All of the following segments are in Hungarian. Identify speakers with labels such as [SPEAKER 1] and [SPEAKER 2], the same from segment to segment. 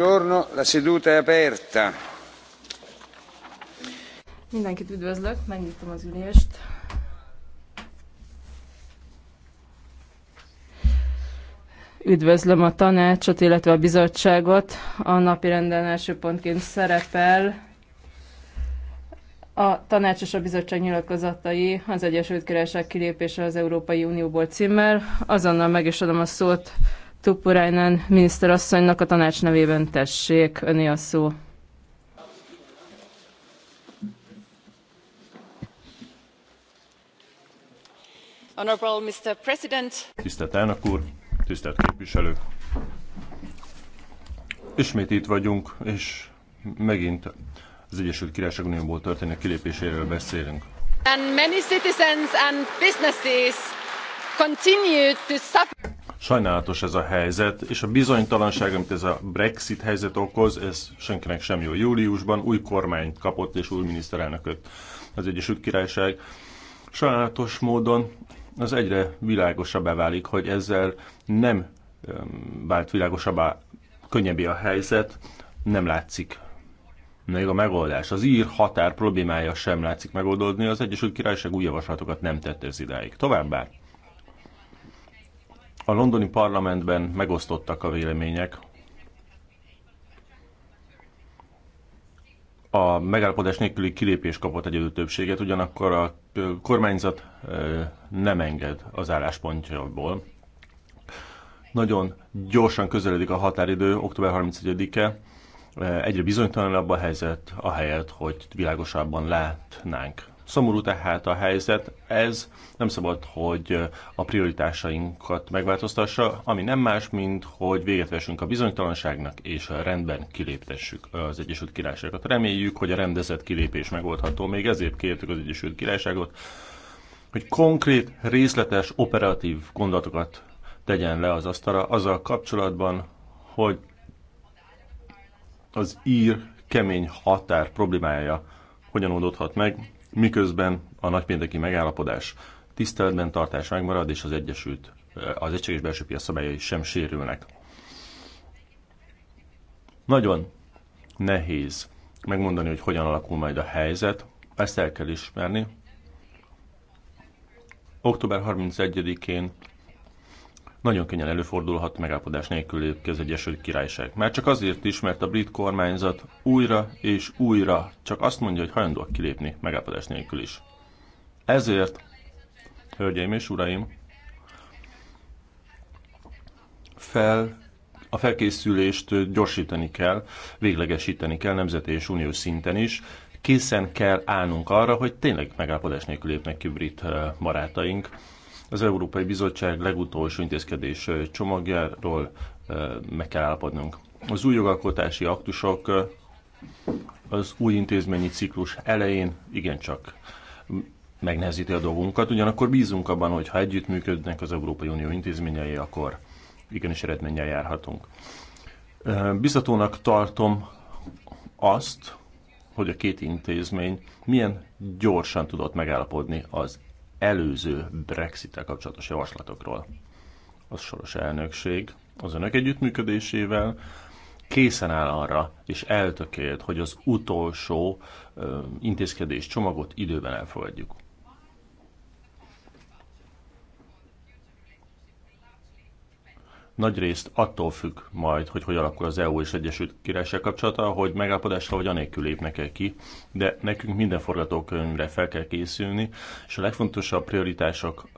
[SPEAKER 1] Buongiorno, la seduta è aperta.
[SPEAKER 2] Mindenkit üdvözlök, megnyitom az ülést. Üdvözlöm a tanácsot, illetve a bizottságot. A napi renden első pontként szerepel a tanács és a bizottság nyilatkozatai az Egyesült Királyság kilépése az Európai Unióból címmel. Azonnal meg is adom a szót Tupurainen miniszterasszonynak a tanács nevében tessék, öné a szó.
[SPEAKER 3] Honorable Mr. President.
[SPEAKER 4] Tisztelt elnök úr, tisztelt képviselők! Ismét itt vagyunk, és megint az Egyesült Királyság Unióból történő kilépéséről beszélünk.
[SPEAKER 5] And many citizens and businesses continue
[SPEAKER 2] to suffer.
[SPEAKER 4] Sajnálatos ez a helyzet, és a bizonytalanság, amit ez a Brexit helyzet okoz, ez senkinek sem jó. Júliusban új kormányt kapott és új miniszterelnököt az Egyesült Királyság. Sajnálatos módon az egyre világosabbá válik, hogy ezzel nem vált világosabbá, könnyebbé a helyzet, nem látszik még a megoldás. Az ír határ problémája sem látszik megoldódni, az Egyesült Királyság új javaslatokat nem tett ez idáig. Továbbá a londoni parlamentben megosztottak a vélemények. A megállapodás nélküli kilépés kapott egyedül többséget, ugyanakkor a kormányzat nem enged az álláspontjából. Nagyon gyorsan közeledik a határidő, október 31-e, egyre bizonytalanabb a helyzet, ahelyett, hogy világosabban látnánk Szomorú tehát a helyzet, ez nem szabad, hogy a prioritásainkat megváltoztassa, ami nem más, mint hogy véget vessünk a bizonytalanságnak, és a rendben kiléptessük az Egyesült Királyságot. Reméljük, hogy a rendezett kilépés megoldható, még ezért kértük az Egyesült Királyságot, hogy konkrét, részletes, operatív gondolatokat tegyen le az asztalra azzal kapcsolatban, hogy az ír kemény határ problémája hogyan oldódhat meg, miközben a nagypénteki megállapodás tiszteletben tartás megmarad, és az Egyesült, az egységes belső piac szabályai sem sérülnek. Nagyon nehéz megmondani, hogy hogyan alakul majd a helyzet, ezt el kell ismerni. Október 31-én nagyon könnyen előfordulhat megállapodás nélkül az Egyesült Királyság. Már csak azért is, mert a brit kormányzat újra és újra csak azt mondja, hogy hajlandóak kilépni megállapodás nélkül is. Ezért, hölgyeim és uraim, fel a felkészülést gyorsítani kell, véglegesíteni kell nemzeti és uniós szinten is. Készen kell állnunk arra, hogy tényleg megállapodás nélkül lépnek ki brit eh, barátaink az Európai Bizottság legutolsó intézkedés csomagjáról meg kell állapodnunk. Az új jogalkotási aktusok az új intézményi ciklus elején igencsak megnehezíti a dolgunkat, ugyanakkor bízunk abban, hogy ha együttműködnek az Európai Unió intézményei, akkor igenis eredménnyel járhatunk. Bizatónak tartom azt, hogy a két intézmény milyen gyorsan tudott megállapodni az előző Brexit-tel kapcsolatos javaslatokról. A soros elnökség az önök együttműködésével készen áll arra, és eltökélt, hogy az utolsó ö, intézkedés csomagot időben elfogadjuk. nagy részt attól függ majd, hogy hogy alakul az EU és Egyesült Királyság kapcsolata, hogy megállapodásra vagy anélkül lépnek el ki, de nekünk minden forgatókönyvre fel kell készülni, és a legfontosabb prioritások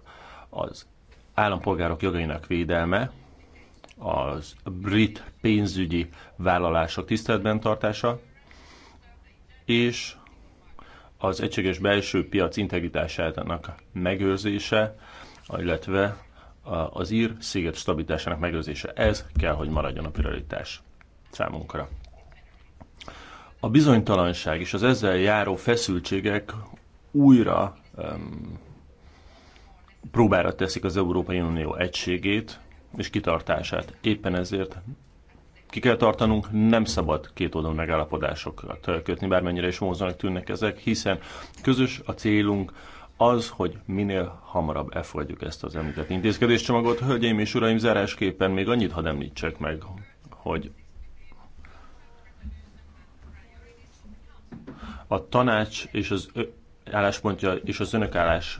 [SPEAKER 4] az állampolgárok jogainak védelme, az brit pénzügyi vállalások tiszteletben tartása, és az egységes belső piac integritásának megőrzése, illetve az ír sziget stabilitásának megőrzése. Ez kell, hogy maradjon a prioritás számunkra. A bizonytalanság és az ezzel járó feszültségek újra um, próbára teszik az Európai Unió egységét és kitartását. Éppen ezért ki kell tartanunk, nem szabad két oldalon megállapodásokat kötni, bármennyire is vonzónak tűnnek ezek, hiszen közös a célunk, az, hogy minél hamarabb elfogadjuk ezt az említett intézkedéscsomagot. Hölgyeim és uraim, zárásképpen még annyit hadd említsek meg, hogy a tanács és az álláspontja és az önök állás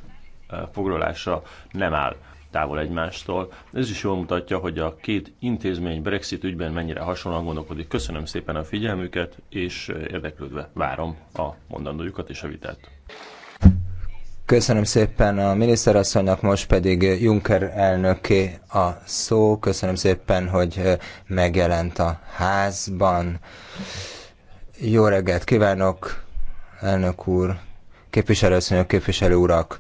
[SPEAKER 4] foglalása nem áll távol egymástól. Ez is jól mutatja, hogy a két intézmény Brexit ügyben mennyire hasonlóan gondolkodik. Köszönöm szépen a figyelmüket, és érdeklődve várom a mondandójukat és a vitát.
[SPEAKER 6] Köszönöm szépen a miniszterasszonynak, most pedig Juncker elnöké a szó. Köszönöm szépen, hogy megjelent a házban. Jó reggelt kívánok, elnök úr, képviselőasszonyok, képviselő urak.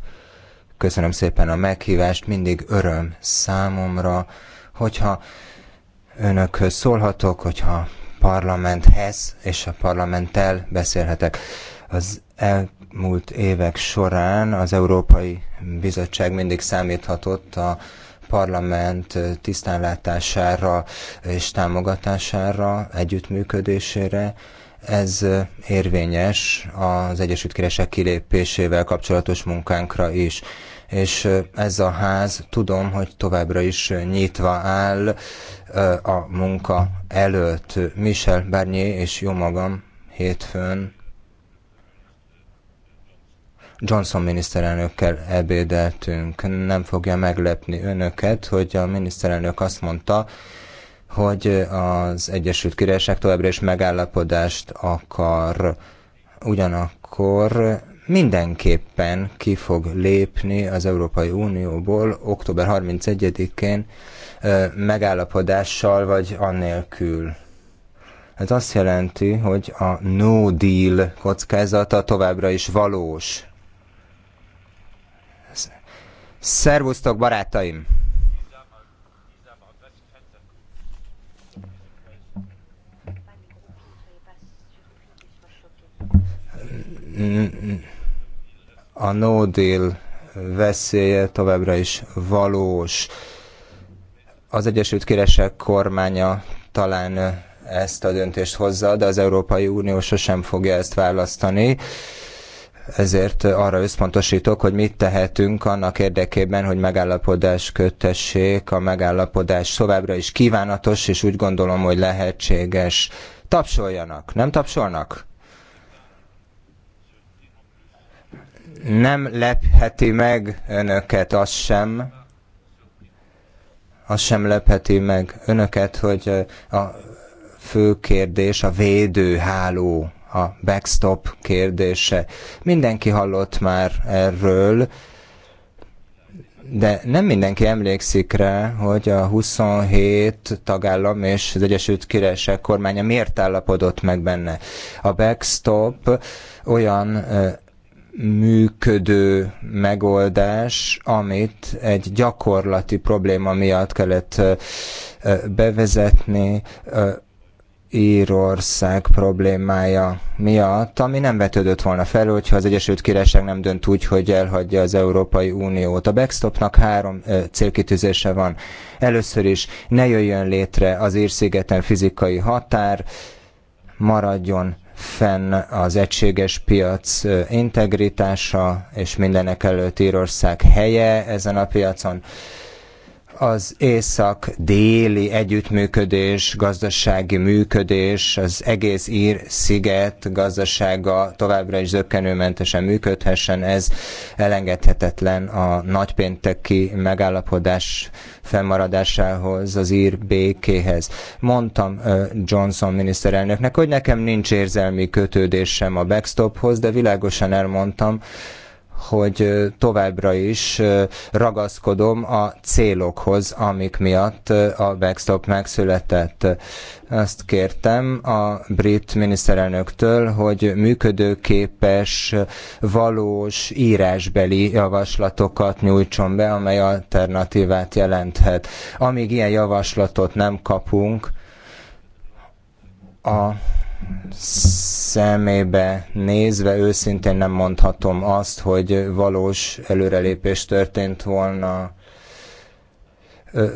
[SPEAKER 6] Köszönöm szépen a meghívást, mindig öröm számomra, hogyha önökhöz szólhatok, hogyha parlamenthez és a parlamenttel beszélhetek. Az el elmúlt évek során az Európai Bizottság mindig számíthatott a parlament tisztánlátására és támogatására, együttműködésére. Ez érvényes az Egyesült Királyság kilépésével kapcsolatos munkánkra is. És ez a ház tudom, hogy továbbra is nyitva áll a munka előtt. Michel Barnier és jó magam hétfőn Johnson miniszterelnökkel ebédeltünk. Nem fogja meglepni önöket, hogy a miniszterelnök azt mondta, hogy az Egyesült Királyság továbbra is megállapodást akar. Ugyanakkor mindenképpen ki fog lépni az Európai Unióból október 31-én megállapodással vagy annélkül. Ez azt jelenti, hogy a no deal kockázata továbbra is valós. Szervusztok, barátaim! A no deal veszélye továbbra is valós. Az Egyesült Királyság kormánya talán ezt a döntést hozza, de az Európai Unió sosem fogja ezt választani ezért arra összpontosítok, hogy mit tehetünk annak érdekében, hogy megállapodás kötessék, a megállapodás továbbra is kívánatos, és úgy gondolom, hogy lehetséges. Tapsoljanak, nem tapsolnak? Nem lepheti meg önöket az sem, az sem lepheti meg önöket, hogy a fő kérdés a védőháló a backstop kérdése. Mindenki hallott már erről, de nem mindenki emlékszik rá, hogy a 27 tagállam és az Egyesült Királyság kormánya miért állapodott meg benne. A backstop olyan működő megoldás, amit egy gyakorlati probléma miatt kellett bevezetni, Írország problémája miatt, ami nem vetődött volna fel, hogyha az Egyesült Királyság nem dönt úgy, hogy elhagyja az Európai Uniót. A backstopnak három ö, célkitűzése van. Először is ne jöjjön létre az Írszigeten fizikai határ, maradjon fenn az egységes piac integritása, és mindenek előtt Írország helye ezen a piacon. Ö, az észak-déli együttműködés, gazdasági működés, az egész ír sziget gazdasága továbbra is zökkenőmentesen működhessen, ez elengedhetetlen a nagypénteki megállapodás fennmaradásához, az ír békéhez. Mondtam Johnson miniszterelnöknek, hogy nekem nincs érzelmi kötődésem a backstophoz, de világosan elmondtam, hogy továbbra is ragaszkodom a célokhoz, amik miatt a backstop megszületett. Azt kértem a brit miniszterelnöktől, hogy működőképes, valós, írásbeli javaslatokat nyújtson be, amely alternatívát jelenthet. Amíg ilyen javaslatot nem kapunk, a szemébe nézve őszintén nem mondhatom azt, hogy valós előrelépés történt volna.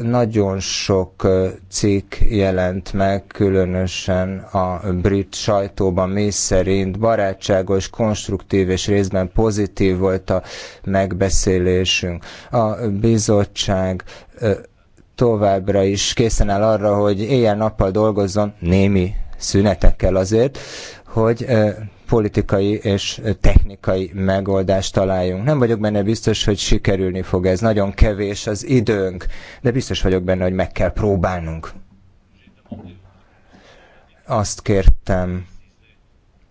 [SPEAKER 6] Nagyon sok cikk jelent meg, különösen a brit sajtóban, mi szerint barátságos, konstruktív és részben pozitív volt a megbeszélésünk. A bizottság továbbra is készen áll arra, hogy éjjel-nappal dolgozzon némi szünetekkel azért, hogy politikai és technikai megoldást találjunk. Nem vagyok benne biztos, hogy sikerülni fog ez. Nagyon kevés az időnk, de biztos vagyok benne, hogy meg kell próbálnunk. Azt kértem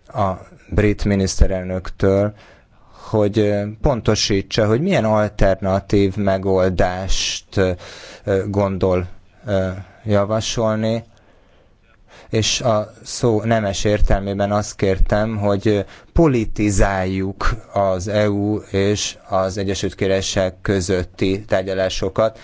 [SPEAKER 6] a brit miniszterelnöktől, hogy pontosítsa, hogy milyen alternatív megoldást gondol javasolni és a szó nemes értelmében azt kértem, hogy politizáljuk az EU és az Egyesült Királyság közötti tárgyalásokat.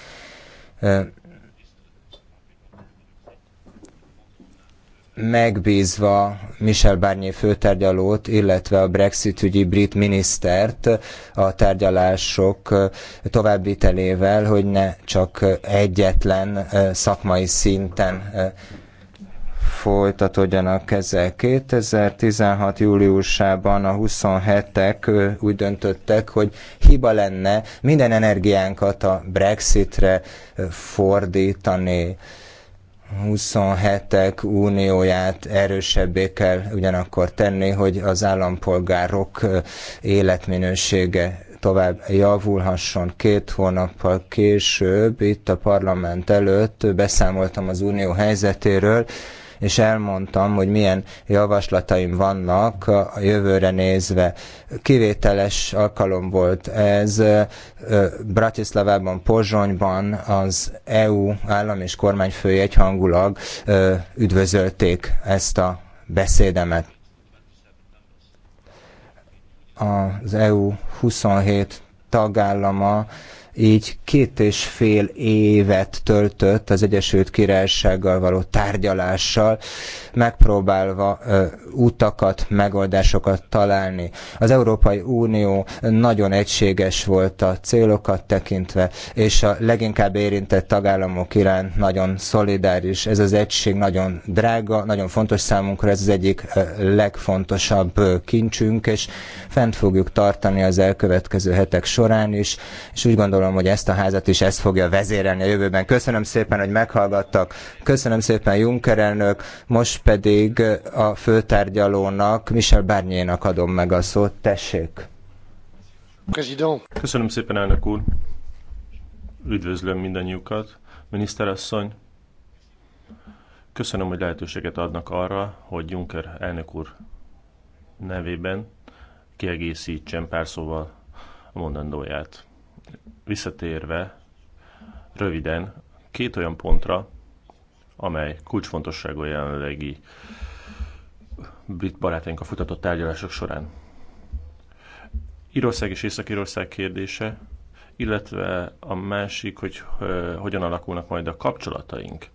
[SPEAKER 6] megbízva Michel Barnier főtárgyalót, illetve a Brexit ügyi brit minisztert a tárgyalások továbbvitelével, hogy ne csak egyetlen szakmai szinten folytatódjanak ezzel. 2016. júliusában a 27-ek úgy döntöttek, hogy hiba lenne minden energiánkat a Brexitre fordítani. 27-ek unióját erősebbé kell ugyanakkor tenni, hogy az állampolgárok életminősége tovább javulhasson. Két hónappal később itt a parlament előtt beszámoltam az unió helyzetéről, és elmondtam, hogy milyen javaslataim vannak a jövőre nézve. Kivételes alkalom volt ez Bratislavában, Pozsonyban az EU állam és kormányfői egyhangulag üdvözölték ezt a beszédemet az EU 27 tagállama így két és fél évet töltött az Egyesült Királysággal való tárgyalással, megpróbálva útakat, megoldásokat találni. Az Európai Unió nagyon egységes volt a célokat tekintve, és a leginkább érintett tagállamok iránt nagyon szolidáris. Ez az egység nagyon drága, nagyon fontos számunkra, ez az egyik legfontosabb kincsünk, és fent fogjuk tartani az elkövetkező hetek során is, és úgy gondolom, hogy ezt a házat is ezt fogja vezérelni a jövőben. Köszönöm szépen, hogy meghallgattak. Köszönöm szépen Juncker elnök. Most pedig a főtárgyalónak, Michel Barnier-nak adom meg a szót. Tessék!
[SPEAKER 4] Köszönöm szépen, elnök úr! Üdvözlöm mindannyiukat! Miniszterasszony, köszönöm, hogy lehetőséget adnak arra, hogy Juncker elnök úr nevében kiegészítsen pár szóval a mondandóját. Visszatérve röviden két olyan pontra, amely kulcsfontosságú jelenlegi brit barátaink a futatott tárgyalások során. Írország és Észak-Írország kérdése, illetve a másik, hogy hogyan alakulnak majd a kapcsolataink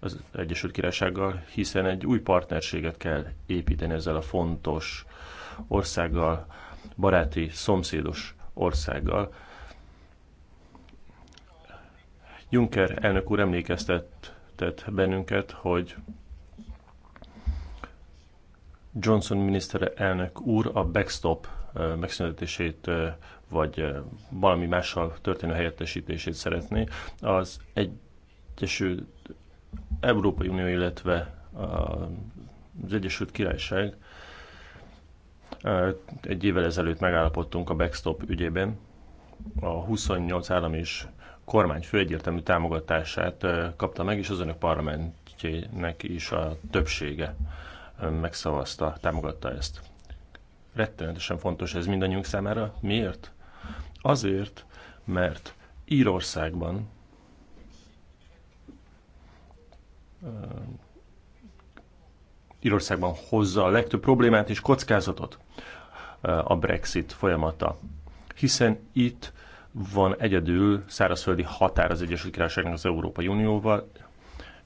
[SPEAKER 4] az Egyesült Királysággal, hiszen egy új partnerséget kell építeni ezzel a fontos országgal, baráti, szomszédos országgal. Juncker elnök úr emlékeztet emlékeztetett bennünket, hogy Johnson minisztere elnök úr a backstop megszüntetését vagy valami mással történő helyettesítését szeretné. Az Egyesült Európai Unió, illetve az Egyesült Királyság egy évvel ezelőtt megállapodtunk a backstop ügyében. A 28 állam és fő egyértelmű támogatását kapta meg, és az önök parlamentjének is a többsége megszavazta, támogatta ezt. Rettenetesen fontos ez mindannyiunk számára. Miért? Azért, mert Írországban Írországban hozza a legtöbb problémát és kockázatot a Brexit folyamata. Hiszen itt van egyedül szárazföldi határ az Egyesült Királyságnak az Európai Unióval,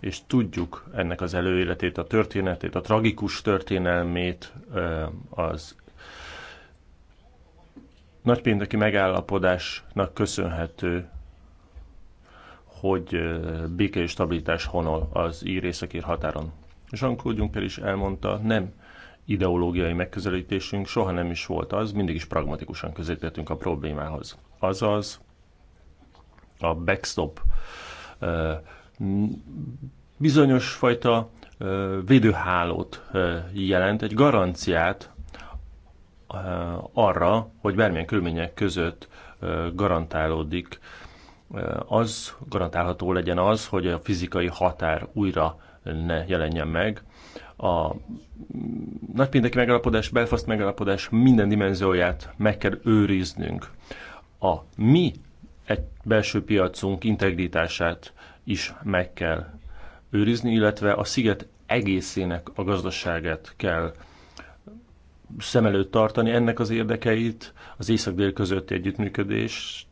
[SPEAKER 4] és tudjuk ennek az előéletét, a történetét, a tragikus történelmét, az nagypénteki megállapodásnak köszönhető, hogy béke és stabilitás honol az ír északír határon. Jean-Claude Juncker is elmondta, nem ideológiai megközelítésünk soha nem is volt az, mindig is pragmatikusan közelítettünk a problémához azaz a backstop bizonyos fajta védőhálót jelent, egy garanciát arra, hogy bármilyen körülmények között garantálódik az, garantálható legyen az, hogy a fizikai határ újra ne jelenjen meg. A nagypénteki megállapodás, Belfast megállapodás minden dimenzióját meg kell őriznünk a mi egy belső piacunk integritását is meg kell őrizni, illetve a sziget egészének a gazdaságát kell szem előtt tartani, ennek az érdekeit, az észak-dél közötti együttműködést.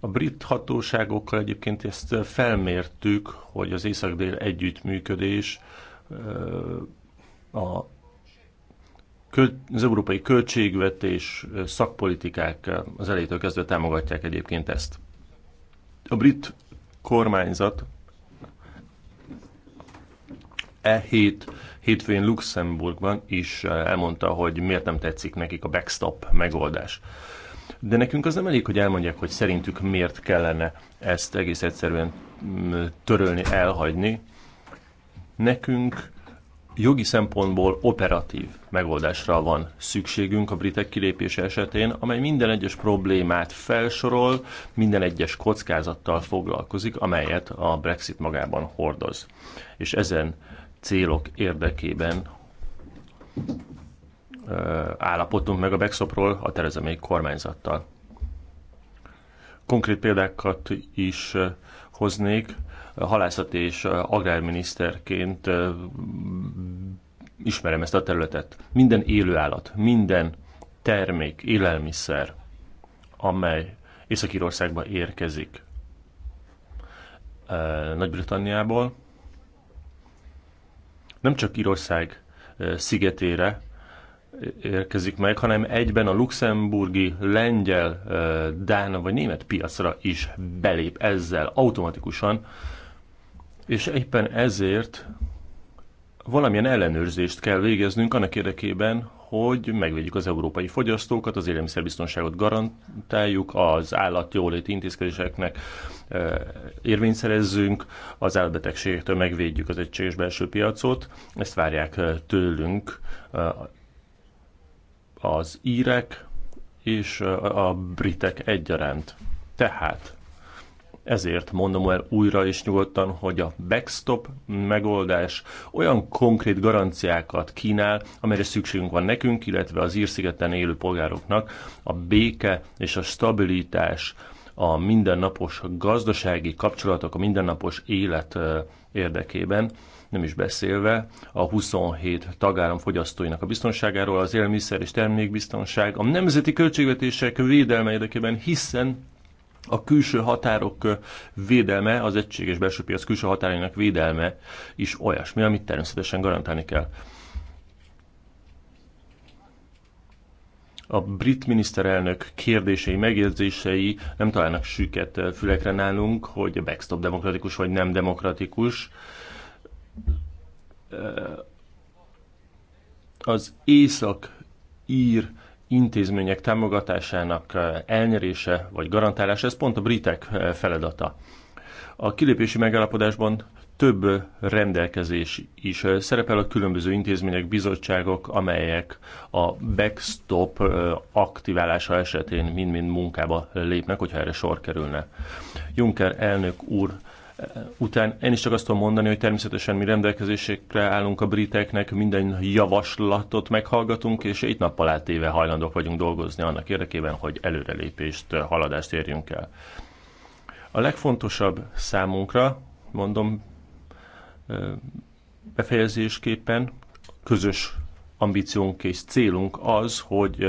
[SPEAKER 4] A brit hatóságokkal egyébként ezt felmértük, hogy az észak-dél együttműködés a az európai költségvetés szakpolitikák az elejétől kezdve támogatják egyébként ezt. A brit kormányzat e hét hétfőn Luxemburgban is elmondta, hogy miért nem tetszik nekik a backstop megoldás. De nekünk az nem elég, hogy elmondják, hogy szerintük miért kellene ezt egész egyszerűen törölni, elhagyni. Nekünk jogi szempontból operatív megoldásra van szükségünk a britek kilépése esetén, amely minden egyes problémát felsorol, minden egyes kockázattal foglalkozik, amelyet a Brexit magában hordoz. És ezen célok érdekében állapodtunk meg a backstopról a Theresa May kormányzattal. Konkrét példákat is hoznék halászati és agrárminiszterként ismerem ezt a területet. Minden élő állat, minden termék, élelmiszer, amely Észak-Írországba érkezik Nagy-Britanniából, nem csak Írország szigetére érkezik meg, hanem egyben a luxemburgi, lengyel, dán vagy német piacra is belép ezzel automatikusan és éppen ezért valamilyen ellenőrzést kell végeznünk annak érdekében, hogy megvédjük az európai fogyasztókat, az élelmiszerbiztonságot garantáljuk, az állatjóléti intézkedéseknek e, érvényszerezzünk, az állatbetegségektől megvédjük az egységes belső piacot. Ezt várják e, tőlünk e, az írek és a britek egyaránt. Tehát ezért mondom el újra is nyugodtan, hogy a backstop megoldás olyan konkrét garanciákat kínál, amelyre szükségünk van nekünk, illetve az Írszigeten élő polgároknak a béke és a stabilitás a mindennapos gazdasági kapcsolatok, a mindennapos élet érdekében, nem is beszélve a 27 tagállam fogyasztóinak a biztonságáról, az élelmiszer és termékbiztonság, a nemzeti költségvetések védelme érdekében, hiszen a külső határok védelme, az egységes belső piac külső határainak védelme is olyasmi, amit természetesen garantálni kell. A brit miniszterelnök kérdései, megjegyzései nem találnak süket fülekre nálunk, hogy a backstop demokratikus vagy nem demokratikus. Az észak ír intézmények támogatásának elnyerése vagy garantálása, ez pont a britek feladata. A kilépési megállapodásban több rendelkezés is szerepel a különböző intézmények, bizottságok, amelyek a backstop aktiválása esetén mind-mind munkába lépnek, hogyha erre sor kerülne. Juncker elnök úr után én is csak azt tudom mondani, hogy természetesen mi rendelkezésekre állunk a briteknek, minden javaslatot meghallgatunk, és egy nappal átéve hajlandók vagyunk dolgozni annak érdekében, hogy előrelépést, haladást érjünk el. A legfontosabb számunkra, mondom befejezésképpen, közös ambíciónk és célunk az, hogy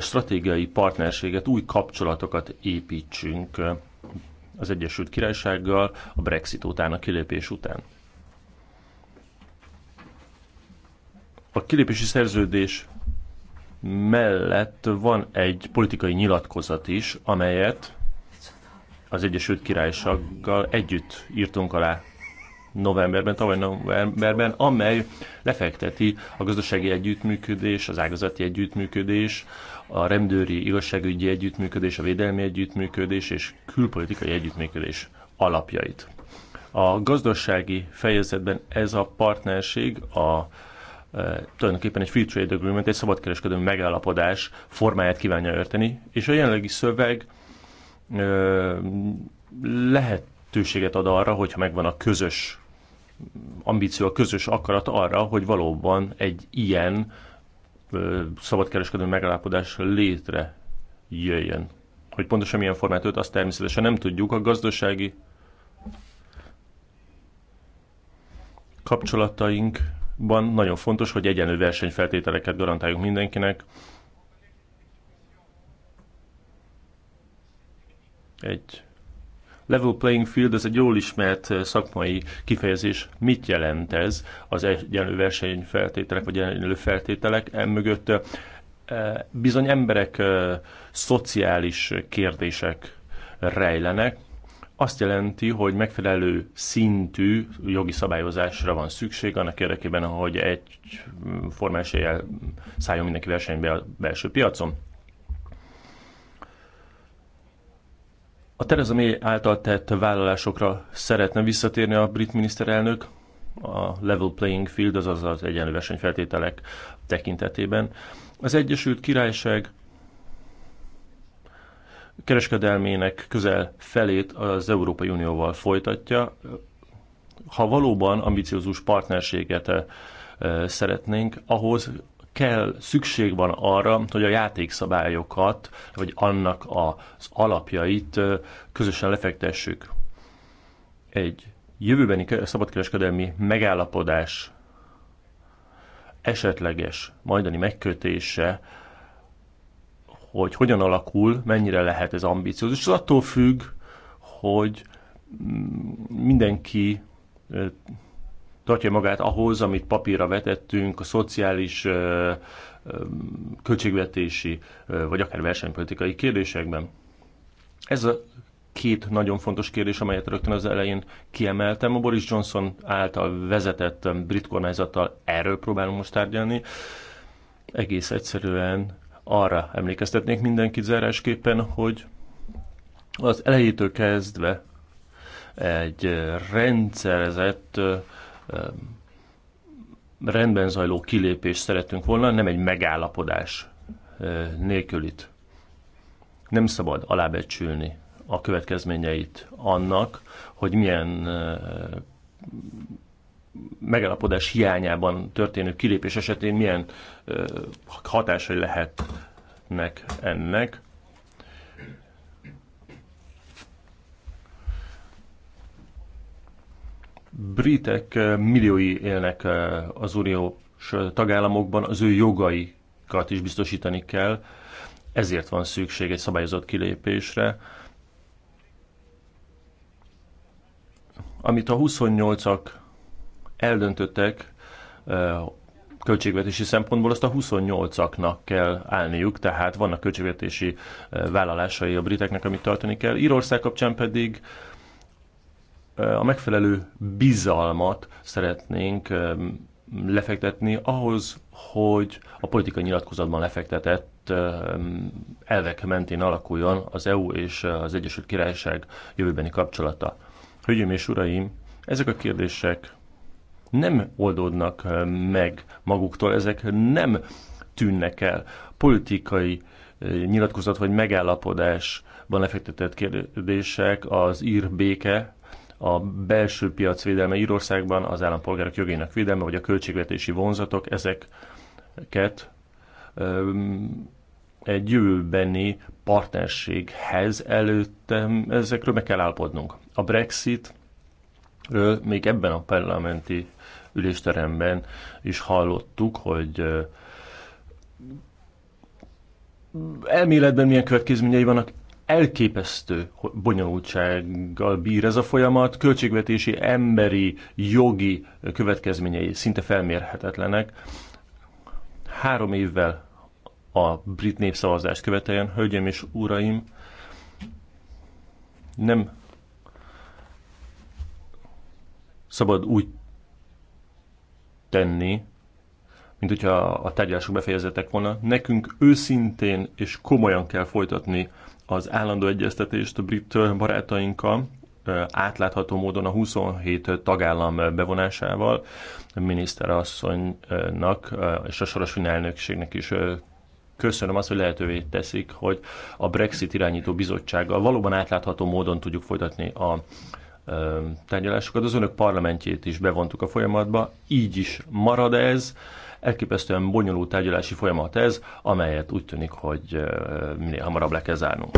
[SPEAKER 4] stratégiai partnerséget, új kapcsolatokat építsünk az Egyesült Királysággal a Brexit után, a kilépés után. A kilépési szerződés mellett van egy politikai nyilatkozat is, amelyet az Egyesült Királysággal együtt írtunk alá novemberben, tavaly novemberben, amely lefekteti a gazdasági együttműködés, az ágazati együttműködés, a rendőri igazságügyi együttműködés, a védelmi együttműködés és külpolitikai együttműködés alapjait. A gazdasági fejezetben ez a partnerség a e, tulajdonképpen egy free trade agreement, egy szabadkereskedelmi megállapodás formáját kívánja érteni, és a jelenlegi szöveg ö, e, lehetőséget ad arra, hogyha megvan a közös ambíció, a közös akarat arra, hogy valóban egy ilyen szabadkereskedelmi megállapodás létre jöjjön. Hogy pontosan milyen formát ölt, azt természetesen nem tudjuk. A gazdasági kapcsolatainkban nagyon fontos, hogy egyenlő versenyfeltételeket garantáljunk mindenkinek. Egy Level playing field, ez egy jól ismert eh, szakmai kifejezés. Mit jelent ez az egyenlő versenyfeltételek, vagy egyenlő feltételek? Emögött eh, bizony emberek eh, szociális kérdések rejlenek, azt jelenti, hogy megfelelő szintű jogi szabályozásra van szükség annak érdekében, hogy egy formás éjjel szálljon mindenki versenybe a belső piacon. A Theresa May által tett vállalásokra szeretne visszatérni a brit miniszterelnök, a level playing field, azaz az egyenlő versenyfeltételek tekintetében. Az Egyesült Királyság kereskedelmének közel felét az Európai Unióval folytatja. Ha valóban ambiciózus partnerséget eh, szeretnénk, ahhoz kell, szükség van arra, hogy a játékszabályokat, vagy annak az alapjait közösen lefektessük. Egy jövőbeni szabadkereskedelmi megállapodás esetleges majdani megkötése, hogy hogyan alakul, mennyire lehet ez ambiciózus, és attól függ, hogy mindenki tartja magát ahhoz, amit papírra vetettünk, a szociális költségvetési, vagy akár versenypolitikai kérdésekben. Ez a két nagyon fontos kérdés, amelyet rögtön az elején kiemeltem. A Boris Johnson által vezetett brit kormányzattal erről próbálunk most tárgyalni. Egész egyszerűen arra emlékeztetnék mindenkit zárásképpen, hogy az elejétől kezdve egy rendszerezett rendben zajló kilépést szeretünk volna, nem egy megállapodás nélkülit. Nem szabad alábecsülni a következményeit annak, hogy milyen megállapodás hiányában történő kilépés esetén milyen hatásai lehetnek ennek. britek eh, milliói élnek eh, az uniós eh, tagállamokban, az ő jogaikat is biztosítani kell, ezért van szükség egy szabályozott kilépésre. Amit a 28-ak eldöntöttek költségvetési szempontból, azt a 28-aknak kell állniuk, tehát vannak költségvetési vállalásai a briteknek, amit tartani kell. Írország kapcsán pedig a megfelelő bizalmat szeretnénk lefektetni ahhoz, hogy a politikai nyilatkozatban lefektetett elvek mentén alakuljon az EU és az Egyesült Királyság jövőbeni kapcsolata. Hölgyeim és uraim, ezek a kérdések nem oldódnak meg maguktól, ezek nem tűnnek el. Politikai eh, nyilatkozat vagy megállapodásban lefektetett kérdések, az ír béke a belső piac védelme Írországban, az állampolgárok jogének védelme, vagy a költségvetési vonzatok, ezeket egy jövőbeni partnerséghez előtte ezekről meg kell állapodnunk. A Brexit még ebben a parlamenti ülésteremben is hallottuk, hogy elméletben milyen következményei vannak, elképesztő bonyolultsággal bír ez a folyamat, költségvetési, emberi, jogi következményei szinte felmérhetetlenek. Három évvel a brit népszavazást követően, hölgyeim és uraim, nem szabad úgy tenni, mint hogyha a tárgyalások befejezettek volna. Nekünk őszintén és komolyan kell folytatni az állandó egyeztetést a brit barátainkkal, átlátható módon a 27 tagállam bevonásával a miniszterasszonynak és a soros elnökségnek is köszönöm azt, hogy lehetővé teszik, hogy a Brexit irányító bizottsággal valóban átlátható módon tudjuk folytatni a tárgyalásokat. Az önök parlamentjét is bevontuk a folyamatba, így is marad ez. Elképesztően bonyolult tárgyalási folyamat ez, amelyet úgy tűnik, hogy minél hamarabb le kell zárnunk.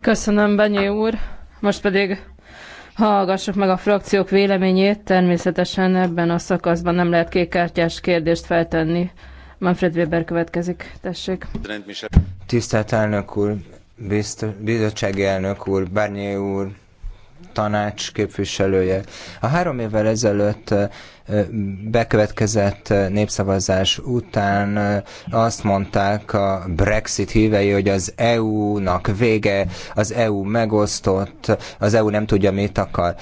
[SPEAKER 2] Köszönöm, Benyé úr. Most pedig hallgassuk meg a frakciók véleményét. Természetesen ebben a szakaszban nem lehet kékkártyás kérdést feltenni. Manfred Weber következik, tessék.
[SPEAKER 6] Tisztelt elnök úr, bizottsági elnök úr, Barnier úr, tanács képviselője. A három évvel ezelőtt bekövetkezett népszavazás után azt mondták a Brexit hívei, hogy az EU-nak vége, az EU megosztott, az EU nem tudja, mit akar.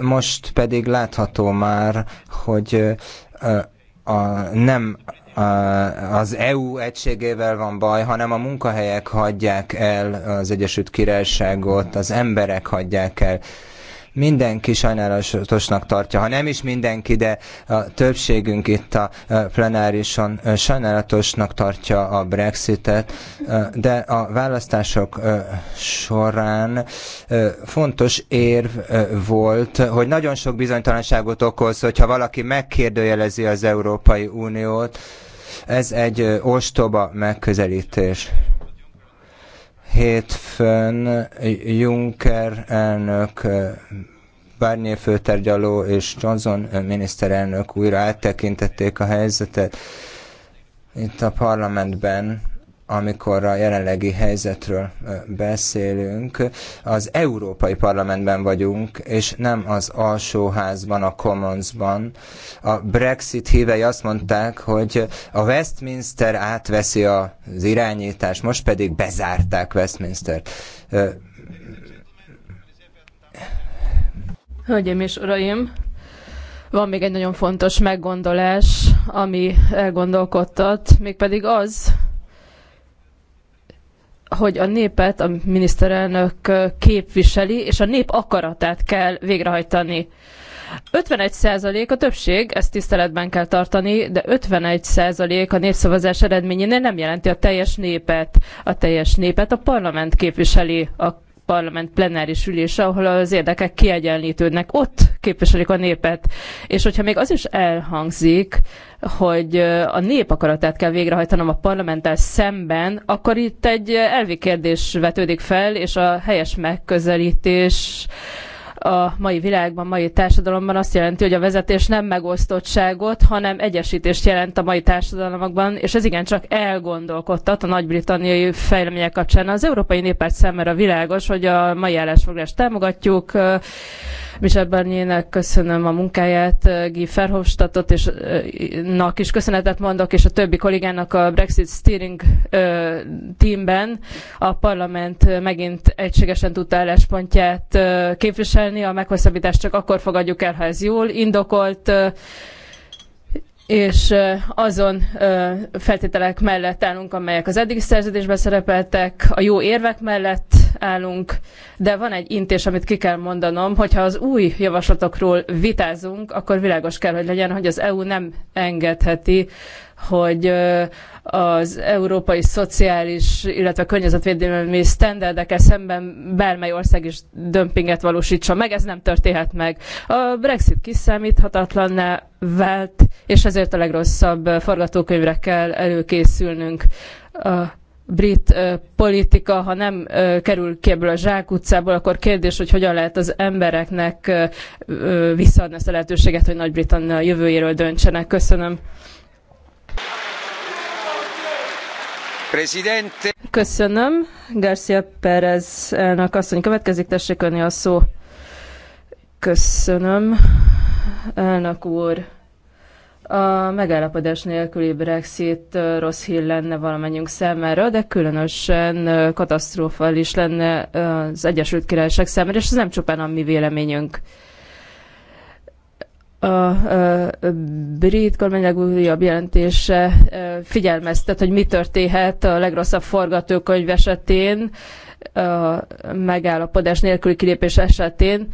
[SPEAKER 6] Most pedig látható már, hogy a, nem az EU egységével van baj, hanem a munkahelyek hagyják el az Egyesült Királyságot, az emberek hagyják el mindenki sajnálatosnak tartja. Ha nem is mindenki, de a többségünk itt a plenárison sajnálatosnak tartja a Brexitet, de a választások során fontos érv volt, hogy nagyon sok bizonytalanságot okoz, hogyha valaki megkérdőjelezi az Európai Uniót, ez egy ostoba megközelítés. Hétfőn Juncker elnök Barnier főtergyaló és Johnson miniszterelnök újra áttekintették a helyzetet itt a parlamentben amikor a jelenlegi helyzetről beszélünk, az Európai Parlamentben vagyunk, és nem az alsóházban, a Commonsban. A Brexit hívei azt mondták, hogy a Westminster átveszi az irányítást, most pedig bezárták Westminstert.
[SPEAKER 2] Hölgyeim és uraim, van még egy nagyon fontos meggondolás, ami elgondolkodtat, mégpedig az, hogy a népet a miniszterelnök képviseli, és a nép akaratát kell végrehajtani. 51 százalék a többség, ezt tiszteletben kell tartani, de 51 százalék a népszavazás eredményénél nem jelenti a teljes népet. A teljes népet a parlament képviseli, a parlament plenáris ülése, ahol az érdekek kiegyenlítődnek. Ott képviselik a népet. És hogyha még az is elhangzik, hogy a nép akaratát kell végrehajtanom a parlamenttel szemben, akkor itt egy elvi kérdés vetődik fel, és a helyes megközelítés a mai világban, mai társadalomban azt jelenti, hogy a vezetés nem megosztottságot, hanem egyesítést jelent a mai társadalmakban, és ez igencsak elgondolkodtat a nagy-britanniai fejlemények kapcsán. Az Európai Néppárt számára világos, hogy a mai állásfoglalást támogatjuk, Michel barnier köszönöm a munkáját, Guy Verhofstadtot és nak is köszönetet mondok, és a többi kollégának a Brexit Steering teamben a parlament megint egységesen tudta álláspontját képviselni, a meghosszabbítást csak akkor fogadjuk el, ha ez jól indokolt, és azon feltételek mellett állunk, amelyek az eddigi szerződésben szerepeltek, a jó érvek mellett állunk, de van egy intés, amit ki kell mondanom, hogyha az új javaslatokról vitázunk, akkor világos kell, hogy legyen, hogy az EU nem engedheti hogy az európai szociális, illetve környezetvédelmi sztenderdekkel szemben bármely ország is dömpinget valósítsa meg, ez nem történhet meg. A Brexit kiszámíthatatlanná vált, és ezért a legrosszabb forgatókönyvre kell előkészülnünk. A brit politika, ha nem kerül ki ebből a zsákutcából, akkor kérdés, hogy hogyan lehet az embereknek visszaadni ezt a lehetőséget, hogy Nagy-Britannia jövőjéről döntsenek. Köszönöm. Köszönöm. Garcia Perez elnök asszony következik, tessék önni a szó. Köszönöm. Elnök úr, a megállapodás nélküli Brexit rossz hír lenne valamennyünk számára, de különösen katasztrófális lenne az Egyesült Királyság számára, és ez nem csupán a mi véleményünk a brit kormány legújabb jelentése figyelmeztet, hogy mi történhet a legrosszabb forgatókönyv esetén, a megállapodás nélküli kilépés esetén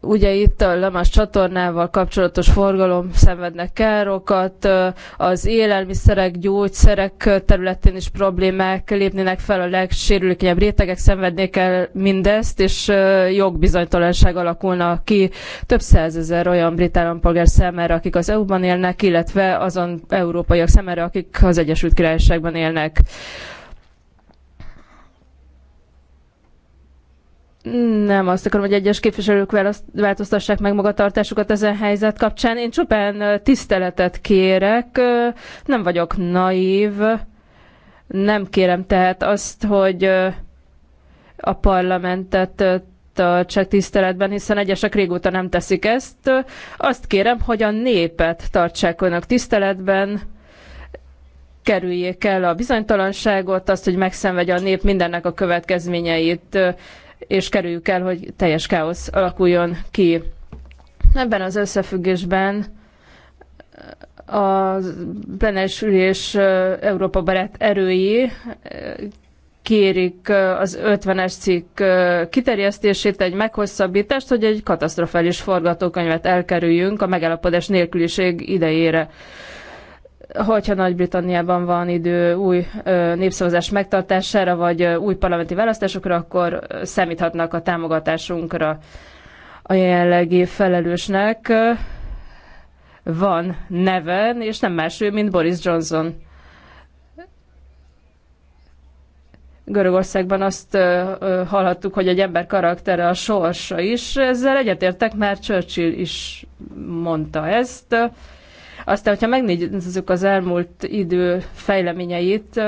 [SPEAKER 2] ugye itt a Lamas csatornával kapcsolatos forgalom szenvednek károkat, az élelmiszerek, gyógyszerek területén is problémák lépnének fel, a legsérülékenyebb rétegek szenvednék el mindezt, és jogbizonytalanság alakulna ki több százezer olyan brit állampolgár számára, akik az EU-ban élnek, illetve azon európaiak számára, akik az Egyesült Királyságban élnek. nem azt akarom, hogy egyes képviselők változtassák meg magatartásukat ezen helyzet kapcsán. Én csupán tiszteletet kérek, nem vagyok naív, nem kérem tehát azt, hogy a parlamentet tartsák tiszteletben, hiszen egyesek régóta nem teszik ezt. Azt kérem, hogy a népet tartsák önök tiszteletben, kerüljék el a bizonytalanságot, azt, hogy megszenvedje a nép mindennek a következményeit és kerüljük el, hogy teljes káosz alakuljon ki. Ebben az összefüggésben a plenes ülés Európa barát erői kérik az 50-es cikk kiterjesztését, egy meghosszabbítást, hogy egy katasztrofális forgatókönyvet elkerüljünk a megállapodás nélküliség idejére hogyha Nagy-Britanniában van idő új népszavazás megtartására, vagy új parlamenti választásokra, akkor számíthatnak a támogatásunkra a jelenlegi felelősnek. Van neven, és nem más ő, mint Boris Johnson. Görögországban azt hallhattuk, hogy egy ember karaktere a sorsa is. Ezzel egyetértek, mert Churchill is mondta ezt. Aztán, hogyha megnézzük az elmúlt idő fejleményeit,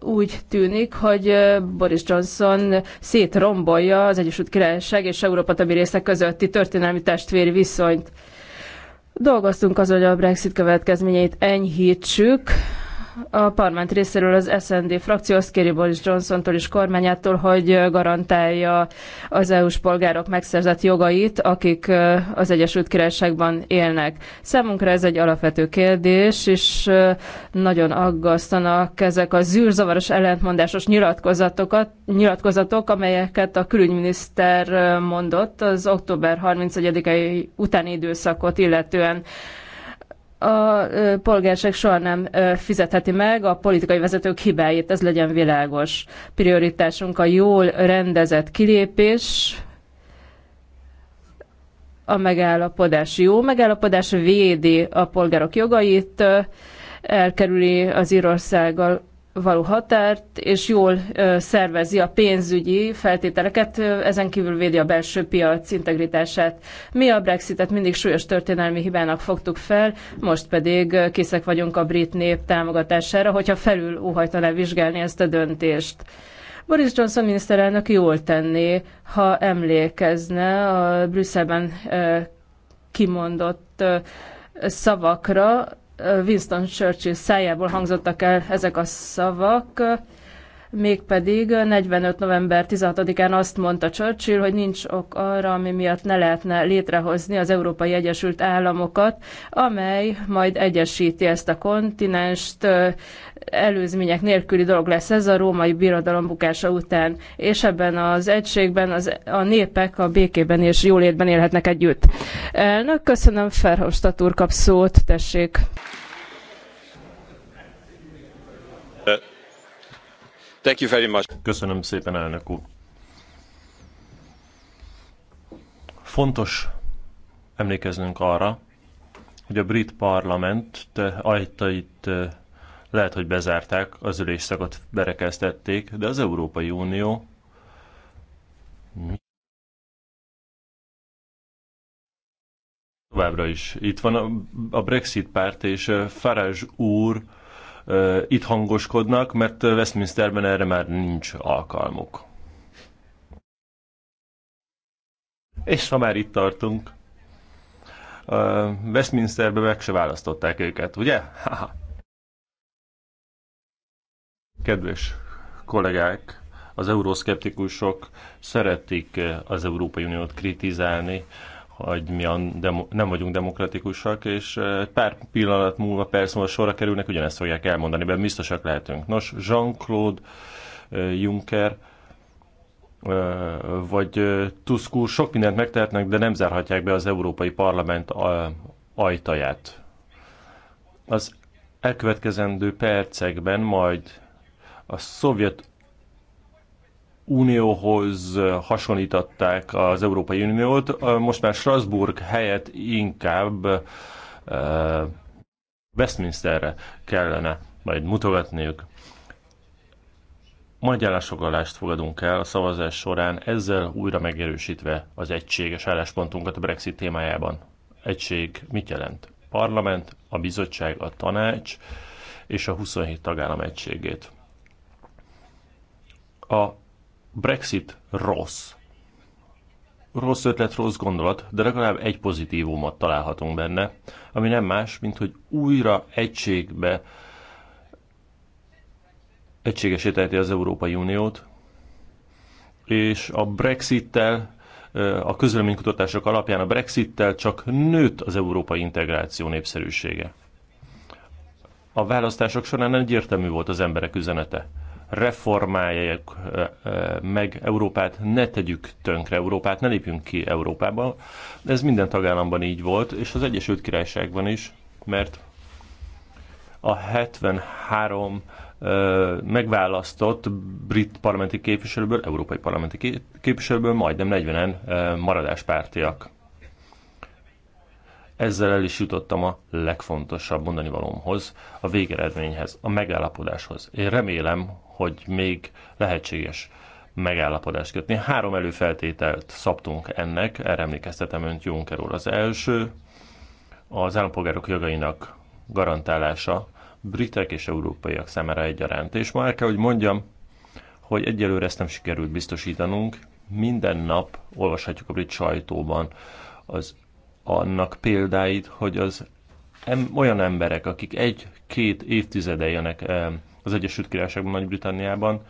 [SPEAKER 2] úgy tűnik, hogy Boris Johnson szétrombolja az Egyesült Királyság és Európa többi része közötti történelmi testvéri viszonyt. Dolgoztunk azon, hogy a Brexit következményeit enyhítsük, a parlament részéről az SND frakció azt kéri Boris Johnsontól és kormányától, hogy garantálja az EU-s polgárok megszerzett jogait, akik az Egyesült Királyságban élnek. Számunkra ez egy alapvető kérdés, és nagyon aggasztanak ezek a zűrzavaros ellentmondásos nyilatkozatokat, nyilatkozatok, amelyeket a külügyminiszter mondott az október 31-i utáni időszakot illetően a polgárság soha nem fizetheti meg a politikai vezetők hibáit, ez legyen világos. Prioritásunk a jól rendezett kilépés, a megállapodás jó megállapodás, védi a polgárok jogait, elkerüli az Írországgal való határt, és jól szervezi a pénzügyi feltételeket, ezen kívül védi a belső piac integritását. Mi a Brexitet mindig súlyos történelmi hibának fogtuk fel, most pedig készek vagyunk a brit nép támogatására, hogyha felül óhajtaná vizsgálni ezt a döntést. Boris Johnson miniszterelnök jól tenné, ha emlékezne a Brüsszelben kimondott szavakra, Winston Churchill szájából hangzottak el ezek a szavak mégpedig 45. november 16-án azt mondta Churchill, hogy nincs ok arra, ami miatt ne lehetne létrehozni az Európai Egyesült Államokat, amely majd egyesíti ezt a kontinenst, előzmények nélküli dolog lesz ez a római birodalom bukása után, és ebben az egységben az, a népek a békében és jólétben élhetnek együtt. Elnök, köszönöm, Ferhostat úr kap szót, tessék.
[SPEAKER 4] Thank you very much. Köszönöm szépen, elnök úr. Fontos emlékeznünk arra, hogy a brit parlament ajtait lehet, hogy bezárták, az ülésszakot berekeztették, de az Európai Unió továbbra is itt van a Brexit párt és Farage úr itt hangoskodnak, mert Westminsterben erre már nincs alkalmuk. És ha már itt tartunk, Westminsterbe meg se választották őket, ugye? Kedves kollégák, az euroszkeptikusok szeretik az Európai Uniót kritizálni, hogy mi demo, nem vagyunk demokratikusak, és eh, pár pillanat múlva, perc múlva sorra kerülnek, ugyanezt fogják elmondani, mert biztosak lehetünk. Nos, Jean-Claude eh, Juncker eh, vagy Tusk úr sok mindent megtehetnek, de nem zárhatják be az Európai Parlament ajtaját. Az elkövetkezendő percekben majd a szovjet Unióhoz hasonlították az Európai Uniót, most már Strasbourg helyett inkább Westminsterre kellene majd mutogatniuk. Majd állásfoglalást fogadunk el a szavazás során, ezzel újra megerősítve az egységes álláspontunkat a Brexit témájában. Egység mit jelent? Parlament, a bizottság, a tanács és a 27 tagállam egységét. A Brexit rossz. Rossz ötlet, rossz gondolat, de legalább egy pozitívumot találhatunk benne, ami nem más, mint hogy újra egységbe egységesíteti az Európai Uniót, és a Brexittel, a közleménykutatások alapján a Brexittel csak nőtt az európai integráció népszerűsége. A választások során egyértelmű volt az emberek üzenete reformáljuk meg Európát, ne tegyük tönkre Európát, ne lépjünk ki Európába. Ez minden tagállamban így volt, és az Egyesült Királyságban is, mert a 73 megválasztott brit parlamenti képviselőből, európai parlamenti képviselőből majdnem 40-en maradáspártiak. Ezzel el is jutottam a legfontosabb mondani valómhoz, a végeredményhez, a megállapodáshoz. Én remélem, hogy még lehetséges megállapodást kötni. Három előfeltételt szabtunk ennek, erre emlékeztetem önt Juncker úr. Az első az állampolgárok jogainak garantálása britek és európaiak számára egyaránt. És ma el kell, hogy mondjam, hogy egyelőre ezt nem sikerült biztosítanunk. Minden nap olvashatjuk a brit sajtóban az annak példáit, hogy az em, olyan emberek, akik egy-két évtizede jönnek em, az Egyesült Királyságban, Nagy-Britanniában,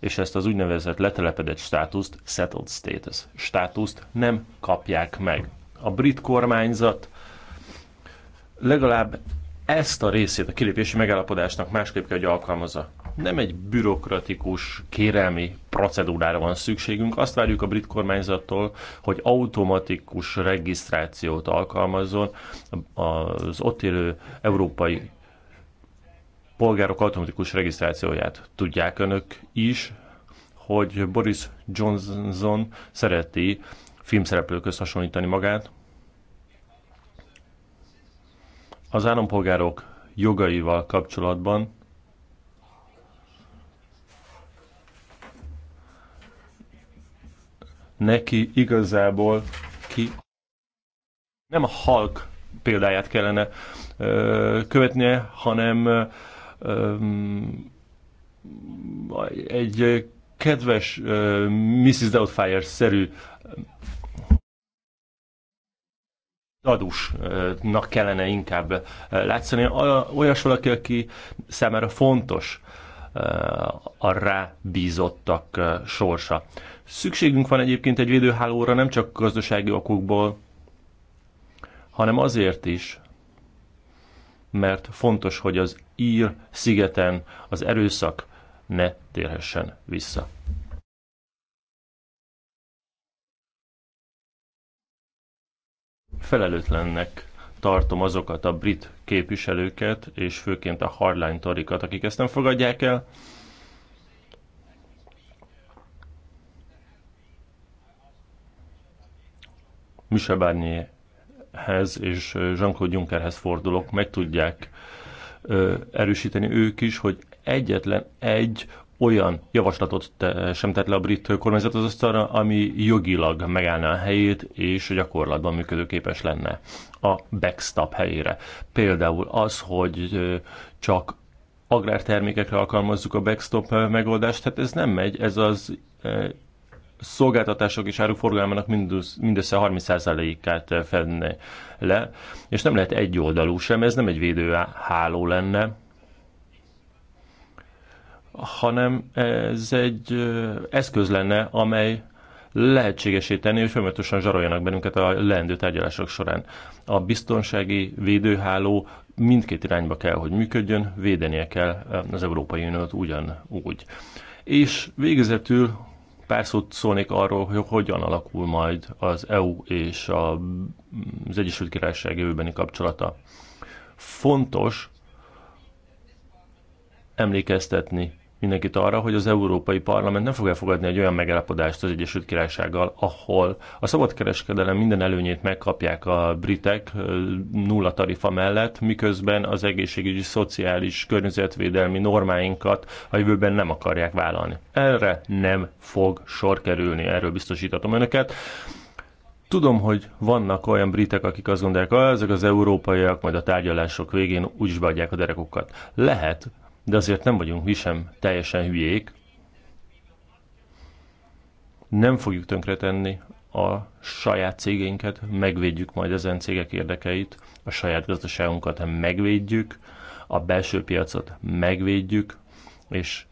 [SPEAKER 4] és ezt az úgynevezett letelepedett státuszt, settled status státuszt nem kapják meg. A brit kormányzat legalább ezt a részét a kilépési megállapodásnak másképp kell, hogy alkalmazza. Nem egy bürokratikus, kérelmi procedúrára van szükségünk. Azt várjuk a brit kormányzattól, hogy automatikus regisztrációt alkalmazzon az ott élő európai polgárok automatikus regisztrációját. Tudják önök is, hogy Boris Johnson szereti filmszereplők hasonlítani magát. Az állampolgárok jogaival kapcsolatban neki igazából ki nem a Hulk példáját kellene ö, követnie, hanem egy kedves Mrs. Doubtfire-szerű dadusnak kellene inkább látszani. Olyas valaki, aki számára fontos a rábízottak sorsa. Szükségünk van egyébként egy védőhálóra nem csak gazdasági okokból, hanem azért is, mert fontos, hogy az ír szigeten az erőszak ne térhessen vissza. Felelőtlennek tartom azokat a brit képviselőket, és főként a hardline tarikat, akik ezt nem fogadják el. Michel Barnierhez és Jean-Claude Junckerhez fordulok, meg tudják erősíteni ők is, hogy egyetlen egy olyan javaslatot te, sem tett le a brit kormányzat az asztalra, ami jogilag megállna a helyét, és gyakorlatban működőképes lenne a backstop helyére. Például az, hogy csak agrártermékekre alkalmazzuk a backstop megoldást, hát ez nem megy, ez az szolgáltatások és forgalmának mindössze 30%-át eh, fedne le, és nem lehet egy oldalú sem, ez nem egy védőháló lenne, hanem ez egy eh, eszköz lenne, amely lehetségesé tenni, hogy folyamatosan zsaroljanak bennünket a leendő tárgyalások során. A biztonsági védőháló mindkét irányba kell, hogy működjön, védenie kell eh, az Európai Uniót ugyanúgy. És végezetül Pár szót szólnék arról, hogy hogyan alakul majd az EU és a, az Egyesült Királyság jövőbeni kapcsolata. Fontos emlékeztetni mindenkit arra, hogy az Európai Parlament nem fog elfogadni egy olyan megállapodást az Egyesült Királysággal, ahol a szabadkereskedelem minden előnyét megkapják a britek nulla tarifa mellett, miközben az egészségügyi, szociális, környezetvédelmi normáinkat a jövőben nem akarják vállalni. Erre nem fog sor kerülni, erről biztosítatom önöket. Tudom, hogy vannak olyan britek, akik azt gondolják, hogy ezek az európaiak majd a tárgyalások végén úgyis beadják a derekukat. Lehet, de azért nem vagyunk mi sem teljesen hülyék. Nem fogjuk tönkretenni a saját cégeinket, megvédjük majd ezen cégek érdekeit, a saját gazdaságunkat megvédjük, a belső piacot megvédjük, és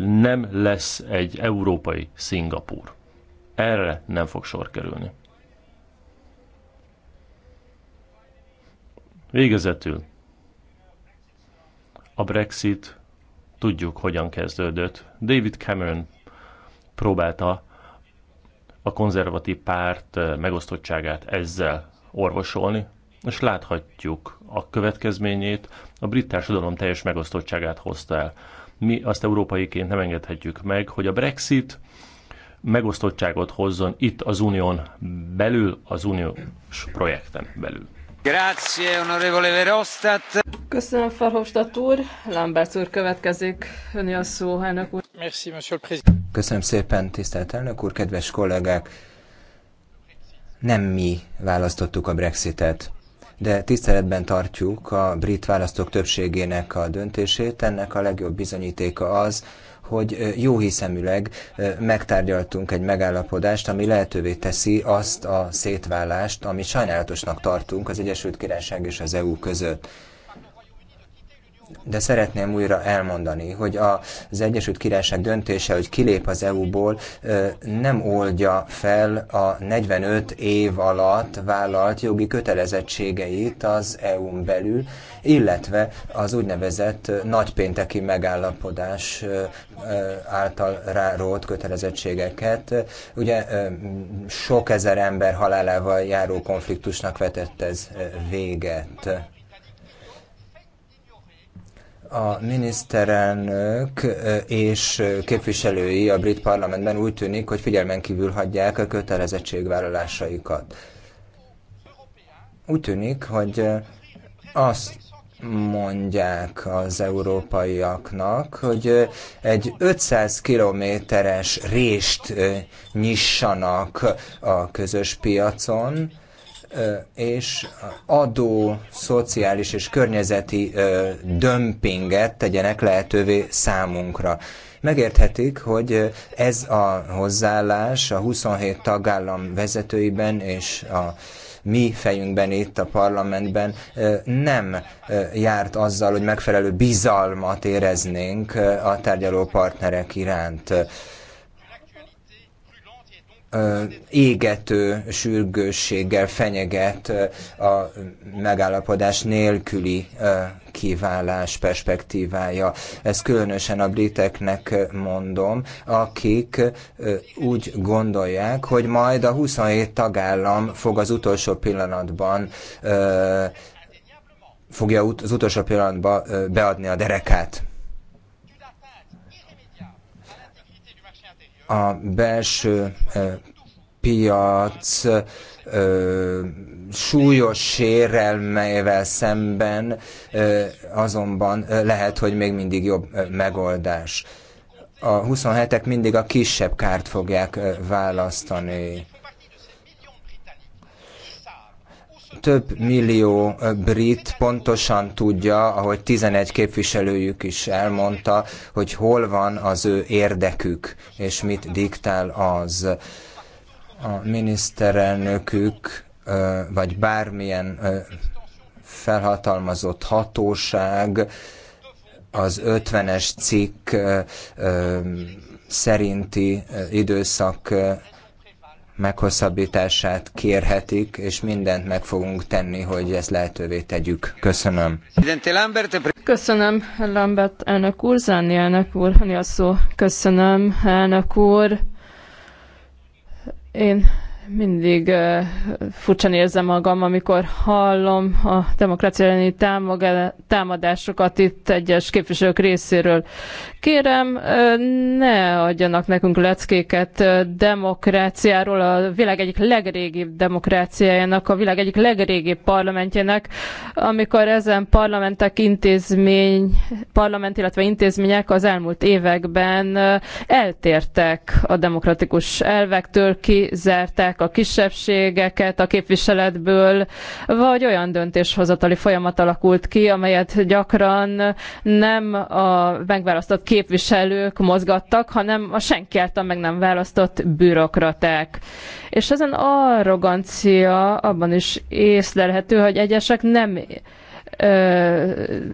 [SPEAKER 4] nem lesz egy európai Szingapúr. Erre nem fog sor kerülni. Végezetül a Brexit tudjuk, hogyan kezdődött. David Cameron próbálta a konzervatív párt eh, megosztottságát ezzel orvosolni, és láthatjuk a következményét, a brit társadalom teljes megosztottságát hozta el. Mi azt európaiként nem engedhetjük meg, hogy a Brexit megosztottságot hozzon itt az unión belül, az uniós projekten belül.
[SPEAKER 2] Köszönöm, Verhofstadt úr. Lambert úr következik. a szó, elnök úr. Merci, monsieur le président.
[SPEAKER 6] Köszönöm szépen, tisztelt elnök úr, kedves kollégák. Nem mi választottuk a Brexitet de tiszteletben tartjuk a brit választók többségének a döntését. Ennek a legjobb bizonyítéka az, hogy jóhiszeműleg megtárgyaltunk egy megállapodást, ami lehetővé teszi azt a szétválást, amit sajnálatosnak tartunk az Egyesült Királyság és az EU között de szeretném újra elmondani, hogy az Egyesült Királyság döntése, hogy kilép az EU-ból, nem oldja fel a 45 év alatt vállalt jogi kötelezettségeit az EU-n belül, illetve az úgynevezett nagypénteki megállapodás által rárólt kötelezettségeket. Ugye sok ezer ember halálával járó konfliktusnak vetett ez véget a miniszterelnök és képviselői a brit parlamentben úgy tűnik, hogy figyelmen kívül hagyják a kötelezettségvállalásaikat. Úgy tűnik, hogy azt mondják az európaiaknak, hogy egy 500 kilométeres rést nyissanak a közös piacon, és adó, szociális és környezeti dömpinget tegyenek lehetővé számunkra. Megérthetik, hogy ez a hozzáállás a 27 tagállam vezetőiben és a mi fejünkben itt a parlamentben nem járt azzal, hogy megfelelő bizalmat éreznénk a tárgyaló partnerek iránt égető sürgősséggel fenyeget a megállapodás nélküli kiválás perspektívája. Ezt különösen a briteknek mondom, akik úgy gondolják, hogy majd a 27 tagállam fog az utolsó pillanatban fogja az utolsó pillanatban beadni a derekát. a belső e, piac e, súlyos sérelmeivel szemben e, azonban lehet, hogy még mindig jobb megoldás. A 27-ek mindig a kisebb kárt fogják választani. több millió brit pontosan tudja, ahogy 11 képviselőjük is elmondta, hogy hol van az ő érdekük, és mit diktál az. A miniszterelnökük, vagy bármilyen felhatalmazott hatóság az 50-es cikk szerinti időszak meghosszabbítását kérhetik, és mindent meg fogunk tenni, hogy ezt lehetővé tegyük. Köszönöm.
[SPEAKER 2] Köszönöm, Lambert elnök úr, Zanni elnök úr, a szó. Köszönöm, elnök úr. Én mindig furcsán érzem magam, amikor hallom a demokrácia elleni támadásokat itt egyes képviselők részéről. Kérem, ne adjanak nekünk leckéket demokráciáról, a világ egyik legrégibb demokráciájának, a világ egyik legrégibb parlamentjének, amikor ezen parlamentek intézmény, parlament, illetve intézmények az elmúlt években eltértek a demokratikus elvektől, kizárták kizárják a kisebbségeket a képviseletből, vagy olyan döntéshozatali folyamat alakult ki, amelyet gyakran nem a megválasztott képviselők mozgattak, hanem a senki által meg nem választott bürokraták. És ezen arrogancia abban is észlelhető, hogy egyesek nem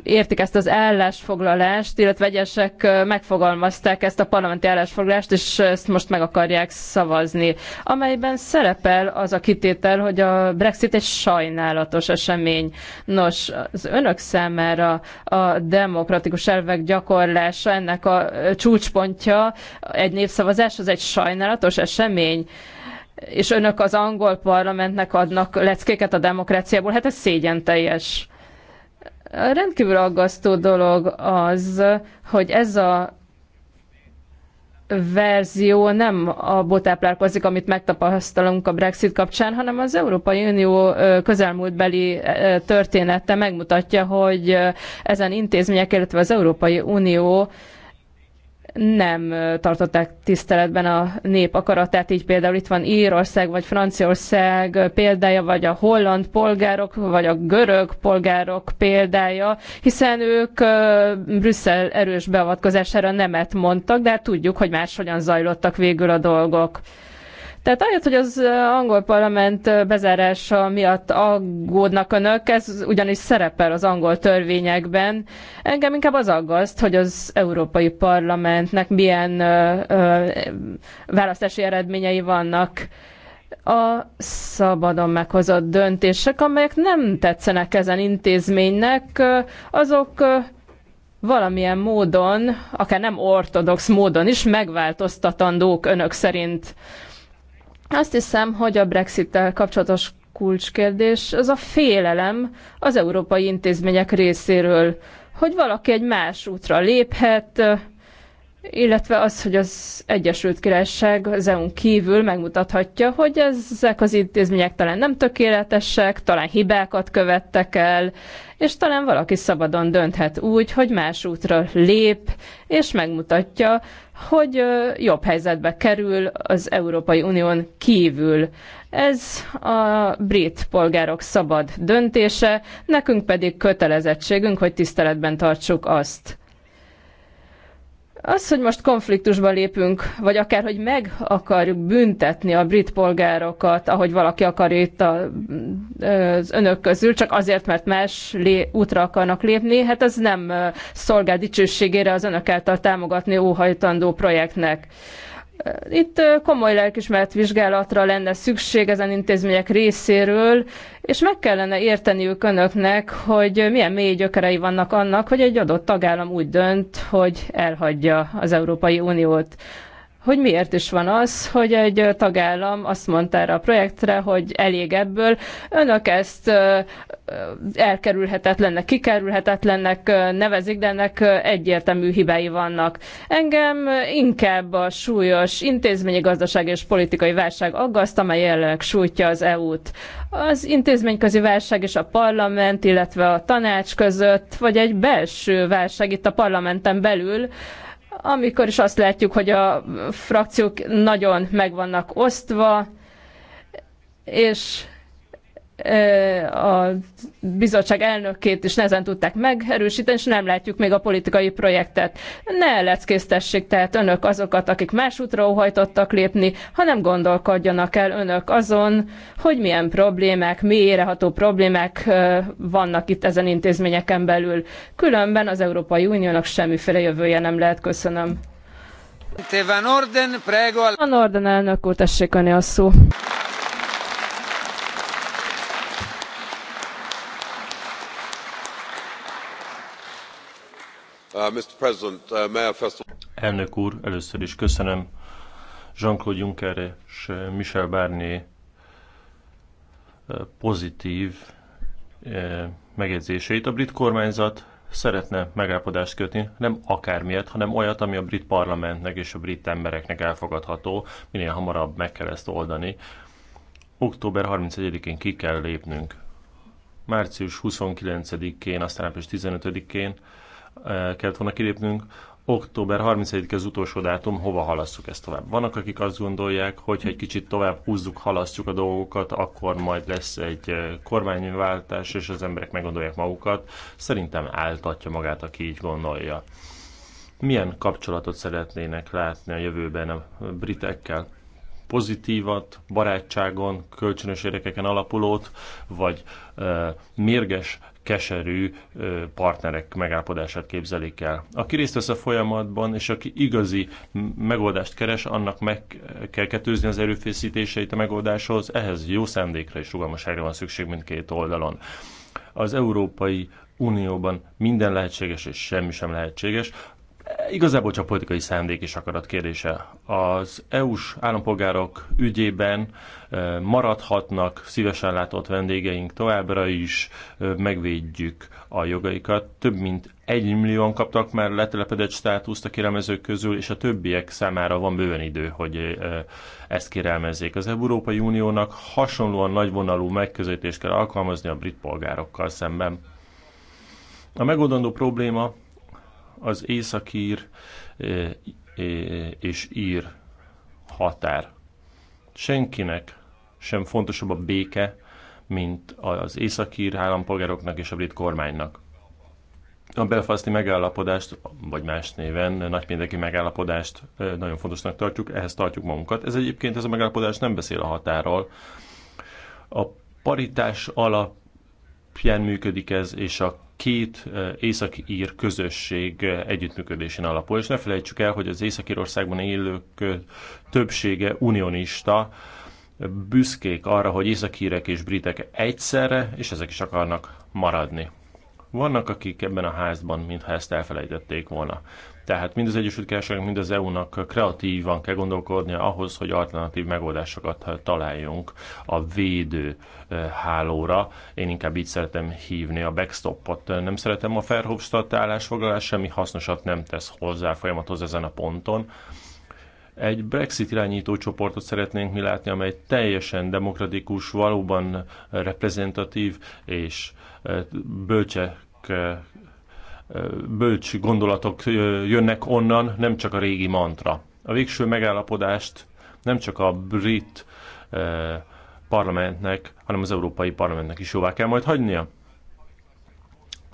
[SPEAKER 2] értik ezt az állásfoglalást, illetve egyesek megfogalmazták ezt a parlamenti állásfoglalást, és ezt most meg akarják szavazni, amelyben szerepel az a kitétel, hogy a Brexit egy sajnálatos esemény. Nos, az önök számára a demokratikus elvek gyakorlása, ennek a csúcspontja egy népszavazás, az egy sajnálatos esemény és önök az angol parlamentnek adnak leckéket a demokráciából, hát ez szégyen teljes. Rendkívül aggasztó dolog az, hogy ez a verzió nem a táplálkozik, amit megtapasztalunk a Brexit kapcsán, hanem az Európai Unió közelmúltbeli története megmutatja, hogy ezen intézmények, illetve az Európai Unió nem tartották tiszteletben a nép akaratát, így például itt van Írország vagy Franciaország példája, vagy a holland polgárok, vagy a görög polgárok példája, hiszen ők Brüsszel erős beavatkozására nemet mondtak, de hát tudjuk, hogy máshogyan zajlottak végül a dolgok. Tehát ahelyett, hogy az angol parlament bezárása miatt aggódnak önök, ez ugyanis szerepel az angol törvényekben. Engem inkább az aggaszt, hogy az Európai Parlamentnek milyen ö, ö, választási eredményei vannak a szabadon meghozott döntések, amelyek nem tetszenek ezen intézménynek, azok valamilyen módon, akár nem ortodox módon is megváltoztatandók önök szerint. Azt hiszem, hogy a Brexit-tel kapcsolatos kulcskérdés az a félelem az európai intézmények részéről, hogy valaki egy más útra léphet, illetve az, hogy az Egyesült Királyság az EU-n kívül megmutathatja, hogy ezek az intézmények talán nem tökéletesek, talán hibákat követtek el, és talán valaki szabadon dönthet úgy, hogy más útra lép, és megmutatja, hogy jobb helyzetbe kerül az Európai Unión kívül. Ez a brit polgárok szabad döntése, nekünk pedig kötelezettségünk, hogy tiszteletben tartsuk azt. Az, hogy most konfliktusba lépünk, vagy akár, hogy meg akarjuk büntetni a brit polgárokat, ahogy valaki akar itt a, az önök közül, csak azért, mert más lé, útra akarnak lépni, hát az nem szolgál dicsőségére az önök által támogatni óhajtandó projektnek. Itt komoly lelkismert vizsgálatra lenne szükség ezen intézmények részéről, és meg kellene érteniük önöknek, hogy milyen mély gyökerei vannak annak, hogy egy adott tagállam úgy dönt, hogy elhagyja az Európai Uniót hogy miért is van az, hogy egy tagállam azt mondta erre a projektre, hogy elég ebből. Önök ezt elkerülhetetlennek, kikerülhetetlennek nevezik, de ennek egyértelmű hibái vannak. Engem inkább a súlyos intézményi gazdaság és politikai válság aggaszt, amely jelenleg sújtja az EU-t. Az intézményközi válság és a parlament, illetve a tanács között, vagy egy belső válság itt a parlamenten belül, amikor is azt látjuk, hogy a frakciók nagyon meg vannak osztva, és a bizottság elnökét is nehezen tudták megerősíteni, és nem látjuk még a politikai projektet. Ne leckésztessék tehát önök azokat, akik más útra óhajtottak lépni, hanem gondolkodjanak el önök azon, hogy milyen problémák, mélyreható problémák vannak itt ezen intézményeken belül. Különben az Európai Uniónak semmiféle jövője nem lehet. Köszönöm. Van Orden, prego. Van Orden elnök úr, tessék a szó.
[SPEAKER 5] Uh, uh,
[SPEAKER 4] Elnök úr, először is köszönöm Jean-Claude Juncker és uh, Michel Barnier pozitív megjegyzéseit. A brit kormányzat szeretne megállapodást kötni, nem akármilyet, hanem olyat, ami a brit parlamentnek és a brit embereknek elfogadható. Minél hamarabb meg kell ezt oldani. Október 31-én ki kell lépnünk. Március 29-én, aztán április 15-én Eh, kellett volna kilépnünk, október 31 ig az utolsó dátum, hova halasszuk ezt tovább. Vannak, akik azt gondolják, hogy ha egy kicsit tovább húzzuk, halasztjuk a dolgokat, akkor majd lesz egy eh, kormányváltás, és az emberek meggondolják magukat. Szerintem áltatja magát, aki így gondolja. Milyen kapcsolatot szeretnének látni a jövőben a britekkel? Pozitívat, barátságon, kölcsönös érdekeken alapulót, vagy ö, eh, mérges keserű partnerek megállapodását képzelik el. Aki részt vesz a folyamatban, és aki igazi megoldást keres, annak meg kell kettőzni az erőfészítéseit a megoldáshoz, ehhez jó szándékra és rugalmasságra van szükség mindkét oldalon. Az Európai Unióban minden lehetséges és semmi sem lehetséges. Igazából csak politikai szándék és akarat kérdése. Az EU-s állampolgárok ügyében maradhatnak szívesen látott vendégeink továbbra is, megvédjük a jogaikat. Több mint egy millióan kaptak már letelepedett státuszt a kérelmezők közül, és a többiek számára van bőven idő, hogy ezt kérelmezzék. Az Európai Uniónak hasonlóan nagyvonalú megközelítést kell alkalmazni a brit polgárokkal szemben. A megoldandó probléma az északír e, e, és ír határ. Senkinek sem fontosabb a béke, mint az északír állampolgároknak és a brit kormánynak. A belfaszti megállapodást, vagy más néven nagypénteki megállapodást e, nagyon fontosnak tartjuk, ehhez tartjuk magunkat. Ez egyébként ez a megállapodás nem beszél a határól. A paritás alapján működik ez, és a két Északi ír közösség együttműködésén alapul. És ne felejtsük el, hogy az Északi országban élők többsége unionista, büszkék arra, hogy északírek és britek egyszerre, és ezek is akarnak maradni. Vannak, akik ebben a házban, mintha ezt elfelejtették volna. Tehát mind az Egyesült Királyságnak, mind az EU-nak kreatívan kell gondolkodnia ahhoz, hogy alternatív megoldásokat találjunk a védő eh, hálóra. Én inkább így szeretem hívni a backstopot. Nem szeretem a Verhofstadt állásfoglalás, semmi hasznosat nem tesz hozzá folyamathoz ezen a ponton. Egy Brexit irányító csoportot szeretnénk mi látni, amely teljesen demokratikus, valóban reprezentatív és eh, bölcsek eh, bölcs gondolatok jönnek onnan, nem csak a régi mantra. A végső megállapodást nem csak a brit parlamentnek, hanem az Európai Parlamentnek is jóvá kell majd hagynia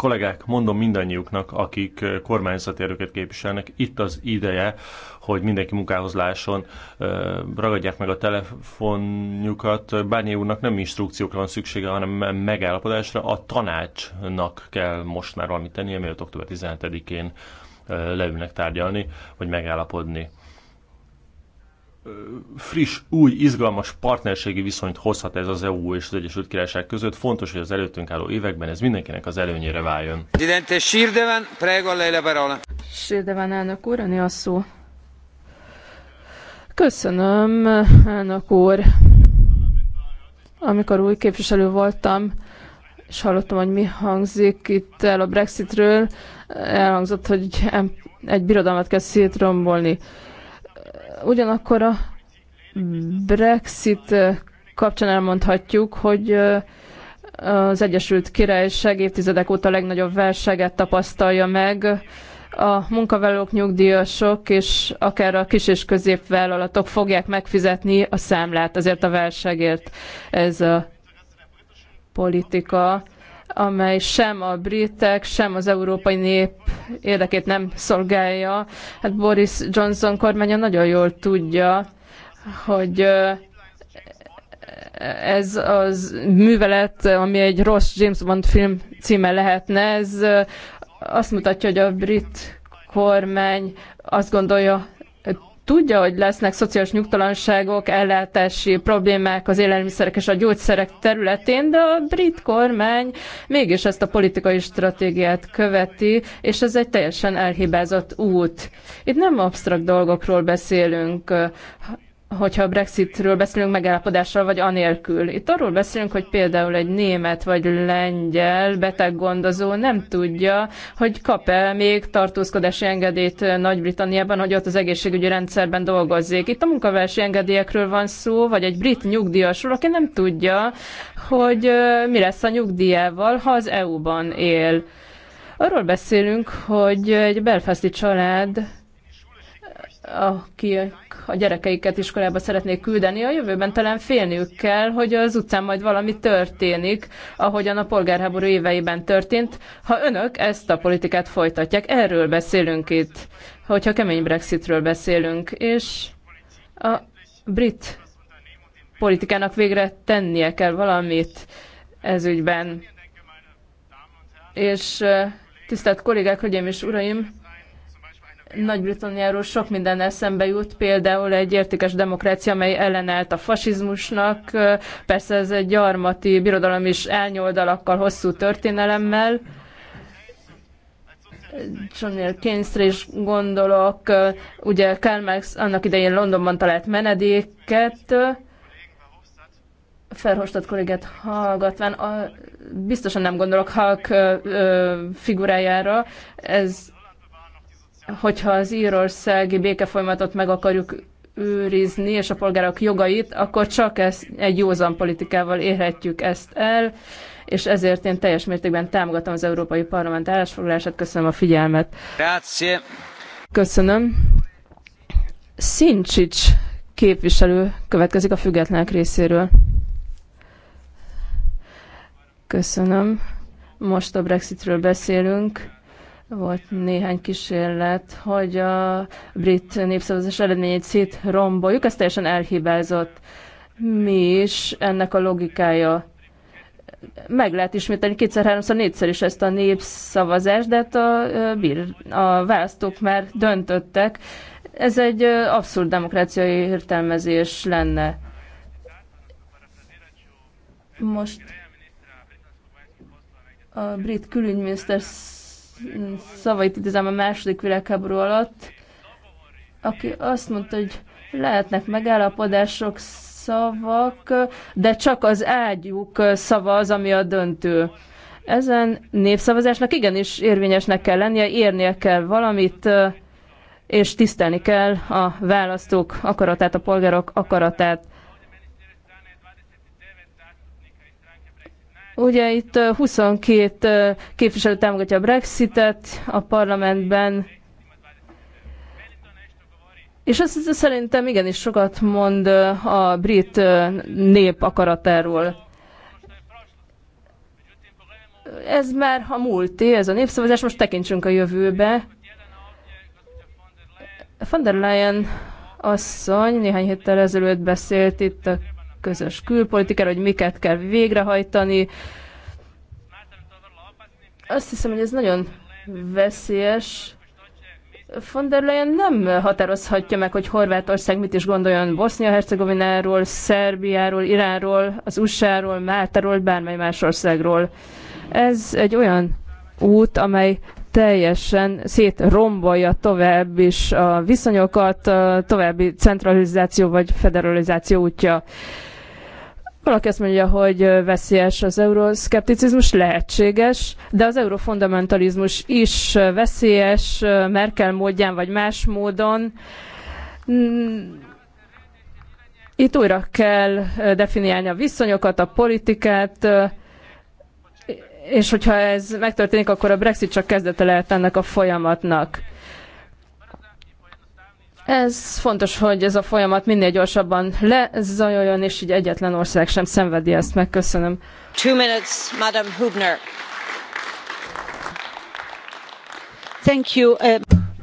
[SPEAKER 4] kollégák, mondom mindannyiuknak, akik kormányzati erőket képviselnek, itt az ideje, hogy mindenki munkához lásson, ragadják meg a telefonjukat. Bárnyi úrnak nem instrukciókra van szüksége, hanem megállapodásra. A tanácsnak kell most már valamit tennie, mielőtt október 17-én leülnek tárgyalni, vagy megállapodni friss, új, izgalmas partnerségi viszonyt hozhat ez az EU és az Egyesült Királyság között. Fontos, hogy az előttünk álló években ez mindenkinek az előnyére váljon. Presidente Sirdevan, prego lei la parola.
[SPEAKER 2] Sirdevan elnök úr, a szó. Köszönöm, elnök úr. Amikor új képviselő voltam, és hallottam, hogy mi hangzik itt el a Brexitről, elhangzott, hogy egy birodalmat kell szétrombolni. Ugyanakkor a Brexit kapcsán elmondhatjuk, hogy az Egyesült Királyság évtizedek óta a legnagyobb verseget tapasztalja meg. A munkavállalók, nyugdíjasok és akár a kis és középvállalatok fogják megfizetni a számlát azért a válságért. Ez a politika amely sem a britek, sem az európai nép érdekét nem szolgálja. Hát Boris Johnson kormánya nagyon jól tudja, hogy ez az művelet, ami egy rossz James Bond film címe lehetne, ez azt mutatja, hogy a brit kormány azt gondolja Tudja, hogy lesznek szociális nyugtalanságok, ellátási problémák az élelmiszerek és a gyógyszerek területén, de a brit kormány mégis ezt a politikai stratégiát követi, és ez egy teljesen elhibázott út. Itt nem absztrakt dolgokról beszélünk, hogyha a Brexitről beszélünk megállapodással, vagy anélkül. Itt arról beszélünk, hogy például egy német vagy lengyel beteggondozó nem tudja, hogy kap-e még tartózkodási engedélyt Nagy-Britanniában, hogy ott az egészségügyi rendszerben dolgozzék. Itt a munkavási engedélyekről van szó, vagy egy brit nyugdíjasról, aki nem tudja, hogy mi lesz a nyugdíjával, ha az EU-ban él. Arról beszélünk, hogy egy belfeszti család akik a gyerekeiket iskolába szeretnék küldeni, a jövőben talán félniük kell, hogy az utcán majd valami történik, ahogyan a polgárháború éveiben történt. Ha önök ezt a politikát folytatják, erről beszélünk itt, hogyha kemény Brexitről beszélünk, és a brit politikának végre tennie kell valamit ez ügyben. És tisztelt kollégák, hölgyeim és uraim, nagy-Britanniáról sok minden eszembe jut, például egy értékes demokrácia, amely ellenállt a fasizmusnak, persze ez egy gyarmati birodalom is elnyoldalakkal, hosszú történelemmel. John Keynesre is gondolok, ugye Karl Marx annak idején Londonban talált menedéket, felhostott kollégát hallgatván, a, biztosan nem gondolok Hulk figurájára, ez hogyha az írországi békefolyamatot meg akarjuk őrizni, és a polgárok jogait, akkor csak ezt egy józan politikával érhetjük ezt el, és ezért én teljes mértékben támogatom az Európai Parlament állásfoglalását. Köszönöm a figyelmet.
[SPEAKER 1] Grazie.
[SPEAKER 2] Köszönöm. Sincsics képviselő következik a függetlenek részéről. Köszönöm. Most a Brexitről beszélünk volt néhány kísérlet, hogy a brit népszavazás eredményét szétromboljuk, ez teljesen elhibázott. Mi is ennek a logikája? Meg lehet ismételni kétszer, háromszor, négyszer is ezt a népszavazást, de hát a, a választók már döntöttek. Ez egy abszurd demokráciai értelmezés lenne. Most a brit külügyminiszter szavait idézem a második világháború alatt, aki azt mondta, hogy lehetnek megállapodások, szavak, de csak az ágyuk szava az, ami a döntő. Ezen népszavazásnak igenis érvényesnek kell lennie, érnie kell valamit, és tisztelni kell a választók akaratát, a polgárok akaratát. Ugye itt 22 képviselő támogatja a Brexitet a parlamentben, és azt hiszem, szerintem igenis sokat mond a brit nép akaratáról. Ez már a múlté, ez a népszavazás, most tekintsünk a jövőbe. Van der Leyen asszony néhány héttel ezelőtt beszélt itt a közös külpolitikára, hogy miket kell végrehajtani. Azt hiszem, hogy ez nagyon veszélyes. Von der Leyen nem határozhatja meg, hogy Horvátország mit is gondoljon Bosznia-Hercegovináról, Szerbiáról, Iránról, az USA-ról, Máltáról, bármely más országról. Ez egy olyan út, amely teljesen szétrombolja tovább is a viszonyokat, a további centralizáció vagy federalizáció útja. Valaki azt mondja, hogy veszélyes az euroszkepticizmus, lehetséges, de az eurofundamentalizmus is veszélyes, Merkel módján vagy más módon. Mm, itt újra kell definiálni a viszonyokat, a politikát, és hogyha ez megtörténik, akkor a Brexit csak kezdete lehet ennek a folyamatnak. Ez fontos, hogy ez a folyamat minél gyorsabban lezajoljon, és így egyetlen ország sem szenvedi ezt meg. Köszönöm.
[SPEAKER 5] Two minutes, Madam Hubner. Thank you. Uh,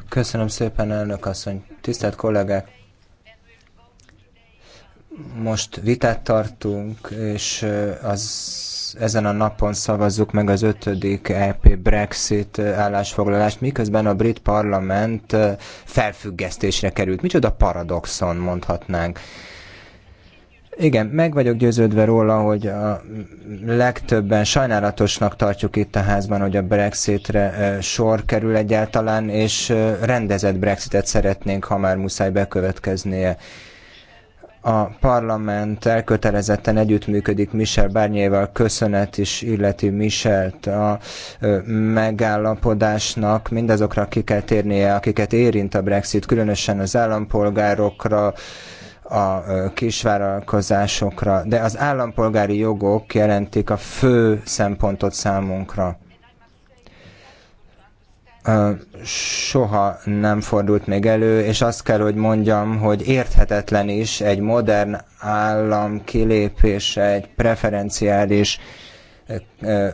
[SPEAKER 6] Köszönöm szépen, elnök asszony. Tisztelt kollégák! Most vitát tartunk, és az, ezen a napon szavazzuk meg az ötödik EP Brexit állásfoglalást, miközben a brit parlament felfüggesztésre került. Micsoda paradoxon mondhatnánk. Igen, meg vagyok győződve róla, hogy a legtöbben sajnálatosnak tartjuk itt a házban, hogy a Brexitre sor kerül egyáltalán, és rendezett Brexitet szeretnénk, ha már muszáj bekövetkeznie a parlament elkötelezetten együttműködik Michel Barnier-val, köszönet is illeti Michelt a megállapodásnak, mindazokra ki kell térnie, akiket érint a Brexit, különösen az állampolgárokra, a kisvállalkozásokra, de az állampolgári jogok jelentik a fő szempontot számunkra soha nem fordult még elő, és azt kell, hogy mondjam, hogy érthetetlen is egy modern állam kilépése egy preferenciális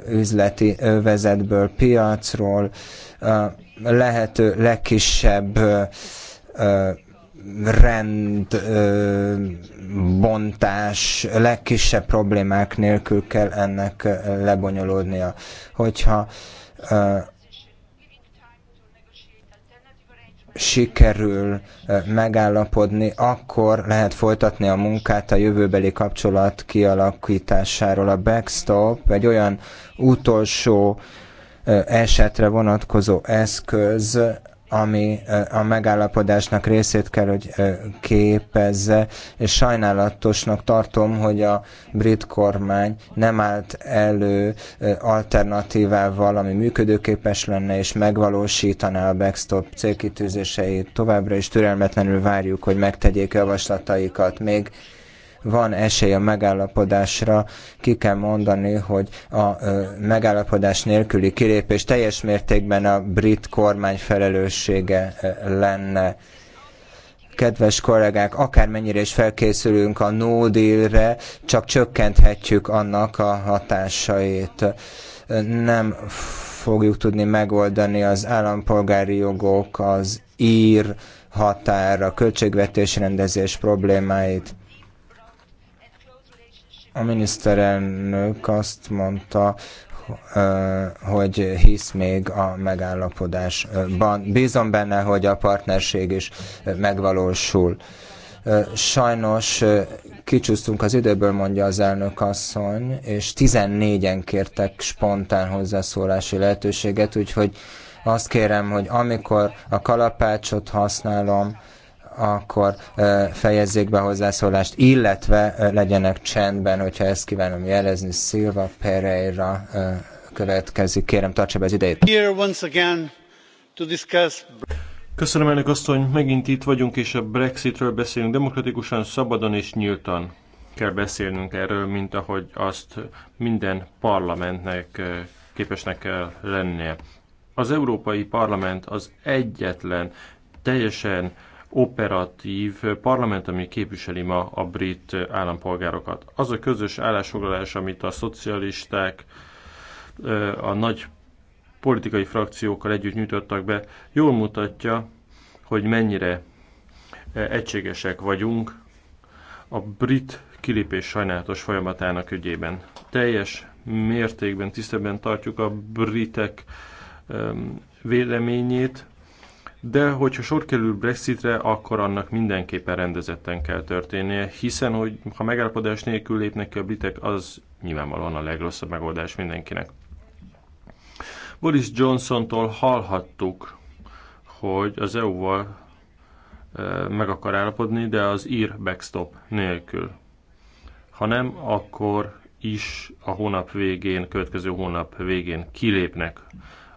[SPEAKER 6] üzleti övezetből, piacról, lehető legkisebb rendbontás, legkisebb problémák nélkül kell ennek lebonyolódnia. Hogyha sikerül eh, megállapodni, akkor lehet folytatni a munkát a jövőbeli kapcsolat kialakításáról. A backstop egy olyan utolsó eh, esetre vonatkozó eszköz, ami a megállapodásnak részét kell, hogy képezze, és sajnálatosnak tartom, hogy a brit kormány nem állt elő alternatívával, ami működőképes lenne, és megvalósítaná a backstop célkitűzéseit. Továbbra is türelmetlenül várjuk, hogy megtegyék javaslataikat. Még van esély a megállapodásra, ki kell mondani, hogy a megállapodás nélküli kilépés teljes mértékben a brit kormány felelőssége lenne kedves kollégák, akármennyire is felkészülünk a no deal-re, csak csökkenthetjük annak a hatásait. Nem fogjuk tudni megoldani az állampolgári jogok, az ír határa, költségvetés rendezés problémáit. A miniszterelnök azt mondta, eh, hogy hisz még a megállapodásban. Bízom benne, hogy a partnerség is megvalósul. Eh, sajnos eh, kicsúsztunk az időből, mondja az elnök asszony, és 14-en kértek spontán hozzászólási lehetőséget, úgyhogy azt kérem, hogy amikor a kalapácsot használom, akkor fejezzék be a hozzászólást, illetve legyenek csendben, hogyha ezt kívánom jelezni. Silva Pereira következik. Kérem, tartsa be az idejét.
[SPEAKER 4] Köszönöm, elnök hogy megint itt vagyunk, és a Brexitről beszélünk. Demokratikusan, szabadon és nyíltan kell beszélnünk erről, mint ahogy azt minden parlamentnek képesnek kell lennie. Az Európai Parlament az egyetlen teljesen operatív parlament, ami képviseli ma a brit állampolgárokat. Az a közös állásfoglalás, amit a szocialisták a nagy politikai frakciókkal együtt nyújtottak be, jól mutatja, hogy mennyire egységesek vagyunk a brit kilépés sajnálatos folyamatának ügyében. Teljes mértékben tisztebben tartjuk a britek véleményét, de hogyha sor kerül Brexitre, akkor annak mindenképpen rendezetten kell történnie, hiszen hogy ha megállapodás nélkül lépnek ki a britek, az nyilvánvalóan a legrosszabb megoldás mindenkinek. Boris Johnson-tól hallhattuk, hogy az EU-val e, meg akar állapodni, de az ír backstop nélkül. Ha nem, akkor is a hónap végén, következő hónap végén kilépnek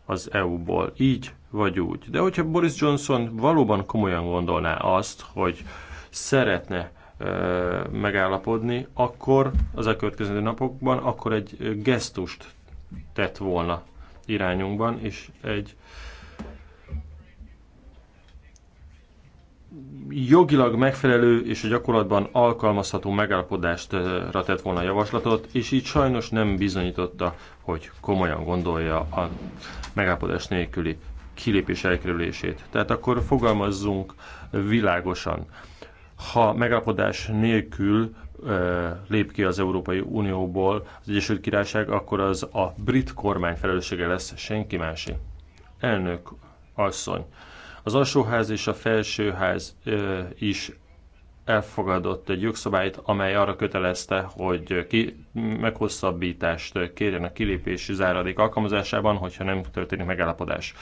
[SPEAKER 4] az EU-ból, így vagy úgy. De hogyha Boris Johnson valóban komolyan gondolná azt, hogy szeretne ö, megállapodni, akkor az következő napokban akkor egy gesztust tett volna irányunkban, és egy jogilag megfelelő és a gyakorlatban alkalmazható megállapodástra tett volna a javaslatot, és így sajnos nem bizonyította, hogy komolyan gondolja a megállapodás nélküli kilépés elkerülését. Tehát akkor fogalmazzunk világosan. Ha megállapodás nélkül lép ki az Európai Unióból az Egyesült Királyság, akkor az a brit kormány felelőssége lesz, senki másé. Elnök asszony, az alsóház és a felsőház is elfogadott egy jogszabályt, amely arra kötelezte, hogy ki, meghosszabbítást kérjen a kilépési záradék alkalmazásában, hogyha nem történik megállapodás.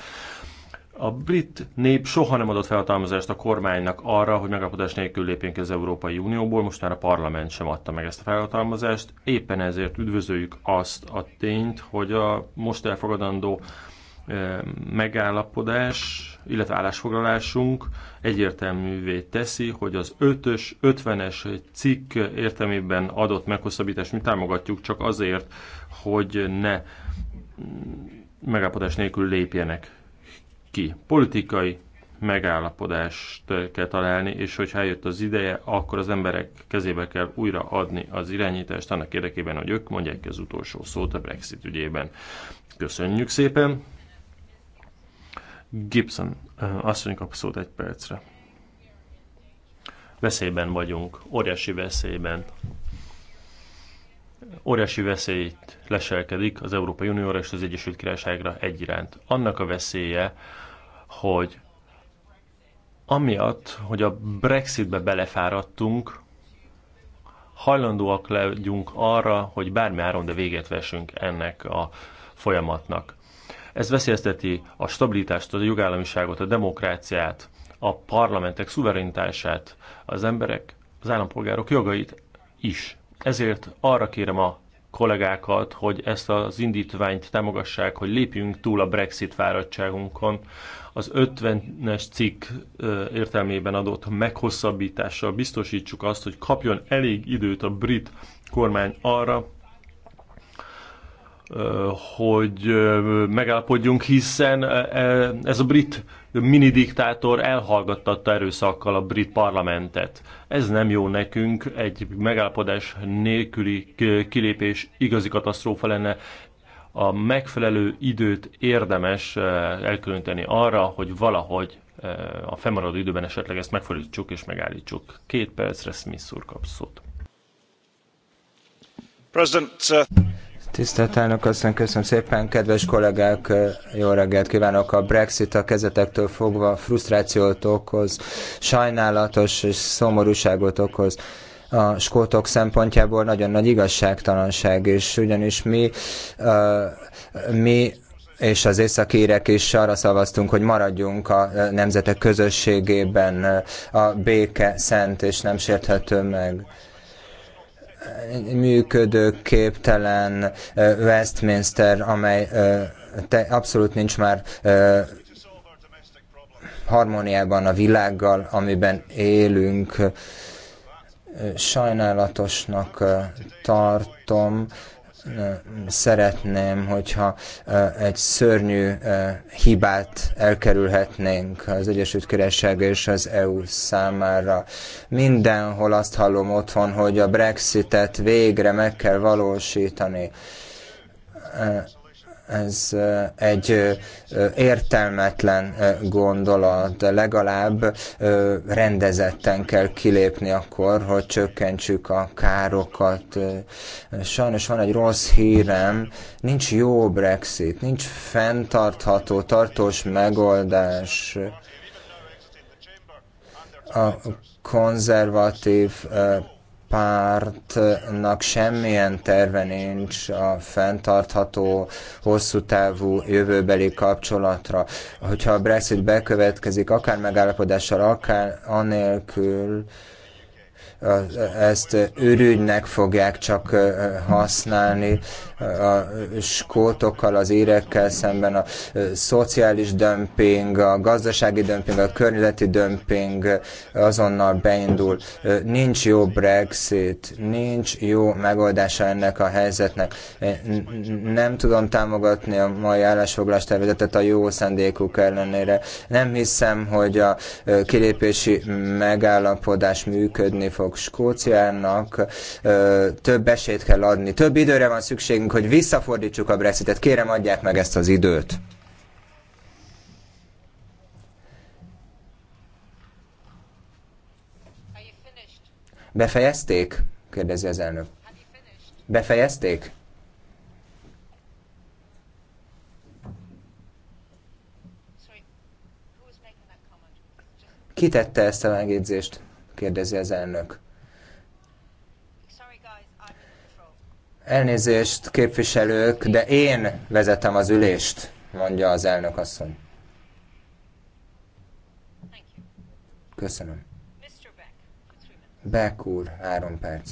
[SPEAKER 4] A brit nép soha nem adott felhatalmazást a kormánynak arra, hogy megállapodás nélkül lépjünk az Európai Unióból, most már a parlament sem adta meg ezt a felhatalmazást. Éppen ezért üdvözöljük azt a tényt, hogy a most elfogadandó megállapodás, illetve állásfoglalásunk egyértelművé teszi, hogy az 5-ös, 50-es cikk értelmében adott meghosszabbítást mi támogatjuk csak azért, hogy ne megállapodás nélkül lépjenek ki. Politikai megállapodást kell találni, és hogyha eljött az ideje, akkor az emberek kezébe kell újra adni az irányítást annak érdekében, hogy ők mondják ki az utolsó szót a Brexit ügyében. Köszönjük szépen! Gibson asszony kap szót egy percre. Veszélyben vagyunk, óriási veszélyben. Óriási veszélyt leselkedik az Európai Unióra és az Egyesült Királyságra egyiránt. Annak a veszélye, hogy amiatt, hogy a Brexitbe belefáradtunk, hajlandóak legyünk arra, hogy bármi áron, de véget vessünk ennek a folyamatnak. Ez veszélyezteti a stabilitást, a jogállamiságot, a demokráciát, a parlamentek szuverenitását, az emberek, az állampolgárok jogait is. Ezért arra kérem a kollégákat, hogy ezt az indítványt támogassák, hogy lépjünk túl a Brexit fáradtságunkon. Az 50-es cikk értelmében adott meghosszabbítással biztosítsuk azt, hogy kapjon elég időt a brit kormány arra, hogy megállapodjunk, hiszen ez a brit mini diktátor elhallgattatta erőszakkal a brit parlamentet. Ez nem jó nekünk, egy megállapodás nélküli kilépés igazi katasztrófa lenne. A megfelelő időt érdemes elkülöníteni arra, hogy valahogy a fennmaradó időben esetleg ezt megfordítsuk és megállítsuk. Két percre Smith úr kap szót.
[SPEAKER 3] President, uh...
[SPEAKER 6] Tisztelt elnök, aztán köszönöm szépen. Kedves kollégák, jó reggelt kívánok. A Brexit a kezetektől fogva frusztrációt okoz, sajnálatos és szomorúságot okoz a skótok szempontjából nagyon nagy igazságtalanság, és ugyanis mi, mi és az északírek is arra szavaztunk, hogy maradjunk a nemzetek közösségében, a béke szent és nem sérthető meg működőképtelen Westminster, amely te, abszolút nincs már harmóniában a világgal, amiben élünk. Sajnálatosnak tartom, szeretném, hogyha egy szörnyű hibát elkerülhetnénk az Egyesült Királyság és az EU számára. Mindenhol azt hallom otthon, hogy a Brexitet végre meg kell valósítani ez eh, egy eh, értelmetlen eh, gondolat, legalább rendezetten kell kilépni akkor, hogy csökkentsük a károkat. Sajnos van egy rossz hírem, nincs jó Brexit, nincs fenntartható, tartós megoldás. A konzervatív pártnak semmilyen terve nincs a fenntartható, hosszú távú jövőbeli kapcsolatra. Hogyha a Brexit bekövetkezik, akár megállapodással, akár anélkül, ezt örügynek fogják csak használni, a skótokkal, az érekkel szemben, a szociális dömping, a gazdasági dömping, a környezeti dömping azonnal beindul. Nincs jó Brexit, nincs jó megoldása ennek a helyzetnek. Nem tudom támogatni a mai állásfoglalás tervezetet a jó szándékuk ellenére. Nem hiszem, hogy a kilépési megállapodás működni fog Skóciának. Több esélyt kell adni, több időre van szükség, nekünk, hogy visszafordítsuk a Brexitet. Kérem, adják meg ezt az időt. Befejezték? kérdezi az elnök. Befejezték? Ki tette ezt a megjegyzést? kérdezi az elnök. Elnézést, képviselők, de én vezetem az ülést, mondja az elnök asszony. Köszönöm. Beck úr, három perc.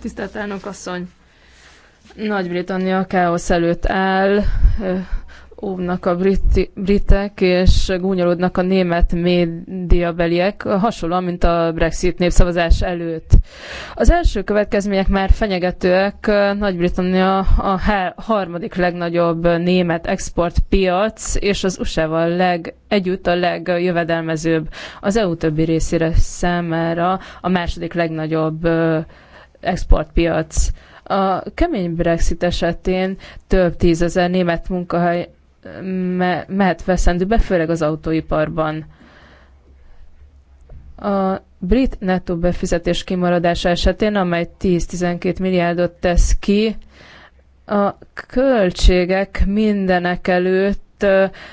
[SPEAKER 2] Tisztelt elnök asszony! Nagy-Britannia káosz előtt áll, óvnak a brit, britek, és gúnyolódnak a német médiabeliek, hasonlóan, mint a Brexit népszavazás előtt. Az első következmények már fenyegetőek. Nagy-Britannia a harmadik legnagyobb német exportpiac, és az USA-val leg, együtt a legjövedelmezőbb. Az EU többi részére számára a második legnagyobb exportpiac. A kemény Brexit esetén több tízezer német munkahely me- mehet veszendőbe, főleg az autóiparban. A brit nettó befizetés kimaradása esetén, amely 10-12 milliárdot tesz ki, a költségek mindenek előtt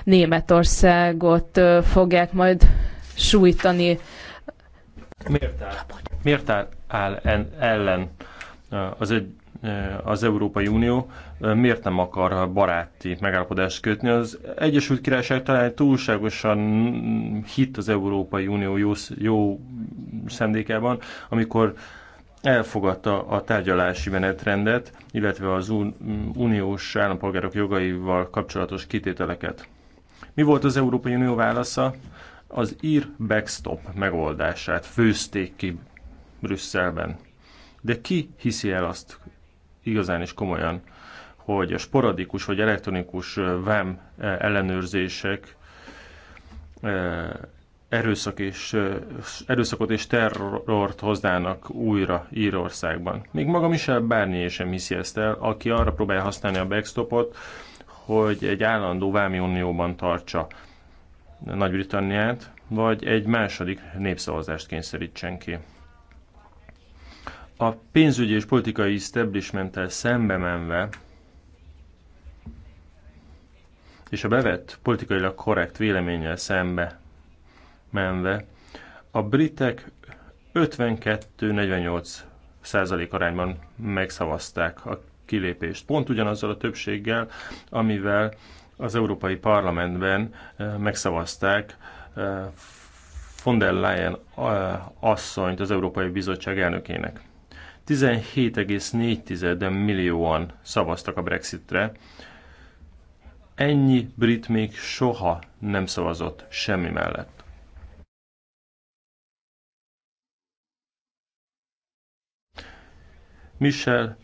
[SPEAKER 2] Németországot fogják majd sújtani.
[SPEAKER 4] Miért áll, miért áll, ellen az egy az Európai Unió miért nem akar baráti megállapodást kötni. Az Egyesült Királyság talán túlságosan hitt az Európai Unió jó, jó szendékában, amikor elfogadta a tárgyalási menetrendet, illetve az uniós állampolgárok jogaival kapcsolatos kitételeket. Mi volt az Európai Unió válasza? Az ír backstop megoldását főzték ki Brüsszelben. De ki hiszi el azt, igazán is komolyan, hogy a sporadikus vagy elektronikus VAM e ellenőrzések erőszak és, erőszakot és terrort hozdának újra Írországban. Még maga Michel Barnier sem hiszi ezt el, aki arra próbálja használni a backstopot, hogy egy állandó vámi e unióban tartsa Nagy-Britanniát, vagy egy második népszavazást kényszerítsen ki a pénzügyi és politikai establishmenttel szembe menve, és a bevett politikailag korrekt véleménnyel szembe menve, a britek 52-48 százalék arányban megszavazták a kilépést. Pont ugyanazzal a többséggel, amivel az Európai Parlamentben eh, megszavazták eh, von der Leyen eh, asszonyt az Európai Bizottság elnökének. 17,4 millióan szavaztak a Brexitre. Ennyi brit még soha nem szavazott semmi mellett. Michel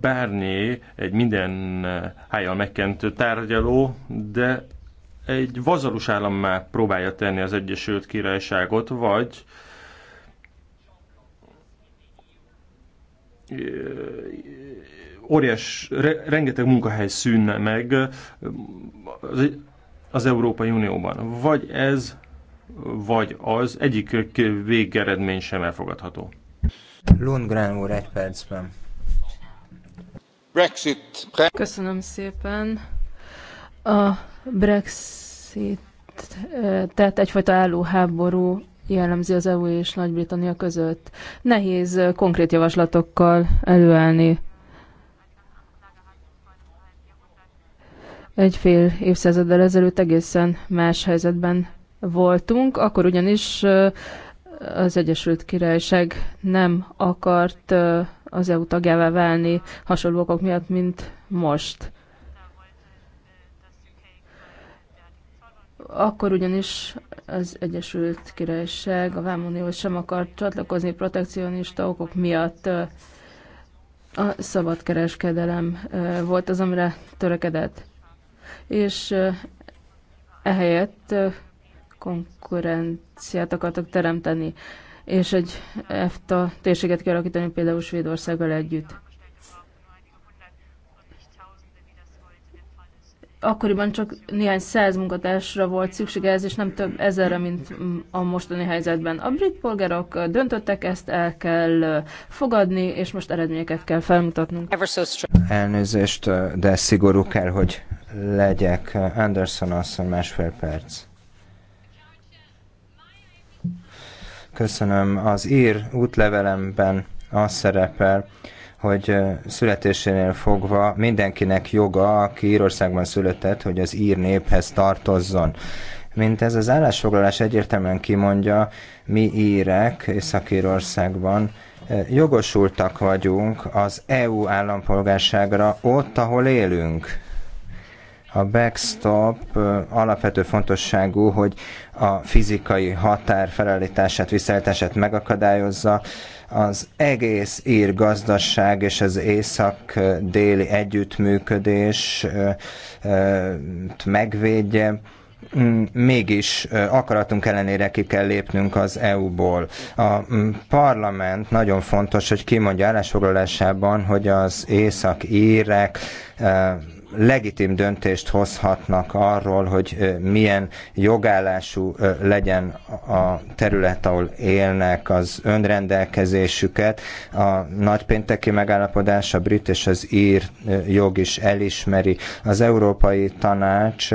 [SPEAKER 4] Barnier egy minden eh, hájjal megkent tárgyaló, de egy vazalus állammá próbálja tenni az Egyesült Királyságot, vagy óriás, re, rengeteg munkahely szűnne meg az, az Európai Unióban. Vagy ez, vagy az, egyik végeredmény sem elfogadható.
[SPEAKER 6] Lundgren úr,
[SPEAKER 2] egy percben. Brexit. Köszönöm szépen. A Brexit, tehát egyfajta állóháború jellemzi az EU és Nagy-Britannia között. Nehéz konkrét javaslatokkal előállni. Egy fél évszázaddal ezelőtt egészen más helyzetben voltunk, akkor ugyanis az Egyesült Királyság nem akart az EU tagjává válni hasonló okok miatt, mint most. Akkor ugyanis az Egyesült Királyság a Vámunióhoz sem akar csatlakozni protekcionista okok miatt. A szabadkereskedelem volt az, amire törekedett. És ehelyett konkurenciát akartak teremteni, és egy EFTA térséget kialakítani például Svédországgal együtt. akkoriban csak néhány száz munkatársra volt szüksége, ez, és nem több ezerre, mint a mostani helyzetben. A brit polgárok döntöttek, ezt el kell fogadni, és most eredményeket kell felmutatnunk.
[SPEAKER 6] Elnézést, de szigorú kell, hogy legyek. Anderson asszony, másfél perc. Köszönöm. Az ír útlevelemben az szerepel, hogy születésénél fogva mindenkinek joga, aki Írországban született, hogy az ír néphez tartozzon. Mint ez az állásfoglalás egyértelműen kimondja, mi írek Észak-Írországban jogosultak vagyunk az EU állampolgárságra ott, ahol élünk. A backstop alapvető fontosságú, hogy a fizikai határ felállítását, visszaállítását megakadályozza. Az egész ír gazdaság és az észak-déli együttműködés megvédje mm, mégis akaratunk ellenére ki kell lépnünk az EU-ból. A mm, parlament nagyon fontos, hogy kimondja állásfoglalásában, hogy az észak-írek legitim döntést hozhatnak arról, hogy milyen jogállású legyen a terület, ahol élnek, az önrendelkezésüket. A nagypénteki megállapodás, a brit és az ír jog is elismeri. Az Európai Tanács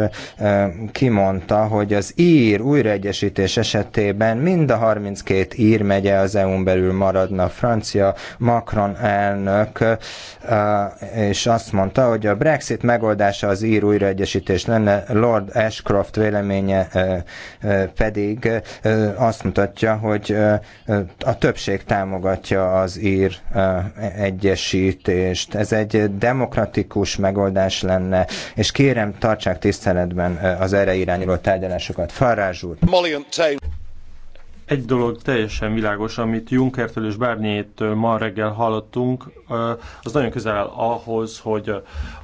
[SPEAKER 6] kimondta, hogy az ír újraegyesítés esetében mind a 32 ír megye az EU-n belül maradna. Francia Macron elnök és azt mondta, hogy a Brexit legegyszerűbb megoldása az ír újraegyesítés lenne. Lord Ashcroft véleménye pedig azt mutatja, hogy a többség támogatja az ír egyesítést. Ez egy demokratikus megoldás lenne, és kérem, tartsák tiszteletben az erre irányuló tárgyalásokat. Farázs úr!
[SPEAKER 4] Egy dolog teljesen világos, amit Junckertől és Bárnyétől ma reggel hallottunk, az nagyon közel áll ahhoz, hogy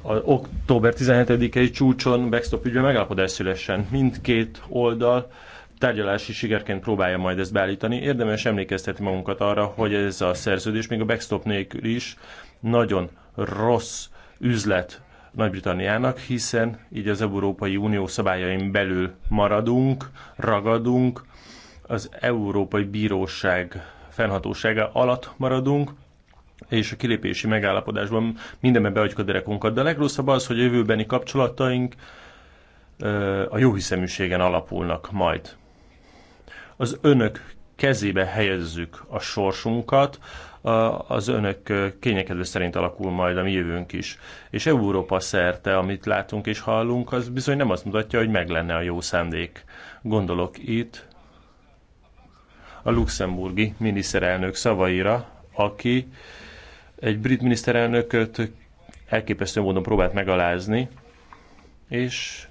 [SPEAKER 4] a október 17-i csúcson backstop ügyben megállapodás szülessen. Mindkét oldal tárgyalási sikerként próbálja majd ezt beállítani. Érdemes emlékeztetni magunkat arra, hogy ez a szerződés még a backstop nélkül is nagyon rossz üzlet nagy-Britanniának, hiszen így az Európai Unió szabályain belül maradunk, ragadunk, az Európai Bíróság fennhatósága alatt maradunk, és a kilépési megállapodásban mindenben beadjuk a derekunkat. De a legrosszabb az, hogy a jövőbeni kapcsolataink a jóhiszeműségen alapulnak majd. Az önök kezébe helyezzük a sorsunkat, az önök kényekedve szerint alakul majd a mi jövőnk is. És Európa szerte, amit látunk és hallunk, az bizony nem azt mutatja, hogy meg lenne a jó szándék. Gondolok itt a luxemburgi miniszterelnök szavaira, aki egy brit miniszterelnököt elképesztő módon próbált megalázni, és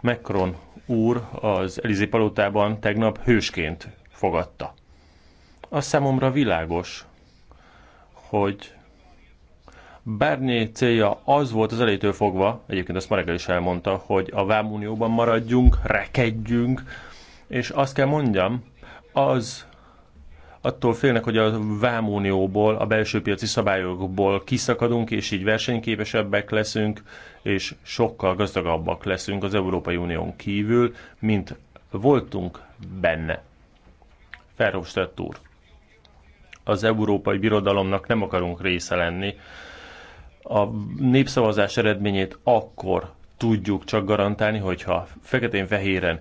[SPEAKER 4] Macron úr az Elizé palotában tegnap hősként fogadta. A számomra világos, hogy Bárnyé célja az volt az elejétől fogva, egyébként azt ma reggel is elmondta, hogy a Vámunióban maradjunk, rekedjünk, és azt kell mondjam, az attól félnek, hogy a vámunióból, a belső piaci szabályokból kiszakadunk, és így versenyképesebbek leszünk, és sokkal gazdagabbak leszünk az Európai Unión kívül, mint voltunk benne. Ferhofstadt úr, az Európai Birodalomnak nem akarunk része lenni. A népszavazás eredményét akkor tudjuk csak garantálni, hogyha feketén-fehéren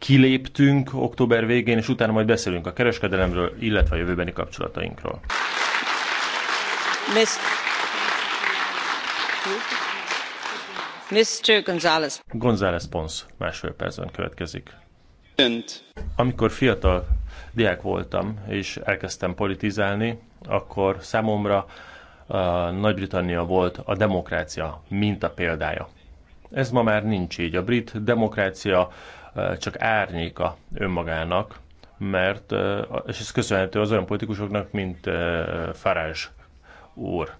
[SPEAKER 4] kiléptünk október végén, és utána majd beszélünk a kereskedelemről, illetve a jövőbeni kapcsolatainkról.
[SPEAKER 5] Mr. González.
[SPEAKER 4] González Pons másfél percben következik. Önt. Amikor fiatal diák voltam, és elkezdtem politizálni, akkor számomra uh, Nagy-Britannia volt a demokrácia mintapéldája. Ez ma már nincs így. A brit demokrácia uh, csak árnyéka önmagának, mert, és ez köszönhető az olyan politikusoknak, mint Farage úr.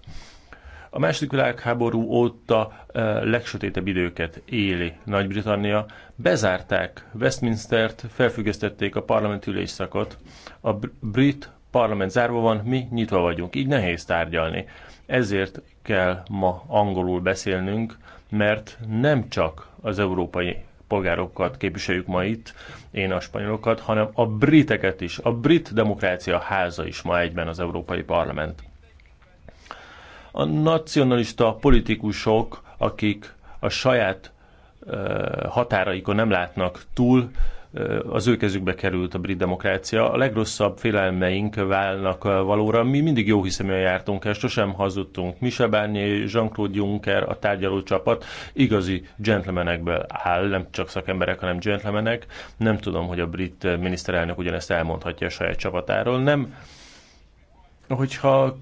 [SPEAKER 4] A második világháború óta legsötétebb időket éli Nagy-Britannia. Bezárták Westminstert, felfüggesztették a parlamenti ülésszakot. A brit parlament zárva van, mi nyitva vagyunk, így nehéz tárgyalni. Ezért kell ma angolul beszélnünk, mert nem csak az európai polgárokat képviseljük ma itt, én a spanyolokat, hanem a briteket is. A brit demokrácia háza is ma egyben az Európai Parlament. A nacionalista politikusok, akik a saját határaikon nem látnak túl, az ő kezükbe került a brit demokrácia. A legrosszabb félelmeink válnak valóra. Mi mindig jó hiszeműen jártunk el, sosem hazudtunk. Michel Barnier, Jean-Claude Juncker, a tárgyaló csapat igazi gentlemanekből áll, nem csak szakemberek, hanem gentlemanek. Nem tudom, hogy a brit miniszterelnök ugyanezt elmondhatja a saját csapatáról. Nem hogyha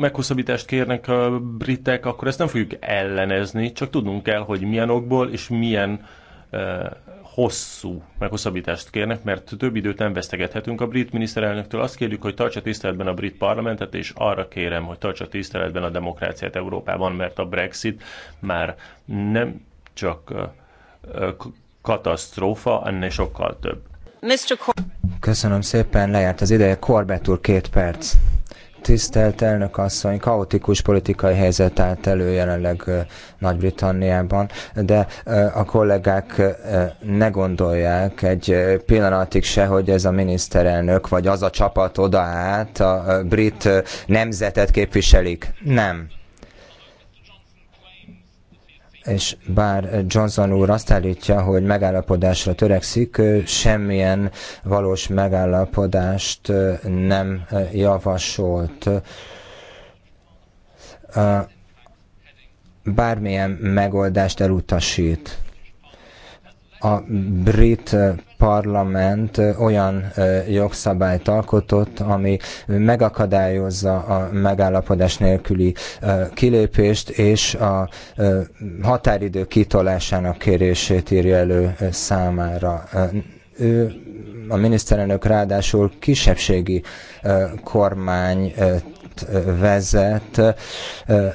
[SPEAKER 4] meghosszabbítást kérnek a britek, akkor ezt nem fogjuk ellenezni, csak tudnunk kell, hogy milyen okból és milyen uh, hosszú meghosszabbítást kérnek, mert több időt nem vesztegethetünk a brit miniszterelnöktől. Azt kérjük, hogy tartsa tiszteletben a brit parlamentet, és arra kérem, hogy tartsa tiszteletben a demokráciát Európában, mert a Brexit már nem csak katasztrófa, ennél sokkal több.
[SPEAKER 5] Mr.
[SPEAKER 6] Köszönöm szépen, lejárt az ideje. Korbett úr, két perc. Tisztelt elnök asszony, kaotikus politikai helyzet állt elő jelenleg Nagy-Britanniában, de a kollégák ne gondolják egy pillanatig se, hogy ez a miniszterelnök vagy az a csapat oda át a brit nemzetet képviselik. Nem és bár Johnson úr azt állítja, hogy megállapodásra törekszik, semmilyen valós megállapodást nem javasolt. Bármilyen megoldást elutasít a brit eh, parlament eh, olyan eh, jogszabályt alkotott, ami megakadályozza a megállapodás nélküli kilépést, és a határidő kitolásának kérését írja elő számára. Ő, a miniszterelnök ráadásul kisebbségi kormány párt vezet.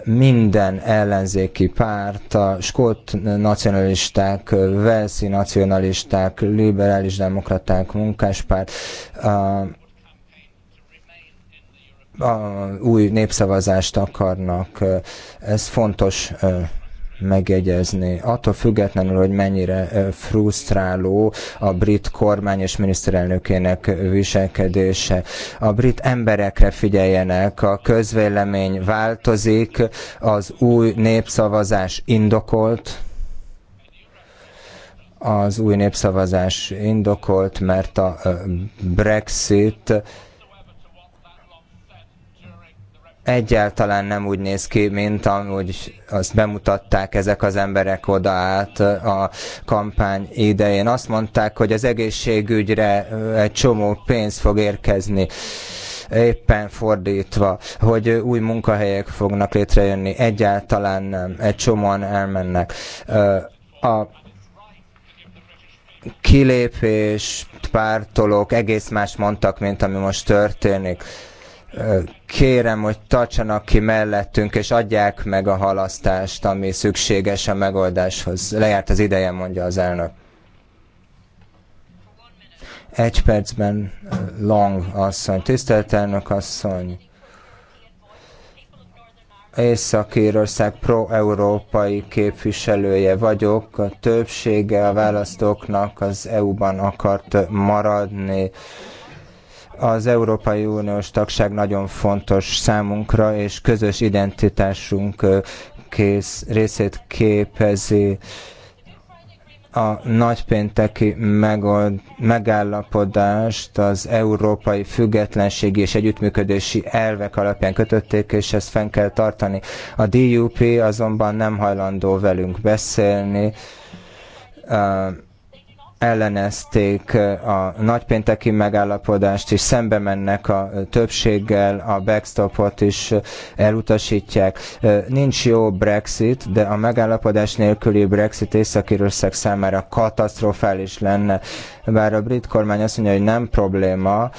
[SPEAKER 6] Minden ellenzéki párt, a skót nacionalisták, velszi nacionalisták, liberális demokraták, munkáspárt, a új népszavazást akarnak. Ez fontos megegyezni. Attól függetlenül, hogy mennyire frusztráló a brit kormány és miniszterelnökének viselkedése. A brit emberekre figyeljenek, a közvélemény változik, az új népszavazás indokolt, az új népszavazás indokolt, mert a Brexit egyáltalán nem úgy néz ki, mint amúgy azt bemutatták ezek az emberek oda át a kampány idején. Azt mondták, hogy az egészségügyre egy csomó pénz fog érkezni éppen fordítva, hogy új munkahelyek fognak létrejönni, egyáltalán nem, egy csomóan elmennek. A kilépés, pártolók egész más mondtak, mint ami most történik kérem, hogy tartsanak ki mellettünk, és adják meg a halasztást, ami szükséges a megoldáshoz. Lejárt az ideje, mondja az elnök. Egy percben Long asszony. Tisztelt elnök asszony! Észak-Írország pro-európai képviselője vagyok. A többsége a választóknak az EU-ban akart maradni. Az Európai Uniós tagság nagyon fontos számunkra, és közös identitásunk kész, részét képezi a nagypénteki megold, megállapodást az európai függetlenségi és együttműködési elvek alapján kötötték, és ezt fenn kell tartani. A DUP azonban nem hajlandó velünk beszélni. Uh, ellenezték a nagypénteki megállapodást és szembe mennek a többséggel, a backstopot is elutasítják. Nincs jó Brexit, de a megállapodás nélküli Brexit Észak-Írország számára katasztrofális lenne bár a brit kormány azt mondja, hogy nem probléma,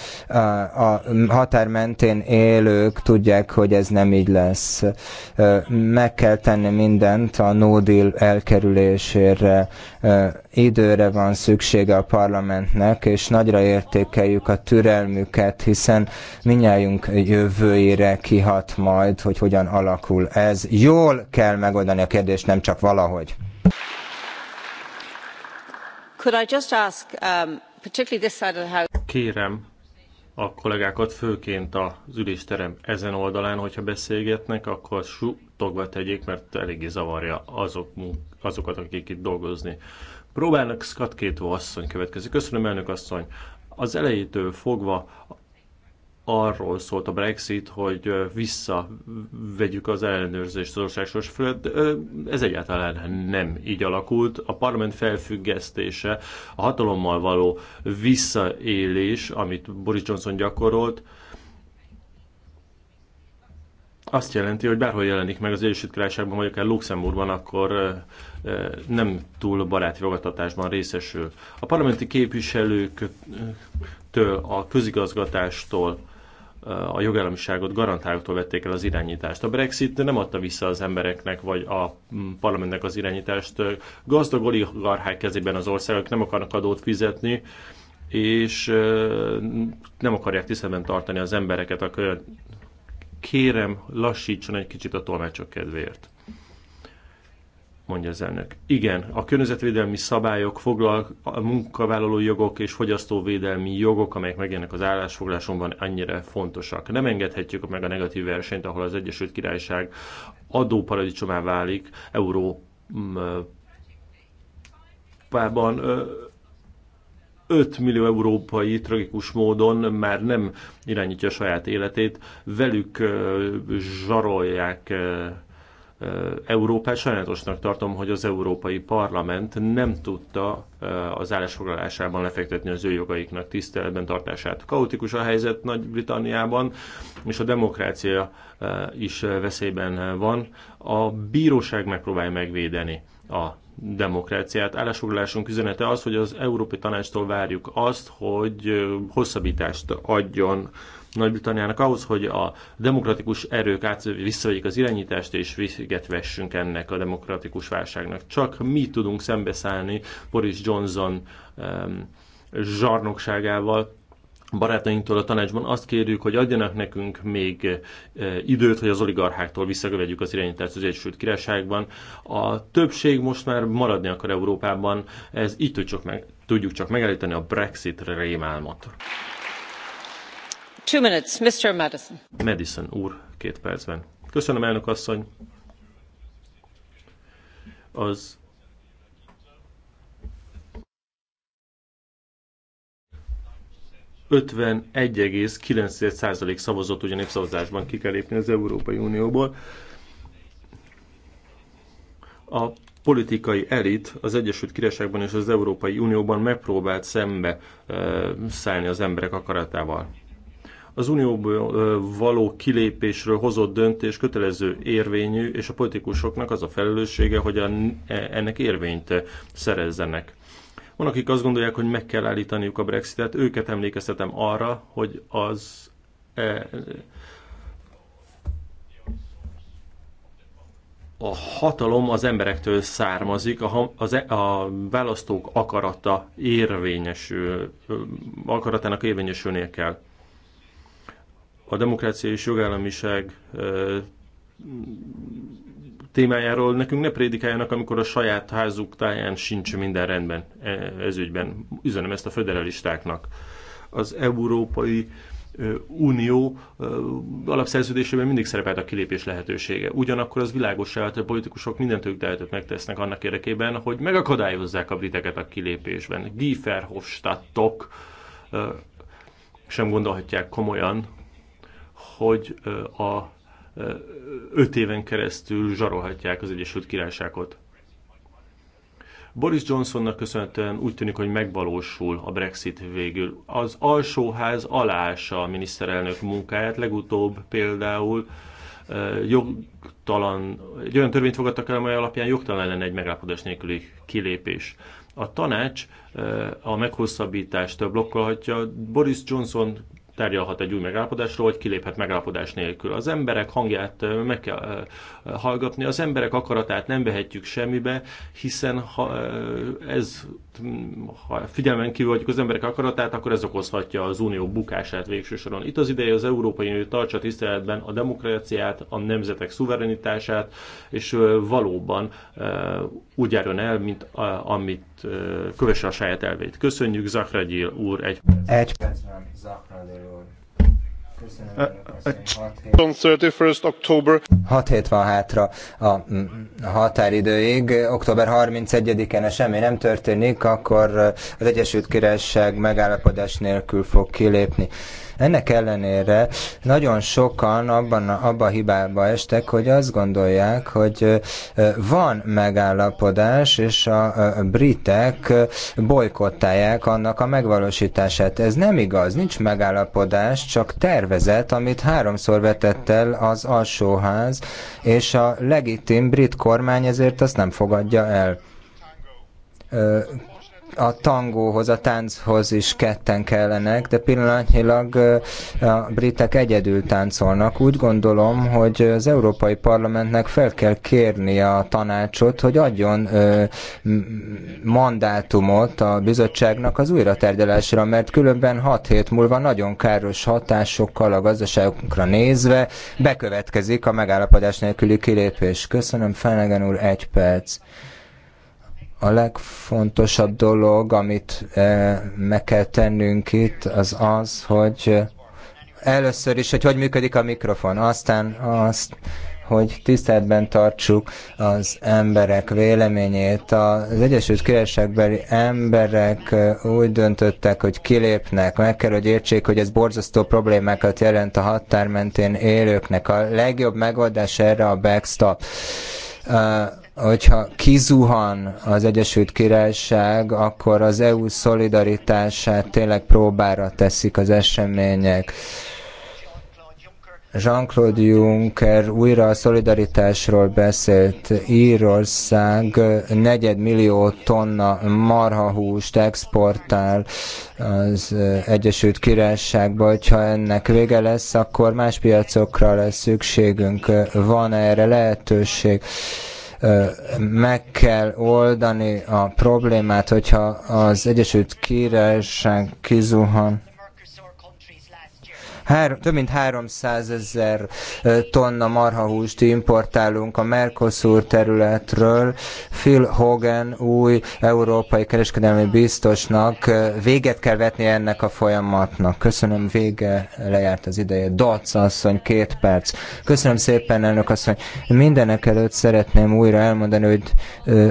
[SPEAKER 6] a határ mentén élők tudják, hogy ez nem így lesz. Meg kell tenni mindent a no deal elkerülésére, időre van szüksége a parlamentnek, és nagyra értékeljük a türelmüket, hiszen minnyájunk jövőire kihat majd, hogy hogyan alakul ez. Jól kell megoldani a kérdést, nem csak valahogy.
[SPEAKER 4] Kérem a kollégákat, főként az ülésterem ezen oldalán, hogyha beszélgetnek, akkor suttogva tegyék, mert eléggé zavarja azok, azokat, akik itt dolgozni. Próbálnak Skatkétó asszony következik. Köszönöm, elnök asszony. Az elejétől fogva arról szólt a Brexit, hogy visszavegyük az ellenőrzést az országos fölött. Ez egyáltalán nem így alakult. A parlament felfüggesztése, a hatalommal való visszaélés, amit Boris Johnson gyakorolt, azt jelenti, hogy bárhol jelenik meg az Egyesült Királyságban, vagy akár Luxemburgban, akkor nem túl baráti fogadtatásban részesül. A parlamenti képviselőktől, a közigazgatástól, a jogállamiságot garantáltól vették el az irányítást. A Brexit nem adta vissza az embereknek vagy a mm, parlamentnek az irányítást. Gazdag oligarchák kezében az országok nem akarnak adót fizetni, és nem akarják tisztelben tartani az embereket. Kérem, lassítson egy kicsit a tolmácsok kedvéért mondja az elnök. Igen, a környezetvédelmi szabályok, foglal, a munkavállalói jogok és fogyasztóvédelmi jogok, amelyek megjelennek az állásfoglalásomban annyira fontosak. Nem engedhetjük meg a negatív versenyt, ahol az Egyesült Királyság adóparadicsomá válik Európában. Mm, 5 millió európai tragikus módon már nem irányítja a saját életét, velük zsarolják Európát. Sajnálatosnak tartom, hogy az Európai Parlament nem tudta az állásfoglalásában lefektetni az ő jogaiknak tiszteletben tartását. Kaotikus a helyzet Nagy-Britanniában, és a demokrácia is veszélyben van. A bíróság megpróbálja megvédeni a demokráciát. Állásfoglalásunk üzenete az, hogy az Európai Tanácstól várjuk azt, hogy hosszabbítást adjon nagy-Britanniának ahhoz, hogy a demokratikus erők át, az irányítást, és véget vessünk ennek a demokratikus válságnak. Csak mi tudunk szembeszállni Boris Johnson um, zsarnokságával, barátainktól a tanácsban azt kérjük, hogy adjanak nekünk még eh, időt, hogy az oligarcháktól visszagövegyük az irányítást az Egyesült Királyságban. A többség most már maradni akar Európában, ez így tudjuk, meg, tudjuk csak megállítani a Brexit rémálmat.
[SPEAKER 5] Mr. Madison.
[SPEAKER 4] Madison úr, két percben. Köszönöm, elnök asszony. Az százalék szavazott ugye népszavazásban ki kell lépni az Európai Unióból. A politikai elit az Egyesült Királyságban és az Európai Unióban megpróbált szembe szállni az emberek akaratával az unióból való kilépésről hozott döntés kötelező érvényű, és a politikusoknak az a felelőssége, hogy e, ennek érvényt szerezzenek. Van, akik azt gondolják, hogy meg kell állítaniuk a Brexitet, őket emlékeztetem arra, hogy az e, a hatalom az emberektől származik, a, az, e, a választók akarata érvényesül, akaratának érvényesülnie kell a demokrácia és jogállamiság témájáról nekünk ne prédikáljanak, amikor a saját házuk táján sincs minden rendben e, ez ügyben. Üzenem ezt a föderalistáknak. Az Európai Unió alapszerződésében mindig szerepelt a kilépés lehetősége. Ugyanakkor az világos hogy a politikusok mindent ők tehetőt megtesznek annak érdekében, hogy megakadályozzák a briteket a kilépésben. Guy Verhofstadtok sem gondolhatják komolyan, hogy a öt éven keresztül zsarolhatják az Egyesült Királyságot. Boris Johnsonnak köszönhetően úgy tűnik, hogy megvalósul a Brexit végül. Az alsóház alása a miniszterelnök munkáját, legutóbb például jogtalan, egy olyan törvényt fogadtak el, amely alapján jogtalan lenne egy megállapodás nélküli kilépés. A tanács a meghosszabbítást blokkolhatja. Boris Johnson tárgyalhat egy új megállapodásról, hogy kiléphet megállapodás nélkül. Az emberek hangját meg kell hallgatni, az emberek akaratát nem vehetjük semmibe, hiszen ha ez ha figyelmen kívül vagyjuk az emberek akaratát, akkor ez okozhatja az unió bukását végső soron. Itt az ideje az Európai Unió tartsa tiszteletben a demokráciát, a nemzetek szuverenitását, és valóban úgy járjon el, mint a, amit kövesse a saját elvét. Köszönjük, Zahragyil úr, egy
[SPEAKER 6] Egy percben, Zahragyil Hat 6 hét van hátra a mm, mm, határidőig. Október 31-én semmi nem történik, akkor az Egyesült Királyság megállapodás nélkül fog kilépni. Ennek ellenére nagyon sokan abban, abba a hibába estek, hogy azt gondolják, hogy van megállapodás, és a britek bolykottálják annak a megvalósítását. Ez nem igaz, nincs megállapodás, csak tervezet, amit háromszor vetett el az alsóház, és a legitim brit kormány ezért azt nem fogadja el a tangóhoz, a tánchoz is ketten kellenek, de pillanatnyilag a britek egyedül táncolnak. Úgy gondolom, hogy az Európai Parlamentnek fel kell kérni a tanácsot, hogy adjon mandátumot a bizottságnak az újratárgyalásra, mert különben 6 hét múlva nagyon káros hatásokkal a gazdaságokra nézve bekövetkezik a megállapodás nélküli kilépés. Köszönöm, Fenegen úr, egy perc a legfontosabb dolog, amit e, meg kell tennünk itt, az az, hogy e, először is, hogy hogy működik a mikrofon, aztán azt, hogy tiszteletben tartsuk az emberek véleményét. Az Egyesült Királyságbeli emberek e, úgy döntöttek, hogy kilépnek, meg kell, hogy értsék, hogy ez borzasztó problémákat jelent a határ mentén élőknek. A legjobb megoldás erre a backstop hogyha kizuhan az Egyesült Királyság, akkor az EU szolidaritását tényleg próbára teszik az események. Jean-Claude Juncker újra a szolidaritásról beszélt. Írország negyedmillió tonna marhahúst exportál az Egyesült Királyságba. Ha ennek vége lesz, akkor más piacokra lesz szükségünk. Van erre lehetőség? Meg kell oldani a problémát, hogyha az Egyesült Királyság kizuhan három, több mint 300 ezer tonna marhahúst importálunk a Mercosur területről. Phil Hogan új európai kereskedelmi biztosnak véget kell vetni ennek a folyamatnak. Köszönöm, vége lejárt az ideje. Dac asszony, két perc. Köszönöm szépen, elnök asszony. Mindenek előtt szeretném újra elmondani, hogy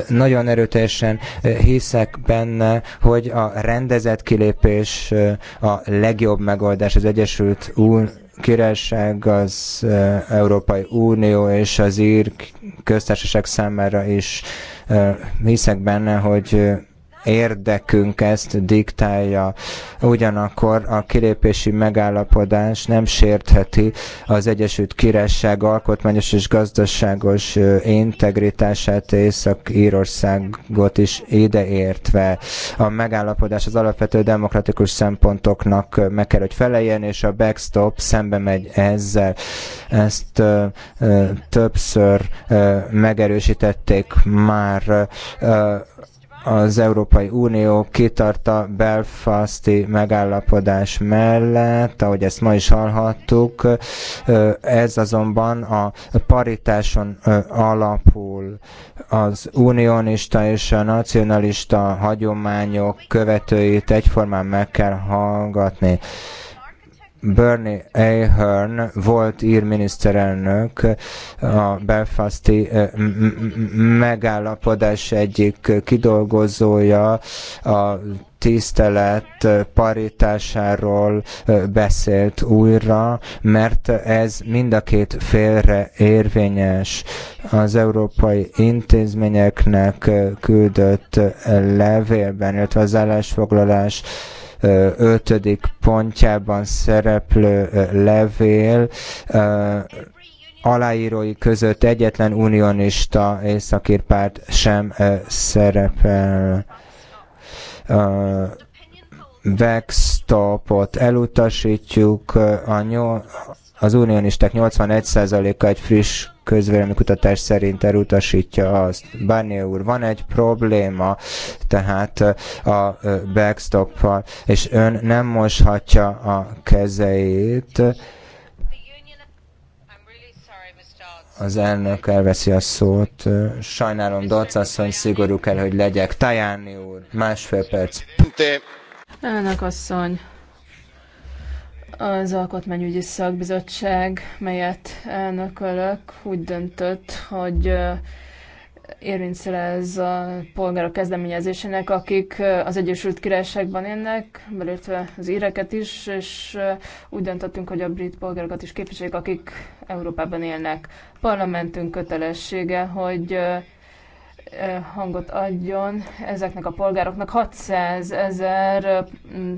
[SPEAKER 6] nagyon erőteljesen hiszek benne, hogy a rendezett kilépés a legjobb megoldás az Egyesült Királyság az Európai Unió és az ír köztársaság számára is hiszek benne, hogy érdekünk ezt diktálja. Ugyanakkor a kilépési megállapodás nem sértheti az Egyesült Királyság alkotmányos és gazdaságos integritását Észak-Írországot is ideértve. A megállapodás az alapvető demokratikus szempontoknak meg kell, hogy feleljen, és a backstop szembe megy ezzel. Ezt ö, ö, többször ö, megerősítették már az Európai Unió kitart a belfasti megállapodás mellett, ahogy ezt ma is hallhattuk, ez azonban a paritáson alapul az unionista és a nacionalista hagyományok követőit egyformán meg kell hallgatni. Bernie Ahern volt ír miniszterelnök a belfasti eh, megállapodás egyik kidolgozója a tisztelet paritásáról eh, beszélt újra, mert ez mind a két félre érvényes. Az európai intézményeknek eh, küldött levélben, illetve az állásfoglalás ötödik pontjában szereplő levél aláírói között egyetlen unionista párt sem szerepel backstopot elutasítjuk, a nyol, az unionisták 81%-a egy friss közvéleménykutatás szerint elutasítja azt. Barnier úr, van egy probléma, tehát a backstop és ön nem moshatja a kezeit, az elnök elveszi a szót. Sajnálom, Dac asszony, szigorú kell, hogy legyek. Tajáni úr, másfél perc.
[SPEAKER 2] Elnök asszony, az Alkotmányügyi Szakbizottság, melyet elnökölök, úgy döntött, hogy érvényszerez a polgárok kezdeményezésének, akik az Egyesült Királyságban élnek, belértve az íreket is, és úgy döntöttünk, hogy a brit polgárokat is képviseljük, akik Európában élnek. Parlamentünk kötelessége, hogy hangot adjon ezeknek a polgároknak. 600 ezer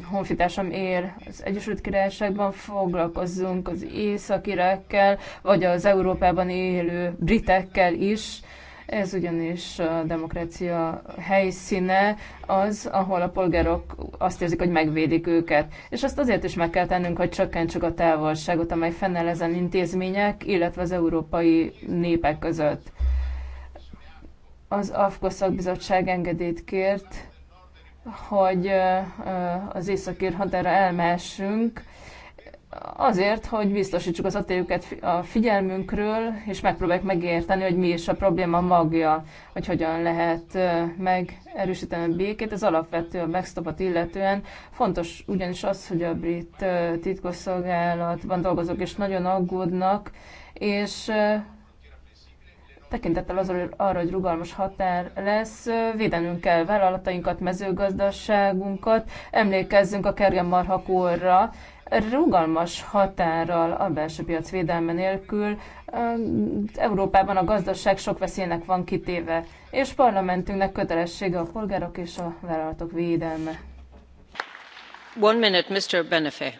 [SPEAKER 2] honfitársam él az Egyesült Királyságban, foglalkozzunk az északirekkel, vagy az Európában élő britekkel is. Ez ugyanis a demokrácia helyszíne az, ahol a polgárok azt érzik, hogy megvédik őket. És azt azért is meg kell tennünk, hogy csökkentsük a távolságot, amely fennáll ezen intézmények, illetve az európai népek között az AFKO szakbizottság engedélyt kért, hogy az északír határa elmehessünk, azért, hogy biztosítsuk az atéljuket a figyelmünkről, és megpróbáljuk megérteni, hogy mi is a probléma magja, hogy hogyan lehet megerősíteni a békét. Ez alapvető a backstopot illetően. Fontos ugyanis az, hogy a brit titkosszolgálatban dolgozók is nagyon aggódnak, és tekintettel az, arra, hogy rugalmas határ lesz, védenünk kell vállalatainkat, mezőgazdaságunkat, emlékezzünk a kergen marhakórra, rugalmas határral a belső piac védelme nélkül Európában a gazdaság sok veszélynek van kitéve, és parlamentünknek kötelessége a polgárok és a vállalatok védelme. One minute, Mr. Benefe.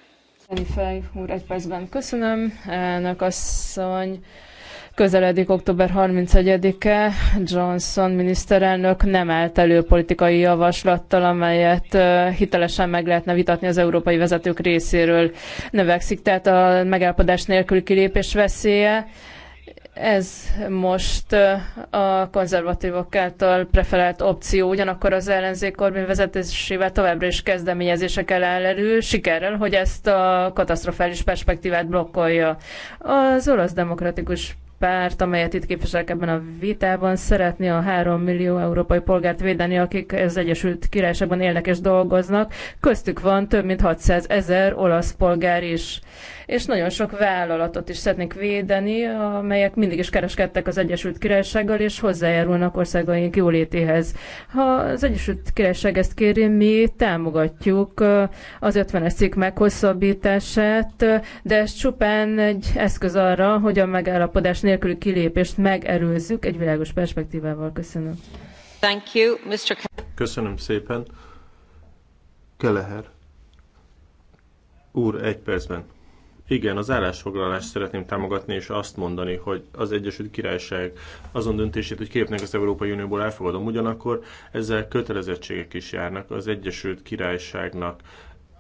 [SPEAKER 2] Benefé úr, egy percben köszönöm. Elnök asszony, Közeledik október 31-e, Johnson miniszterelnök nem állt elő politikai javaslattal, amelyet hitelesen meg lehetne vitatni az európai vezetők részéről. Növekszik tehát a megállapodás nélküli kilépés veszélye. Ez most a konzervatívok által preferált opció, ugyanakkor az ellenzék Corbyn vezetésével továbbra is kezdeményezésekkel áll elő, sikerrel, hogy ezt a katasztrofális perspektívát blokkolja. Az olasz demokratikus párt, amelyet itt képviselek ebben a vitában, szeretné a 3 millió európai polgárt védeni, akik az Egyesült Királyságban élnek és dolgoznak. Köztük van több mint 600 ezer olasz polgár is és nagyon sok vállalatot is szeretnék védeni, amelyek mindig is kereskedtek az Egyesült Királysággal, és hozzájárulnak országaink jólétéhez. Ha az Egyesült Királyság ezt kéri, mi támogatjuk eh, az 50-es cikk meghosszabbítását, eh, de ez csupán egy eszköz arra, hogy a megállapodás nélküli kilépést megerőzzük egy világos perspektívával. Köszönöm.
[SPEAKER 4] Thank
[SPEAKER 1] you, Mr.
[SPEAKER 4] Köszönöm szépen. Keleher. Úr, egy percben. Igen, az állásfoglalást szeretném támogatni, és azt mondani, hogy az Egyesült Királyság azon döntését, hogy képnek az Európai Unióból, elfogadom. Ugyanakkor ezzel kötelezettségek is járnak. Az Egyesült Királyságnak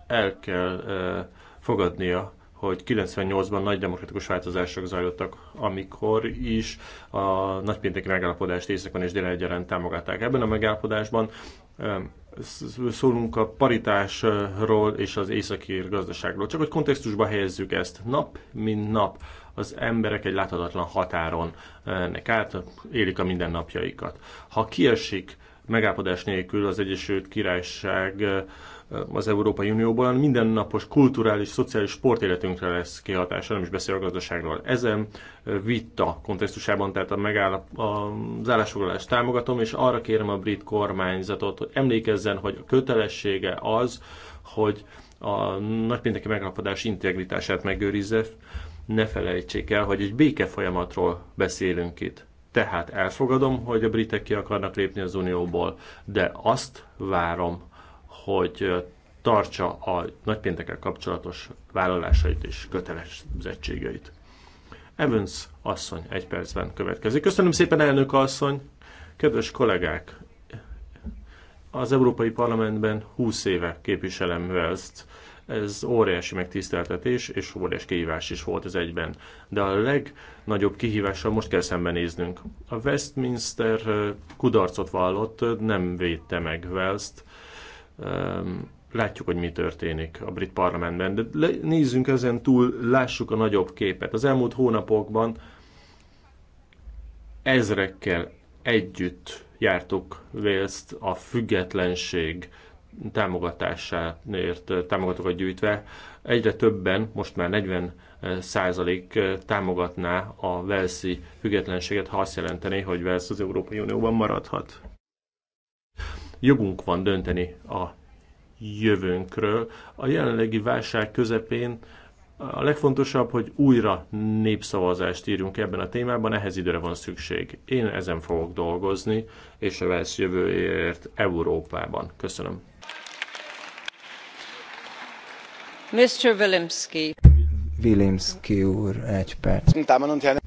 [SPEAKER 4] el kell eh, fogadnia, hogy 98-ban nagy demokratikus változások zajlottak, amikor is a nagypénteki megállapodást északon és délen egyaránt támogatták. Ebben a megállapodásban eh, szólunk a paritásról és az északi gazdaságról. Csak hogy kontextusba helyezzük ezt. Nap, mint nap az emberek egy láthatatlan határon ennek eh, át, élik a mindennapjaikat. Ha kiesik megállapodás nélkül az Egyesült Királyság eh, az Európai Unióból, hanem mindennapos kulturális, szociális sportéletünkre lesz kihatása, nem is beszél a gazdaságról. Ezen vita kontextusában, tehát a megállap, az állásfoglalást támogatom, és arra kérem a brit kormányzatot, hogy emlékezzen, hogy a kötelessége az, hogy a nagypénteki megállapodás integritását megőrizze, ne felejtsék el, hogy egy béke folyamatról beszélünk itt. Tehát elfogadom, hogy a britek ki akarnak lépni az Unióból, de azt várom hogy tartsa a nagypéntekkel kapcsolatos vállalásait és kötelezettségeit. Evans asszony egy percben következik. Köszönöm szépen, elnök asszony! Kedves kollégák! Az Európai Parlamentben 20 éve képviselem Wales-t. Ez óriási megtiszteltetés és óriási kihívás is volt az egyben. De a legnagyobb kihívással most kell szembenéznünk. A Westminster kudarcot vallott, nem védte meg Wales-t látjuk, hogy mi történik a brit parlamentben, de nézzünk ezen túl, lássuk a nagyobb képet. Az elmúlt hónapokban ezrekkel együtt jártuk wales a függetlenség támogatásáért támogatókat gyűjtve. Egyre többen, most már 40 százalék támogatná a Velszi függetlenséget, ha azt jelenteni, hogy Velsz az Európai Unióban maradhat jogunk van dönteni a jövőnkről. A jelenlegi válság közepén a legfontosabb, hogy újra népszavazást írjunk ebben a témában, ehhez időre van szükség. Én ezen fogok dolgozni, és a vesz jövőért Európában. Köszönöm.
[SPEAKER 2] Mr. Vilimsky.
[SPEAKER 6] Vilimski úr, egy perc.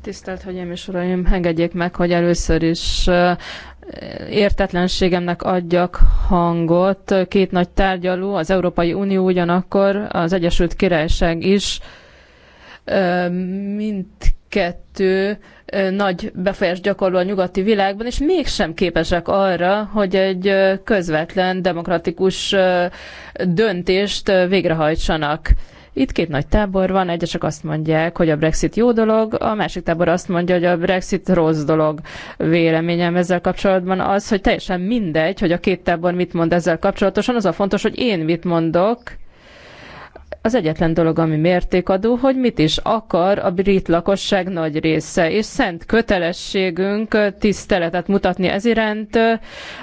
[SPEAKER 2] Tisztelt Hölgyeim és Uraim, engedjék meg, hogy először is értetlenségemnek adjak hangot. Két nagy tárgyaló, az Európai Unió ugyanakkor, az Egyesült Királyság is, mindkettő nagy befolyás gyakorló a nyugati világban, és mégsem képesek arra, hogy egy közvetlen demokratikus döntést végrehajtsanak. Itt két nagy tábor van, egyesek azt mondják, hogy a Brexit jó dolog, a másik tábor azt mondja, hogy a Brexit rossz dolog. Véleményem ezzel kapcsolatban az, hogy teljesen mindegy, hogy a két tábor mit mond ezzel kapcsolatosan, az a fontos, hogy én mit mondok, az egyetlen dolog, ami mértékadó, hogy mit is akar a brit lakosság nagy része, és szent kötelességünk tiszteletet mutatni ez iránt,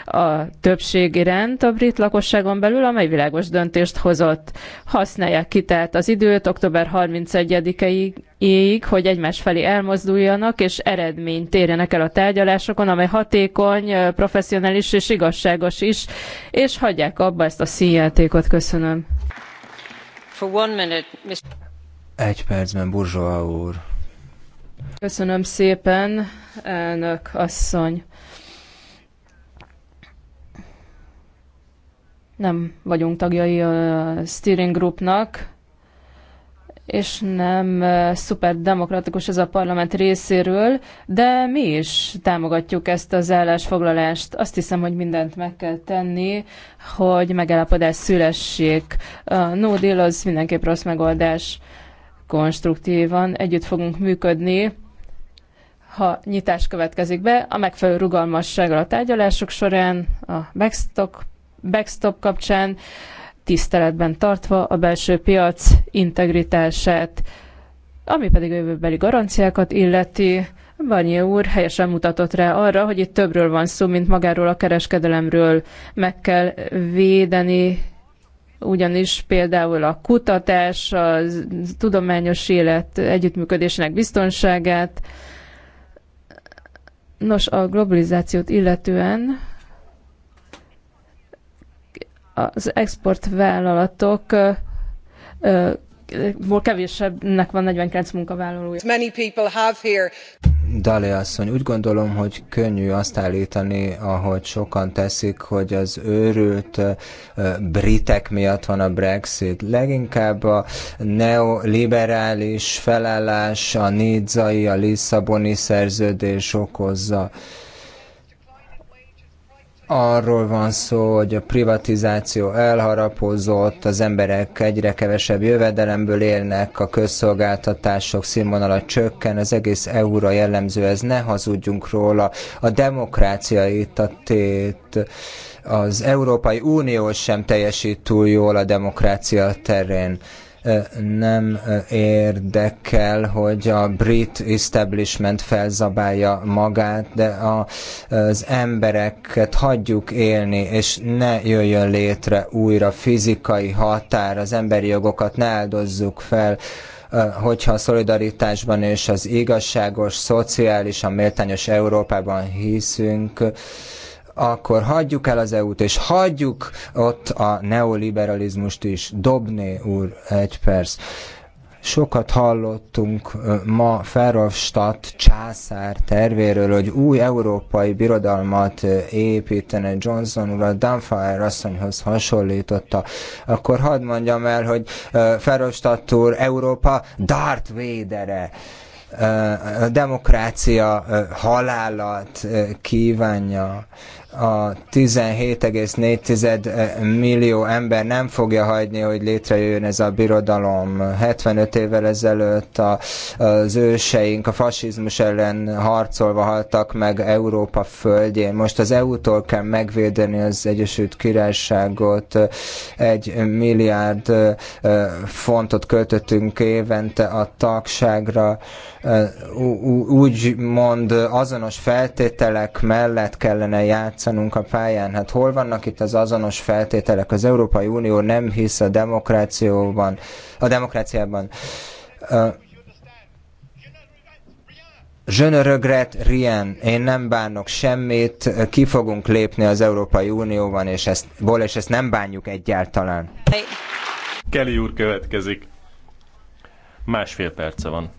[SPEAKER 2] a többség iránt a brit lakosságon belül, amely világos döntést hozott. Használják ki tehát az időt október 31-ig, hogy egymás felé elmozduljanak, és eredményt érjenek el a tárgyalásokon, amely hatékony, professzionális és igazságos is, és hagyják abba ezt a színjátékot. Köszönöm.
[SPEAKER 6] Egy percben, Burzsóa úr.
[SPEAKER 2] Köszönöm szépen, elnök asszony. Nem vagyunk tagjai a steering groupnak, és nem szuper demokratikus ez a parlament részéről, de mi is támogatjuk ezt az állásfoglalást. Azt hiszem, hogy mindent meg kell tenni, hogy megállapodás szülessék. A no deal az mindenképp rossz megoldás. Konstruktívan együtt fogunk működni, ha nyitás következik be, a megfelelő rugalmassággal a tárgyalások során, a backstop, backstop kapcsán, tiszteletben tartva a belső piac integritását, ami pedig a jövőbeli garanciákat illeti. Barnyé úr helyesen mutatott rá arra, hogy itt többről van szó, mint magáról a kereskedelemről. Meg kell védeni ugyanis például a kutatás, a tudományos élet együttműködésének biztonságát. Nos, a globalizációt illetően az exportvállalatok ból kevésebbnek van 49 munkavállalója. Many people have here.
[SPEAKER 6] Dali asszony, úgy gondolom, hogy könnyű azt állítani, ahogy sokan teszik, hogy az őrült britek miatt van a Brexit. Leginkább a neoliberális felállás, a nidzai, a lisszaboni szerződés okozza arról van szó, hogy a privatizáció elharapozott, az emberek egyre kevesebb jövedelemből élnek, a közszolgáltatások színvonala csökken, az egész eu jellemző, ez ne hazudjunk róla. A demokrácia itt a tét, az Európai Unió sem teljesít túl jól a demokrácia terén nem érdekel, hogy a brit establishment felzabálja magát, de a, az embereket hagyjuk élni, és ne jöjjön létre újra fizikai határ, az emberi jogokat ne áldozzuk fel, hogyha a szolidaritásban és az igazságos, szociális, a méltányos Európában hiszünk, akkor hagyjuk el az EU-t, és hagyjuk ott a neoliberalizmust is. Dobné úr, egy perc. Sokat hallottunk ma Ferovstadt császár tervéről, hogy új európai birodalmat építene Johnson úr a Dunfire asszonyhoz hasonlította. Akkor hadd mondjam el, hogy Ferovstadt úr Európa Darth Vader-e. a demokrácia halálát kívánja a 17,4 eh, millió ember nem fogja hagyni, hogy létrejöjjön ez a birodalom. 75 évvel ezelőtt a, az őseink a fasizmus ellen harcolva haltak meg Európa földjén. Most az EU-tól kell megvédeni az Egyesült Királyságot. Egy milliárd eh, fontot költöttünk évente a tagságra. Eh, úgy mond azonos feltételek mellett kellene játszani játszanunk a pályán? Hát hol vannak itt az azonos feltételek? Az Európai Unió nem hisz a demokrációban, a demokráciában. Uh, Je ne regrette rien. Én nem bánok semmit, ki fogunk lépni az Európai Unióban, és ezt, ból, és ezt nem bánjuk egyáltalán.
[SPEAKER 4] Kelly úr következik. Másfél perce van.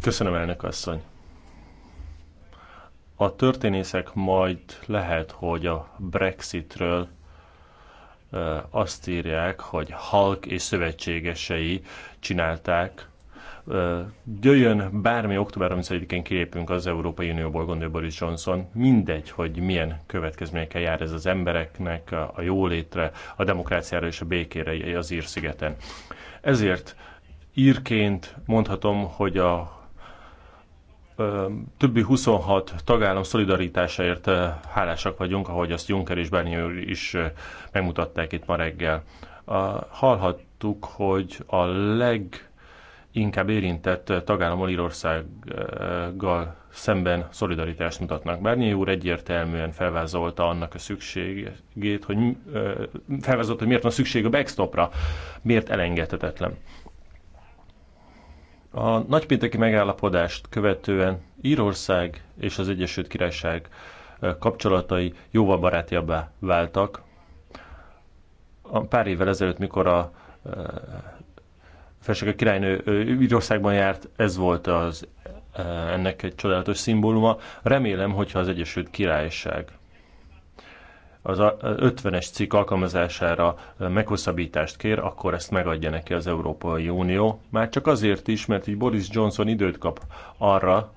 [SPEAKER 4] Köszönöm, elnök asszony. A történészek majd lehet, hogy a Brexitről azt írják, hogy Hulk és szövetségesei csinálták. Jöjjön bármi október 31-én kilépünk az Európai Unióból, gondolja Boris Johnson, mindegy, hogy milyen következményekkel jár ez az embereknek, a jólétre, a demokráciára és a békére az Ír-szigeten. Ezért írként mondhatom, hogy a többi 26 tagállam szolidaritásáért hálásak vagyunk, ahogy azt Juncker és Bernier is megmutatták itt ma reggel. Hallhattuk, hogy a leginkább érintett tagállam Írországgal szemben szolidaritást mutatnak. Bernier úr egyértelműen felvázolta annak a szükségét, hogy felvázolta, hogy miért van szükség a backstopra, miért elengedhetetlen. A nagypénteki megállapodást követően Írország és az Egyesült Királyság kapcsolatai jóval barátiabbá váltak. Pár évvel ezelőtt, mikor a Felség a királynő Írországban járt, ez volt az ennek egy csodálatos szimbóluma. Remélem, hogyha az Egyesült Királyság az 50-es cikk alkalmazására meghosszabbítást kér, akkor ezt megadja neki az Európai Unió. Már csak azért is, mert így Boris Johnson időt kap arra,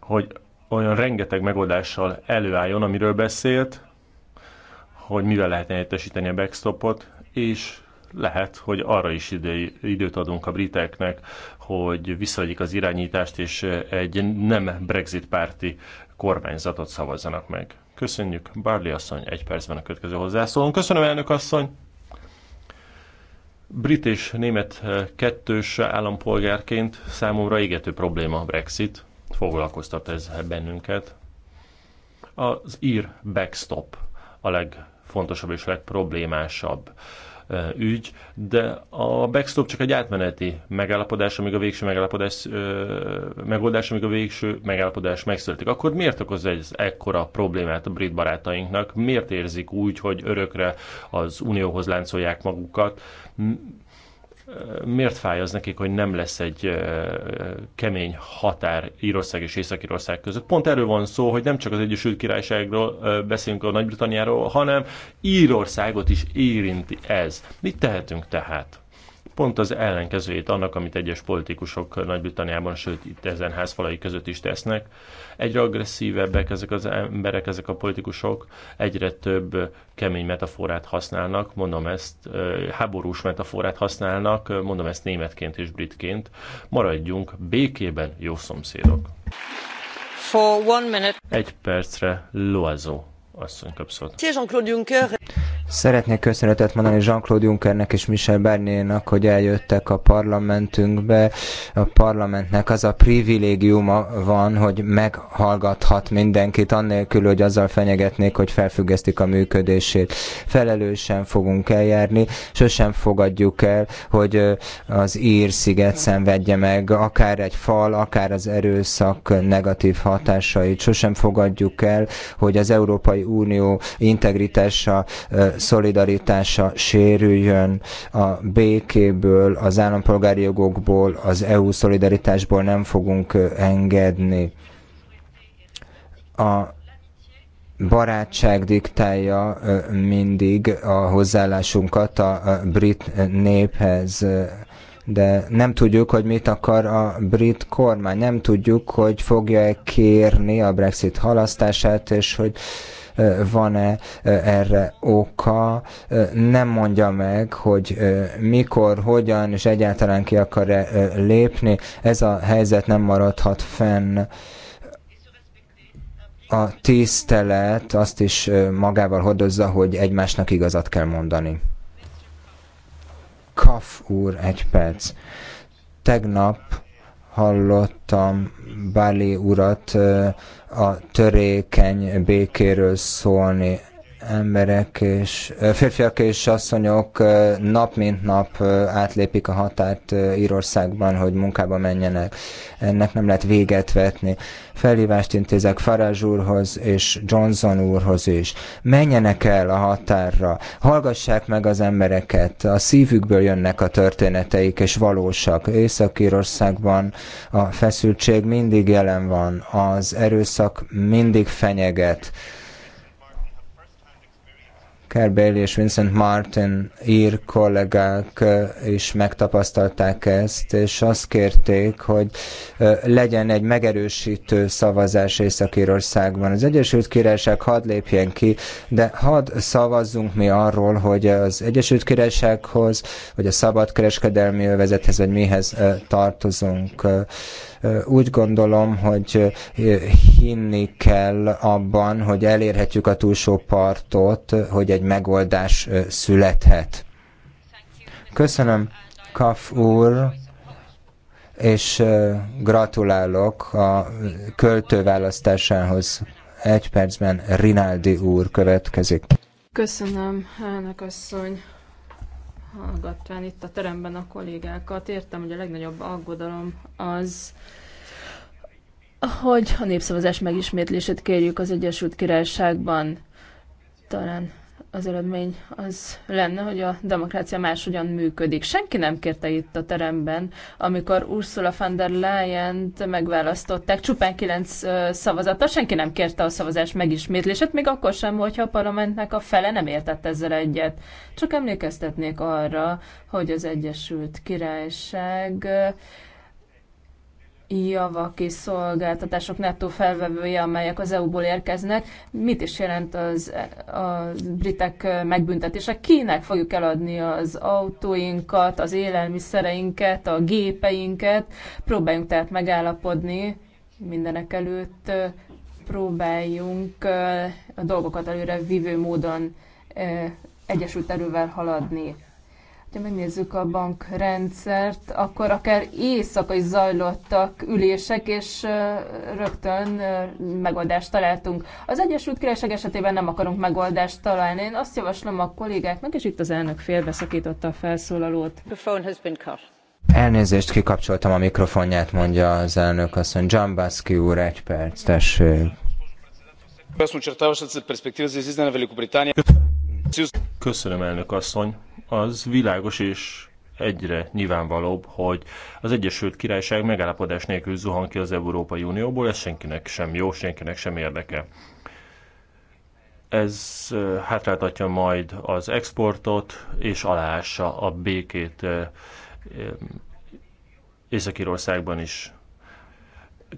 [SPEAKER 4] hogy olyan rengeteg megoldással előálljon, amiről beszélt, hogy mivel lehetne helyettesíteni a backstopot, és lehet, hogy arra is idő, időt adunk a briteknek, hogy visszaadjuk az irányítást, és egy nem Brexit párti kormányzatot szavazzanak meg. Köszönjük, Barley asszony, egy percben a következő hozzászólón. Köszönöm, elnök asszony! Brit és német eh, kettős állampolgárként számomra égető probléma a Brexit. Foglalkoztat ez bennünket. Az ír backstop a legfontosabb és legproblémásabb ügy, de a backstop csak egy átmeneti megállapodás, amíg a végső megállapodás megoldás, amíg a végső megállapodás megszületik. Akkor miért okoz ez ekkora problémát a brit barátainknak? Miért érzik úgy, hogy örökre az unióhoz láncolják magukat? miért fáj az nekik, hogy nem lesz egy kemény határ Írország és Észak-Írország között. Pont erről van szó, hogy nem csak az Egyesült Királyságról beszélünk a Nagy-Britanniáról, hanem Írországot is érinti ez. Mit tehetünk tehát? pont az ellenkezőjét annak, amit egyes politikusok Nagy-Britanniában, sőt itt ezen házfalai között is tesznek. Egyre agresszívebbek ezek az emberek, ezek a politikusok, egyre több kemény metaforát használnak, mondom ezt, háborús metaforát használnak, mondom ezt németként és britként. Maradjunk békében, jó szomszédok!
[SPEAKER 7] For one
[SPEAKER 4] minute. Egy percre loazó asszony
[SPEAKER 7] Jean-Claude Juncker.
[SPEAKER 6] Szeretnék köszönetet mondani Jean-Claude Junckernek és Michel Barniernak, hogy eljöttek a parlamentünkbe. A parlamentnek az a privilégiuma van, hogy meghallgathat mindenkit, annélkül, hogy azzal fenyegetnék, hogy felfüggesztik a működését. Felelősen fogunk eljárni, sosem fogadjuk el, hogy az ír sziget szenvedje meg, akár egy fal, akár az erőszak negatív hatásait. Sosem fogadjuk el, hogy az Európai Unió integritása, szolidaritása sérüljön, a békéből, az állampolgári jogokból, az EU szolidaritásból nem fogunk engedni. A barátság diktálja mindig a hozzáállásunkat a brit néphez de nem tudjuk, hogy mit akar a brit kormány, nem tudjuk, hogy fogja-e kérni a Brexit halasztását, és hogy van-e erre oka, nem mondja meg, hogy mikor, hogyan és egyáltalán ki akar-e lépni. Ez a helyzet nem maradhat fenn a tisztelet azt is magával hordozza, hogy egymásnak igazat kell mondani. Kaf úr, egy perc. Tegnap hallottam Bali urat a törékeny békéről szólni emberek és férfiak és asszonyok nap mint nap átlépik a határt Írországban, hogy munkába menjenek. Ennek nem lehet véget vetni. Felhívást intézek Farázs úrhoz és Johnson úrhoz is. Menjenek el a határra, hallgassák meg az embereket, a szívükből jönnek a történeteik és valósak. Észak-Írországban a feszültség mindig jelen van, az erőszak mindig fenyeget Kerr Bailey és Vincent Martin ír kollégák is megtapasztalták ezt, és azt kérték, hogy legyen egy megerősítő szavazás Észak-Írországban. Az Egyesült Királyság hadd lépjen ki, de hadd szavazzunk mi arról, hogy az Egyesült Királysághoz, vagy a szabadkereskedelmi övezethez, vagy mihez tartozunk úgy gondolom, hogy hinni kell abban, hogy elérhetjük a túlsó partot, hogy egy megoldás születhet. Köszönöm, Kaf úr, és gratulálok a költőválasztásához. Egy percben Rinaldi úr következik.
[SPEAKER 2] Köszönöm, elnök asszony hallgatván itt a teremben a kollégákat, értem, hogy a legnagyobb aggodalom az, hogy a népszavazás megismétlését kérjük az Egyesült Királyságban. Talán az eredmény az lenne, hogy a demokrácia máshogyan működik. Senki nem kérte itt a teremben, amikor Ursula von der leyen megválasztották, csupán kilenc szavazata, senki nem kérte a szavazás megismétlését, még akkor sem, hogyha a parlamentnek a fele nem értett ezzel egyet. Csak emlékeztetnék arra, hogy az Egyesült Királyság javak és szolgáltatások nettó felvevője, amelyek az EU-ból érkeznek. Mit is jelent az, a britek megbüntetése? Kinek fogjuk eladni az autóinkat, az élelmiszereinket, a gépeinket? Próbáljunk tehát megállapodni mindenek előtt, próbáljunk a dolgokat előre vívő módon egyesült erővel haladni. Ha megnézzük a bankrendszert, akkor akár éjszaka is zajlottak ülések, és rögtön megoldást találtunk. Az Egyesült Királyság esetében nem akarunk megoldást találni. Én azt javaslom a kollégáknak, és itt az elnök félbeszakította a felszólalót.
[SPEAKER 6] Elnézést, kikapcsoltam a mikrofonját, mondja az elnök asszony. Dzsambaszki úr, egy perc, tessék.
[SPEAKER 4] Köszönöm, elnök asszony. Az világos és egyre nyilvánvalóbb, hogy az Egyesült Királyság megállapodás nélkül zuhan ki az Európai Unióból, ez senkinek sem jó, senkinek sem érdeke. Ez hátráltatja majd az exportot, és aláássa a békét Észak-Írországban is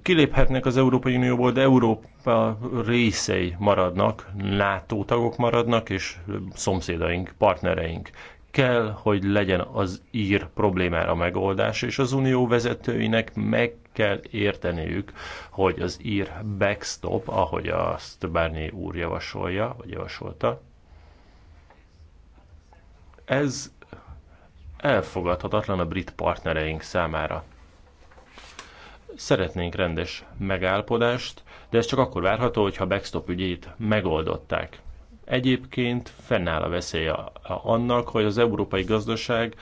[SPEAKER 4] kiléphetnek az Európai Unióból, de Európa részei maradnak, NATO tagok maradnak, és szomszédaink, partnereink. Kell, hogy legyen az ír problémára megoldás, és az unió vezetőinek meg kell érteniük, hogy az ír backstop, ahogy azt Barney úr javasolja, vagy javasolta, ez elfogadhatatlan a brit partnereink számára. Szeretnénk rendes megállapodást, de ez csak akkor várható, hogyha a backstop ügyét megoldották. Egyébként fennáll a veszélye annak, hogy az európai gazdaság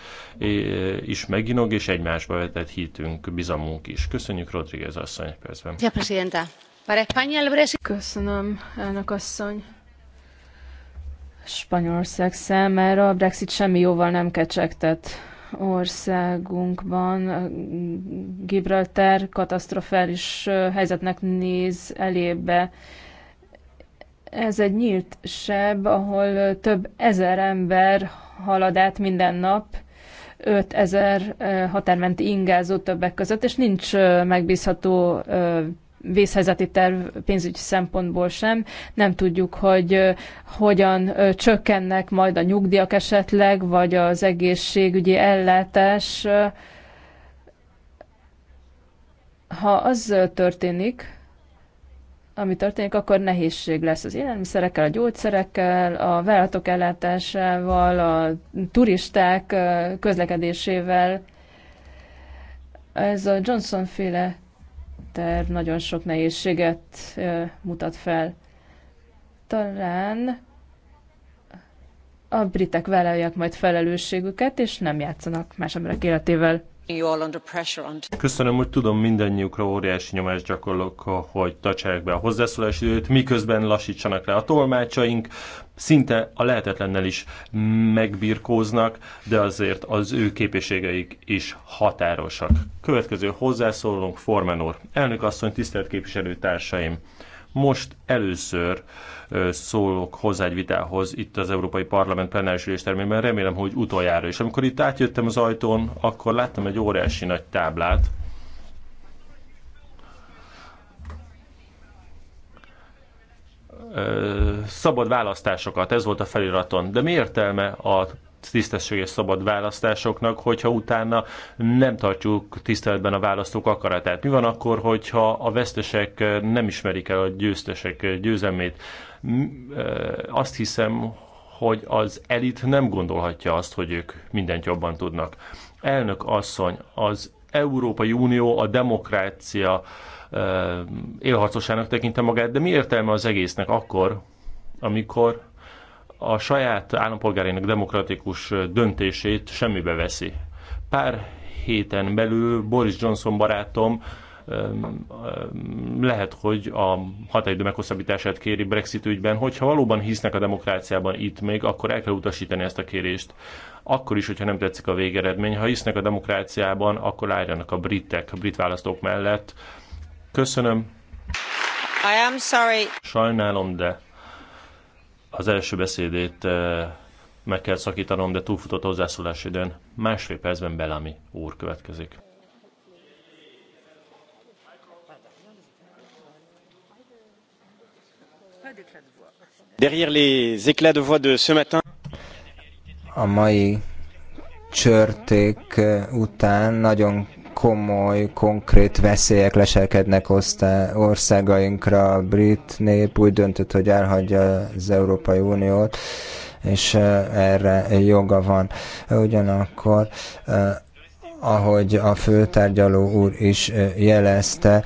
[SPEAKER 4] is meginog, és egymásba vetett hitünk, bizalmunk is. Köszönjük, Rodríguez asszony, egy percben.
[SPEAKER 2] Köszönöm, elnök asszony. Spanyolország számára a Brexit semmi jóval nem kecsegtet országunkban Gibraltar katasztrofális helyzetnek néz elébe. Ez egy nyílt seb, ahol több ezer ember halad át minden nap, 5000 határmenti ingázó többek között, és nincs megbízható vészhelyzeti terv pénzügyi szempontból sem. Nem tudjuk, hogy hogyan csökkennek majd a nyugdíjak esetleg, vagy az egészségügyi ellátás. Ha az történik, ami történik, akkor nehézség lesz az élelmiszerekkel, a gyógyszerekkel, a vállalatok ellátásával, a turisták közlekedésével. Ez a Johnson féle terv nagyon sok nehézséget mutat fel. Talán a britek vállalják majd felelősségüket, és nem játszanak más emberek életével.
[SPEAKER 4] Köszönöm, hogy tudom mindannyiukra óriási nyomást gyakorlok, hogy tartsák be a hozzászólási időt, miközben lassítsanak le a tolmácsaink szinte a lehetetlennel is megbirkóznak, de azért az ő képességeik is határosak. Következő hozzászólónk Formenor. Elnök asszony, tisztelt képviselőtársaim! Most először szólok hozzá egy vitához itt az Európai Parlament plenáris üléstermében, remélem, hogy utoljára is. Amikor itt átjöttem az ajtón, akkor láttam egy óriási nagy táblát, szabad választásokat, ez volt a feliraton. De mi értelme a tisztességes szabad választásoknak, hogyha utána nem tartjuk tiszteletben a választók akaratát? Mi van akkor, hogyha a vesztesek nem ismerik el a győztesek győzelmét? Azt hiszem, hogy az elit nem gondolhatja azt, hogy ők mindent jobban tudnak. Elnök asszony, az Európai Unió a demokrácia élharcosának tekintem magát, de mi értelme az egésznek akkor, amikor a saját állampolgárének demokratikus döntését semmibe veszi. Pár héten belül Boris Johnson barátom lehet, hogy a határidő meghosszabbítását kéri Brexit ügyben, hogyha valóban hisznek a demokráciában itt még, akkor el kell utasítani ezt a kérést. Akkor is, hogyha nem tetszik a végeredmény, ha hisznek a demokráciában, akkor álljanak a britek, a brit választók mellett, Köszönöm.
[SPEAKER 5] I am sorry.
[SPEAKER 4] Sajnálom, de az első beszédét eh, meg kell szakítanom, de túlfutott hozzászólás időn. Másfél percben Belami úr következik. Derrière les éclats de voix de ce matin.
[SPEAKER 6] A mai csörték eh, után nagyon komoly, konkrét veszélyek leselkednek országainkra. A brit nép úgy döntött, hogy elhagyja az Európai Uniót, és erre joga van. Ugyanakkor ahogy a főtárgyaló úr is jelezte,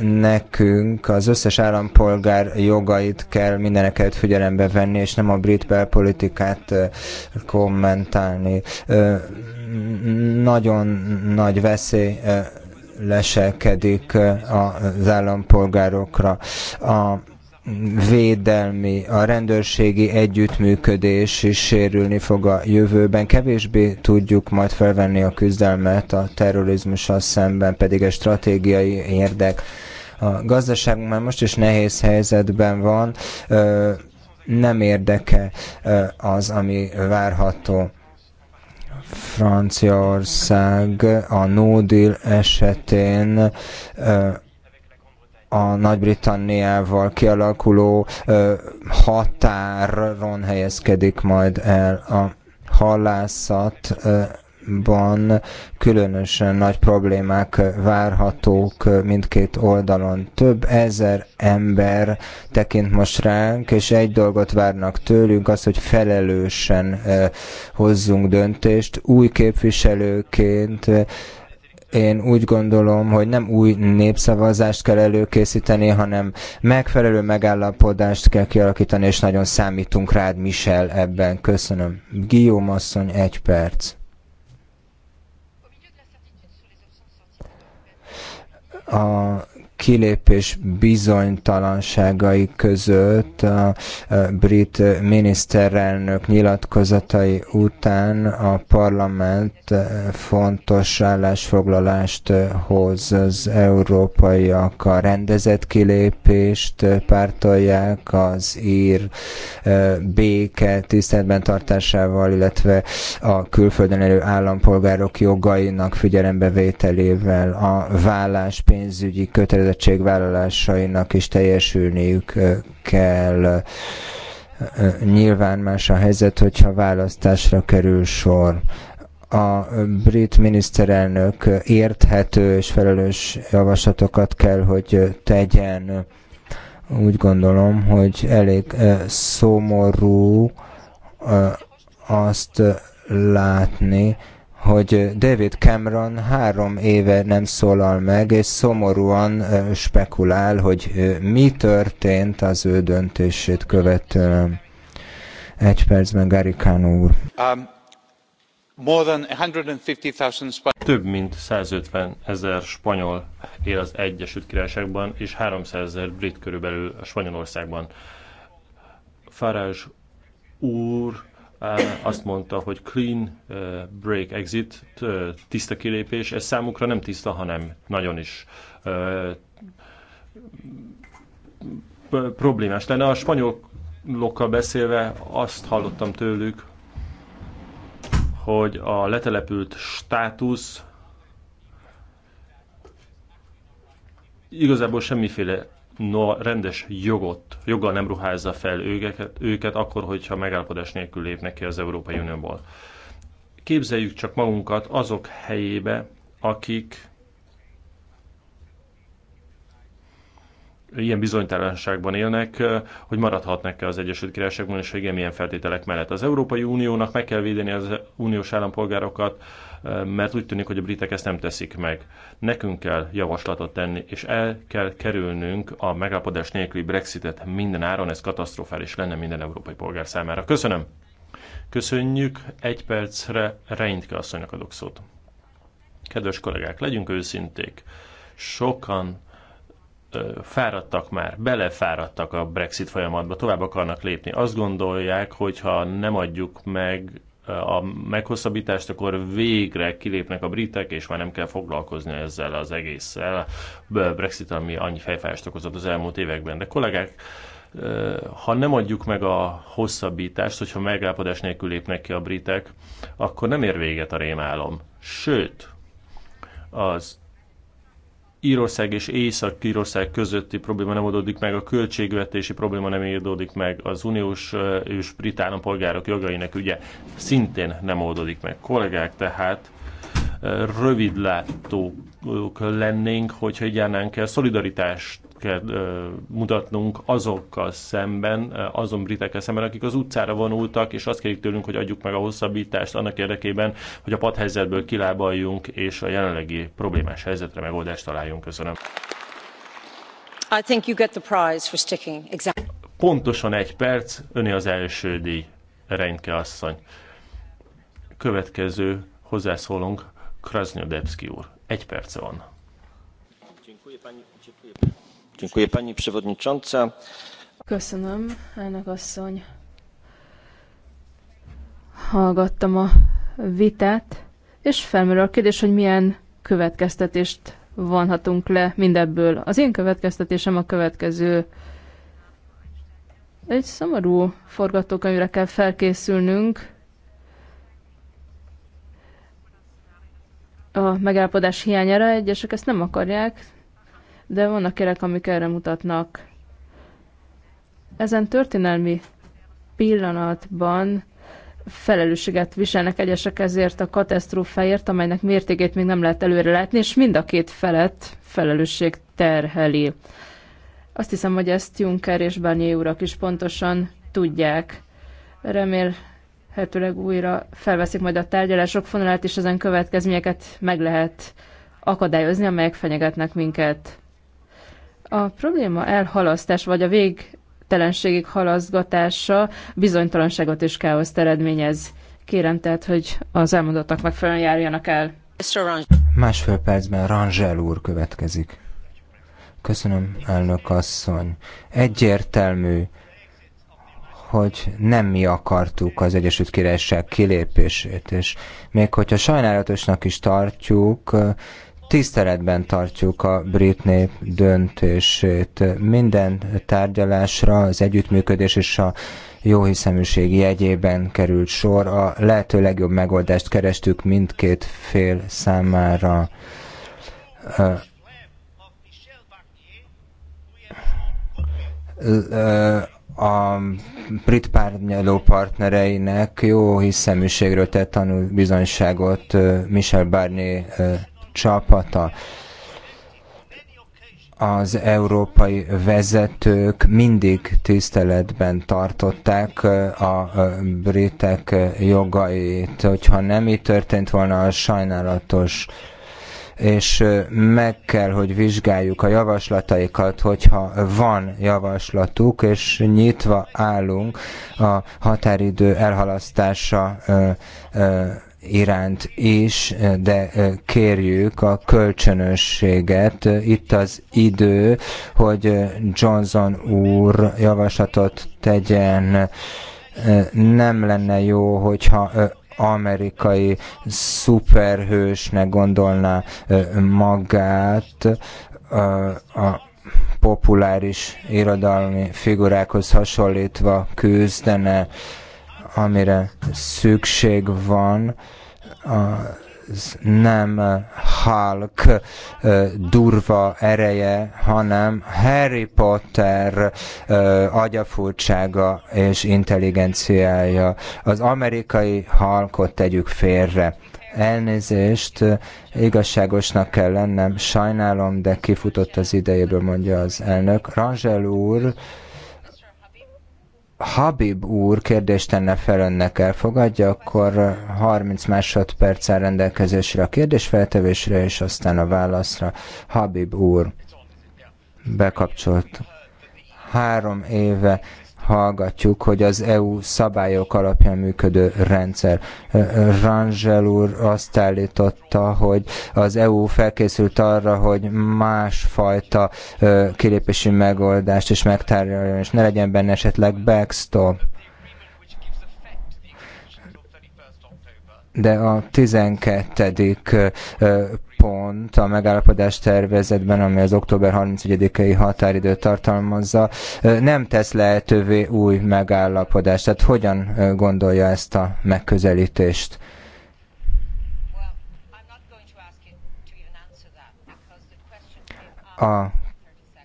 [SPEAKER 6] nekünk az összes állampolgár jogait kell mindeneket figyelembe venni, és nem a brit belpolitikát kommentálni nagyon nagy veszély eh, leselkedik eh, az állampolgárokra. A védelmi, a rendőrségi együttműködés is sérülni fog a jövőben. Kevésbé tudjuk majd felvenni a küzdelmet a terrorizmussal szemben, pedig egy stratégiai érdek. A gazdaságunk már most is nehéz helyzetben van, eh, nem érdeke az, ami várható Franciaország a no deal esetén a Nagy-Britanniával kialakuló határon helyezkedik majd el a halászat ban különösen nagy problémák várhatók mindkét oldalon. Több ezer ember tekint most ránk, és egy dolgot várnak tőlünk, az, hogy felelősen eh, hozzunk döntést. Új képviselőként eh, én úgy gondolom, hogy nem új népszavazást kell előkészíteni, hanem megfelelő megállapodást kell kialakítani, és nagyon számítunk rád, Michel, ebben. Köszönöm. Guillaume asszony, egy perc. a kilépés bizonytalanságai között a brit miniszterelnök nyilatkozatai után a parlament fontos állásfoglalást hoz az európaiak. A rendezett kilépést pártolják az ír e, béke tiszteletben tartásával, illetve a külföldön élő állampolgárok jogainak figyelembevételével a vállás pénzügyi kötelezettség kötelezettségvállalásainak is teljesülniük kell. Nyilván más a helyzet, hogyha választásra kerül sor a brit miniszterelnök érthető és felelős javaslatokat kell, hogy tegyen. Úgy gondolom, hogy elég szomorú azt látni, hogy David Cameron három éve nem szólal meg, és szomorúan spekulál, hogy mi történt az ő döntését követően. Egy percben Gary Kano úr.
[SPEAKER 4] Um, more than 150, Több mint 150 ezer spanyol él az Egyesült Királyságban, és 300 ezer brit körülbelül a Spanyolországban. Farage úr azt mondta, hogy clean break exit, tiszta kilépés, ez számukra nem tiszta, hanem nagyon is problémás lenne. A spanyolokkal beszélve azt hallottam tőlük, hogy a letelepült státusz igazából semmiféle no, rendes jogot, joggal nem ruházza fel őket, őket akkor, hogyha megállapodás nélkül lépnek ki az Európai Unióból. Képzeljük csak magunkat azok helyébe, akik ilyen bizonytalanságban élnek, hogy maradhatnak-e az Egyesült Királyságban, és igen, milyen feltételek mellett. Az Európai Uniónak meg kell védeni az uniós állampolgárokat, mert úgy tűnik, hogy a britek ezt nem teszik meg. Nekünk kell javaslatot tenni, és el kell kerülnünk a megállapodás nélküli Brexitet minden áron, ez katasztrofális lenne minden európai polgár számára. Köszönöm! Köszönjük, egy percre Reintke asszonynak adok szót. Kedves kollégák, legyünk őszinték. Sokan fáradtak már, belefáradtak a Brexit folyamatba, tovább akarnak lépni. Azt gondolják, hogy ha nem adjuk meg a meghosszabbítást, akkor végre kilépnek a britek, és már nem kell foglalkozni ezzel az egésszel. Brexit, ami annyi fejfájást okozott az elmúlt években. De kollégák, ha nem adjuk meg a hosszabbítást, hogyha megállapodás nélkül lépnek ki a britek, akkor nem ér véget a rémálom. Sőt, az Írország és Észak-Írország közötti probléma nem oldódik meg, a költségvetési probléma nem oldódik meg, az uniós és brit állampolgárok jogainak ügye szintén nem oldódik meg. Kollégák, tehát rövidlátók lennénk, hogyha igyánánk kell szolidaritást kell mutatnunk azokkal szemben, azon britekkel szemben, akik az utcára vonultak, és azt kérik tőlünk, hogy adjuk meg a hosszabbítást annak érdekében, hogy a padhelyzetből kilábaljunk, és a jelenlegi problémás helyzetre megoldást találjunk. Köszönöm.
[SPEAKER 5] I think you get the prize for sticking. Exactly.
[SPEAKER 4] Pontosan egy perc, öné az első díj, Reinke asszony. Következő hozzászólunk Krasznodebszki úr. Egy perc van. Dziękuję pani przewodnicząca.
[SPEAKER 2] Köszönöm, elnök asszony. Hallgattam a vitát, és felmerül a kérdés, hogy milyen következtetést vonhatunk le mindebből. Az én következtetésem a következő. Egy szomorú forgatókönyvre kell felkészülnünk, a megállapodás hiányára. Egyesek ezt nem akarják, de vannak kerek, amik erre mutatnak. Ezen történelmi pillanatban felelősséget viselnek egyesek ezért a katasztrófáért, amelynek mértékét még nem lehet előre látni, és mind a két felet felelősség terheli. Azt hiszem, hogy ezt Juncker és Barnier urak is pontosan tudják. Remél, lehetőleg újra felveszik majd a tárgyalások fonalát, és ezen következményeket meg lehet akadályozni, amelyek fenyegetnek minket. A probléma elhalasztás, vagy a végtelenségig halaszgatása bizonytalanságot és káoszt eredményez. Kérem tehát, hogy az elmondottak megfelelően járjanak el.
[SPEAKER 6] Másfél percben Rangel úr következik. Köszönöm, elnök asszony. Egyértelmű, hogy nem mi akartuk az Egyesült Királyság kilépését, és még hogyha sajnálatosnak is tartjuk, tiszteletben tartjuk a brit nép döntését. Minden tárgyalásra az együttműködés és a jóhiszeműség jegyében került sor. A lehető legjobb megoldást kerestük mindkét fél számára a brit párnyaló partnereinek jó hiszeműségről tett tanul bizonyságot Michel Barnier csapata. Az európai vezetők mindig tiszteletben tartották a britek jogait. Hogyha nem így történt volna, az sajnálatos és meg kell, hogy vizsgáljuk a javaslataikat, hogyha van javaslatuk, és nyitva állunk a határidő elhalasztása iránt is, de kérjük a kölcsönösséget. Itt az idő, hogy Johnson úr javaslatot tegyen. Nem lenne jó, hogyha amerikai szuperhősnek gondolná magát a populáris irodalmi figurákhoz hasonlítva küzdene, amire szükség van, a az nem eh, Hulk eh, durva ereje, hanem Harry Potter eh, agyafurtsága és intelligenciája. Az amerikai Hulkot tegyük félre elnézést, igazságosnak kell lennem, sajnálom, de kifutott az idejéből, mondja az elnök. Rangel úr Habib úr kérdést tenne fel önnek, elfogadja, akkor 30 másodperc áll rendelkezésre a kérdésfeltevésre, és aztán a válaszra. Habib úr bekapcsolt három éve hallgatjuk, hogy az EU szabályok alapján működő rendszer. Rangel úr azt állította, hogy az EU felkészült arra, hogy másfajta kilépési megoldást is megtárgyaljon, és ne legyen benne esetleg backstop. de a 12 pont a megállapodás tervezetben, ami az október 31-i határidőt tartalmazza, nem tesz lehetővé új megállapodást. Tehát hogyan gondolja ezt a megközelítést? A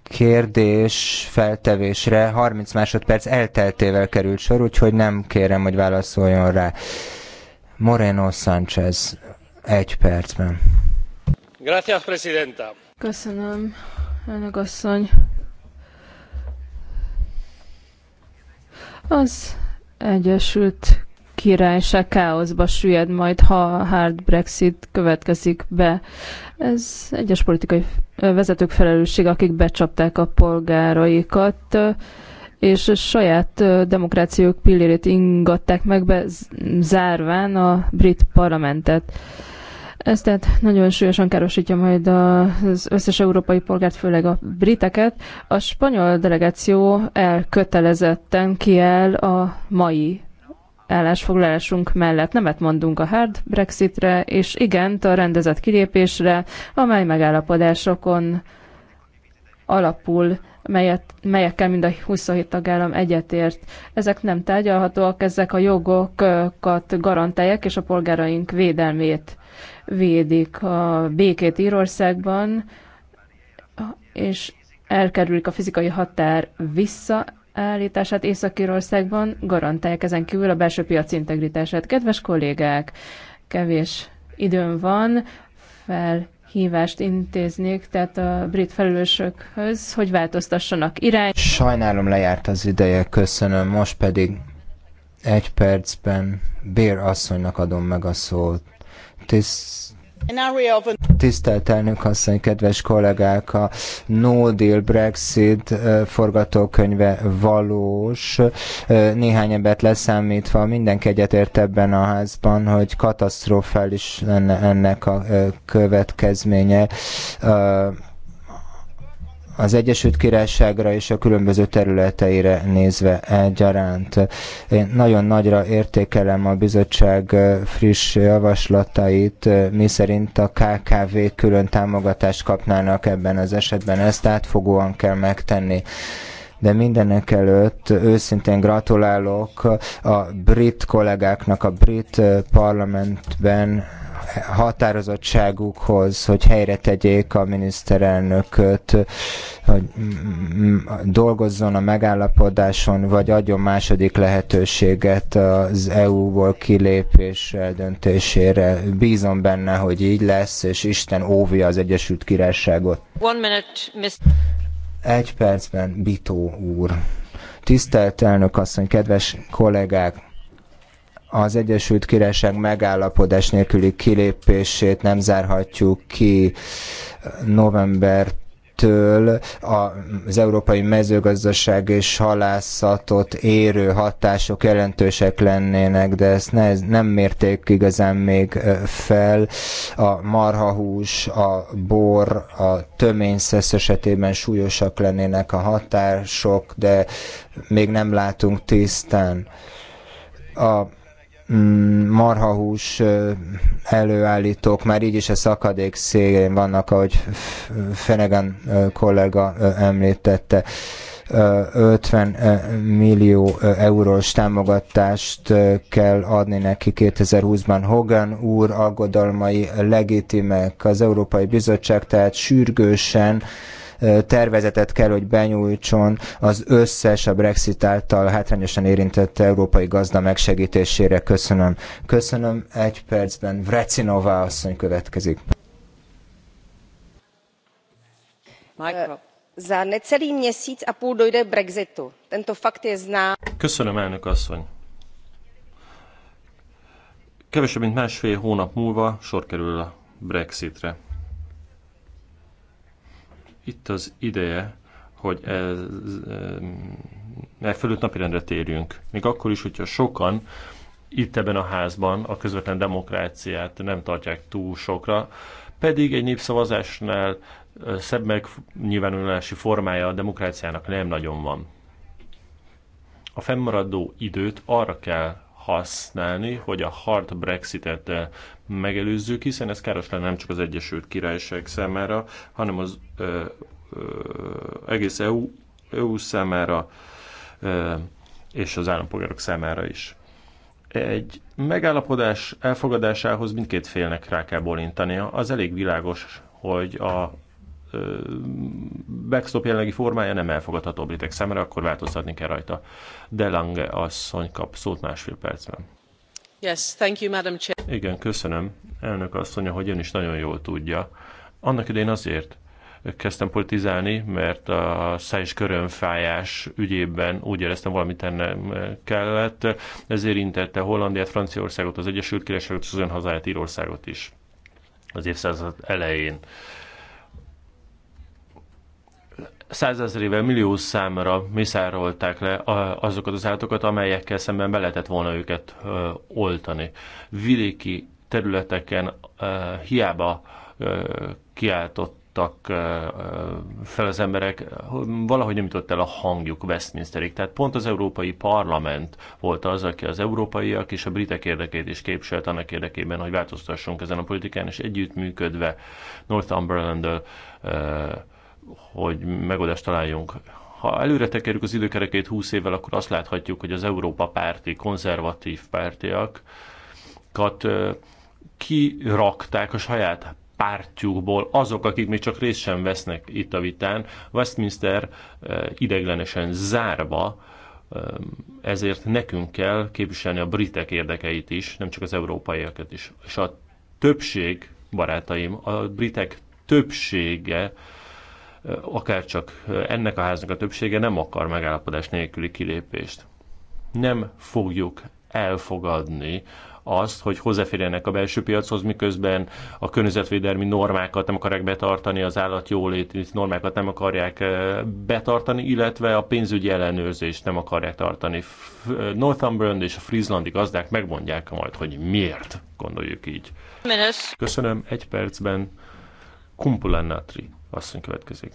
[SPEAKER 6] kérdés feltevésre 30 másodperc elteltével került sor, úgyhogy nem kérem, hogy válaszoljon rá. Moreno Sánchez, egy percben.
[SPEAKER 4] Gracias, presidenta.
[SPEAKER 2] Az Egyesült Királyság káoszba süllyed majd, ha a hard Brexit következik be. Ez egyes politikai vezetők felelősség, akik becsapták a polgáraikat, és a saját demokrációk pillérét ingatták meg be zárván a brit parlamentet. Ez tehát nagyon súlyosan károsítja majd az összes európai polgárt, főleg a briteket. A spanyol delegáció elkötelezetten kiáll a mai állásfoglalásunk mellett nemet mondunk a hard Brexitre, és igent a rendezett kilépésre, amely megállapodásokon alapul, melyet, melyekkel mind a 27 tagállam egyetért. Ezek nem tárgyalhatóak, ezek a jogokat garantálják, és a polgáraink védelmét védik a békét Írországban, és elkerülik a fizikai határ visszaállítását Észak-Írországban, garantálják ezen kívül a belső piac integritását. Kedves kollégák, kevés időm van, felhívást intéznék, tehát a brit felelősökhöz, hogy változtassanak irány.
[SPEAKER 6] Sajnálom lejárt az ideje, köszönöm. Most pedig egy percben Bér asszonynak adom meg a szót. Tisztelt elnök asszony, kedves kollégák, a no deal Brexit forgatókönyve valós. Néhány embert leszámítva mindenki egyetért ebben a házban, hogy katasztrofális lenne ennek a következménye az Egyesült Királyságra és a különböző területeire nézve egyaránt. Én nagyon nagyra értékelem a bizottság friss javaslatait, Mi szerint a KKV külön támogatást kapnának ebben az esetben, ezt átfogóan kell megtenni de mindenek előtt őszintén gratulálok a brit kollégáknak a brit parlamentben határozottságukhoz, hogy helyre tegyék a miniszterelnököt, hogy dolgozzon a megállapodáson, vagy adjon második lehetőséget az EU-ból kilépés döntésére. Bízom benne, hogy így lesz, és Isten óvja az Egyesült Királyságot.
[SPEAKER 5] One minute,
[SPEAKER 6] Egy percben, Bitó úr. Tisztelt elnök asszony, kedves kollégák! az Egyesült Királyság megállapodás nélküli kilépését nem zárhatjuk ki novembertől az európai mezőgazdaság és halászatot érő hatások jelentősek lennének, de ezt ne, nem mérték igazán még fel. A marhahús, a bor, a töményszesz esetében súlyosak lennének a hatások, de még nem látunk tisztán. A Mm, marhahús előállítók már így is a szakadék szélén vannak, ahogy Fenegan kollega említette. 50 millió eurós támogatást kell adni neki 2020-ban. Hogan úr aggodalmai legitimek. Az Európai Bizottság tehát sürgősen tervezetet kell, hogy benyújtson az összes a Brexit által hátrányosan érintett európai gazda megsegítésére. Köszönöm. Köszönöm. Egy percben Vrecinová asszony következik.
[SPEAKER 5] Micro za necelý měsíc a půl dojde k brexitu. Tento fakt je
[SPEAKER 4] Köszönöm, elnök asszony. Kevesebb, mint másfél hónap múlva sor kerül a Brexitre itt az ideje, hogy ez, e fölött napirendre térjünk. Még akkor is, hogyha sokan itt ebben a házban a közvetlen demokráciát nem tartják túl sokra, pedig egy népszavazásnál szebb megnyilvánulási formája a demokráciának nem nagyon van. A fennmaradó időt arra kell használni, hogy a hard Brexitet megelőzzük, hiszen ez káros lenne nem csak az Egyesült Királyság számára, hanem az ö, ö, egész EU, EU számára ö, és az állampolgárok számára is. Egy megállapodás elfogadásához mindkét félnek rá kell bolintania. Az elég világos, hogy a backstop jelenlegi formája nem elfogadható a britek szemre, akkor változtatni kell rajta. De Lange asszony kap szót másfél percben.
[SPEAKER 3] Yes, thank you, Madam Chair.
[SPEAKER 4] Igen, köszönöm. Elnök asszonya, hogy ön is nagyon jól tudja. Annak idején azért kezdtem politizálni, mert a száj és körönfájás ügyében úgy éreztem, valamit tennem kellett. Ez érintette Hollandiát, Franciaországot, az Egyesült Királyságot, az ön hazáját, Írországot is az évszázad elején százezrével millió számra miszárolták le azokat az állatokat, amelyekkel szemben be lehetett volna őket oltani. Vidéki területeken hiába kiáltottak fel az emberek, valahogy nem jutott el a hangjuk Westminsterig. Tehát pont az Európai Parlament volt az, aki az európaiak és a britek érdekét is képviselt annak érdekében, hogy változtassunk ezen a politikán, és együttműködve Northumberland-től hogy megoldást találjunk. Ha előre tekerjük az időkerekét 20 évvel, akkor azt láthatjuk, hogy az Európa párti, konzervatív pártiakat kirakták a saját pártjukból azok, akik még csak részt sem vesznek itt a vitán, Westminster ideglenesen zárva, ezért nekünk kell képviselni a britek érdekeit is, nem csak az európaiakat is. És a többség, barátaim, a britek többsége csak ennek a háznak a többsége nem akar megállapodás nélküli kilépést. Nem fogjuk elfogadni azt, hogy hozzáférjenek a belső piachoz, miközben a környezetvédelmi normákat nem akarják betartani, az állatjóléti normákat nem akarják betartani, illetve a pénzügyi ellenőrzést nem akarják tartani. Northumberland és a frizlandi gazdák megmondják majd, hogy miért gondoljuk így. Köszönöm, egy percben Kumpulan asszony következik.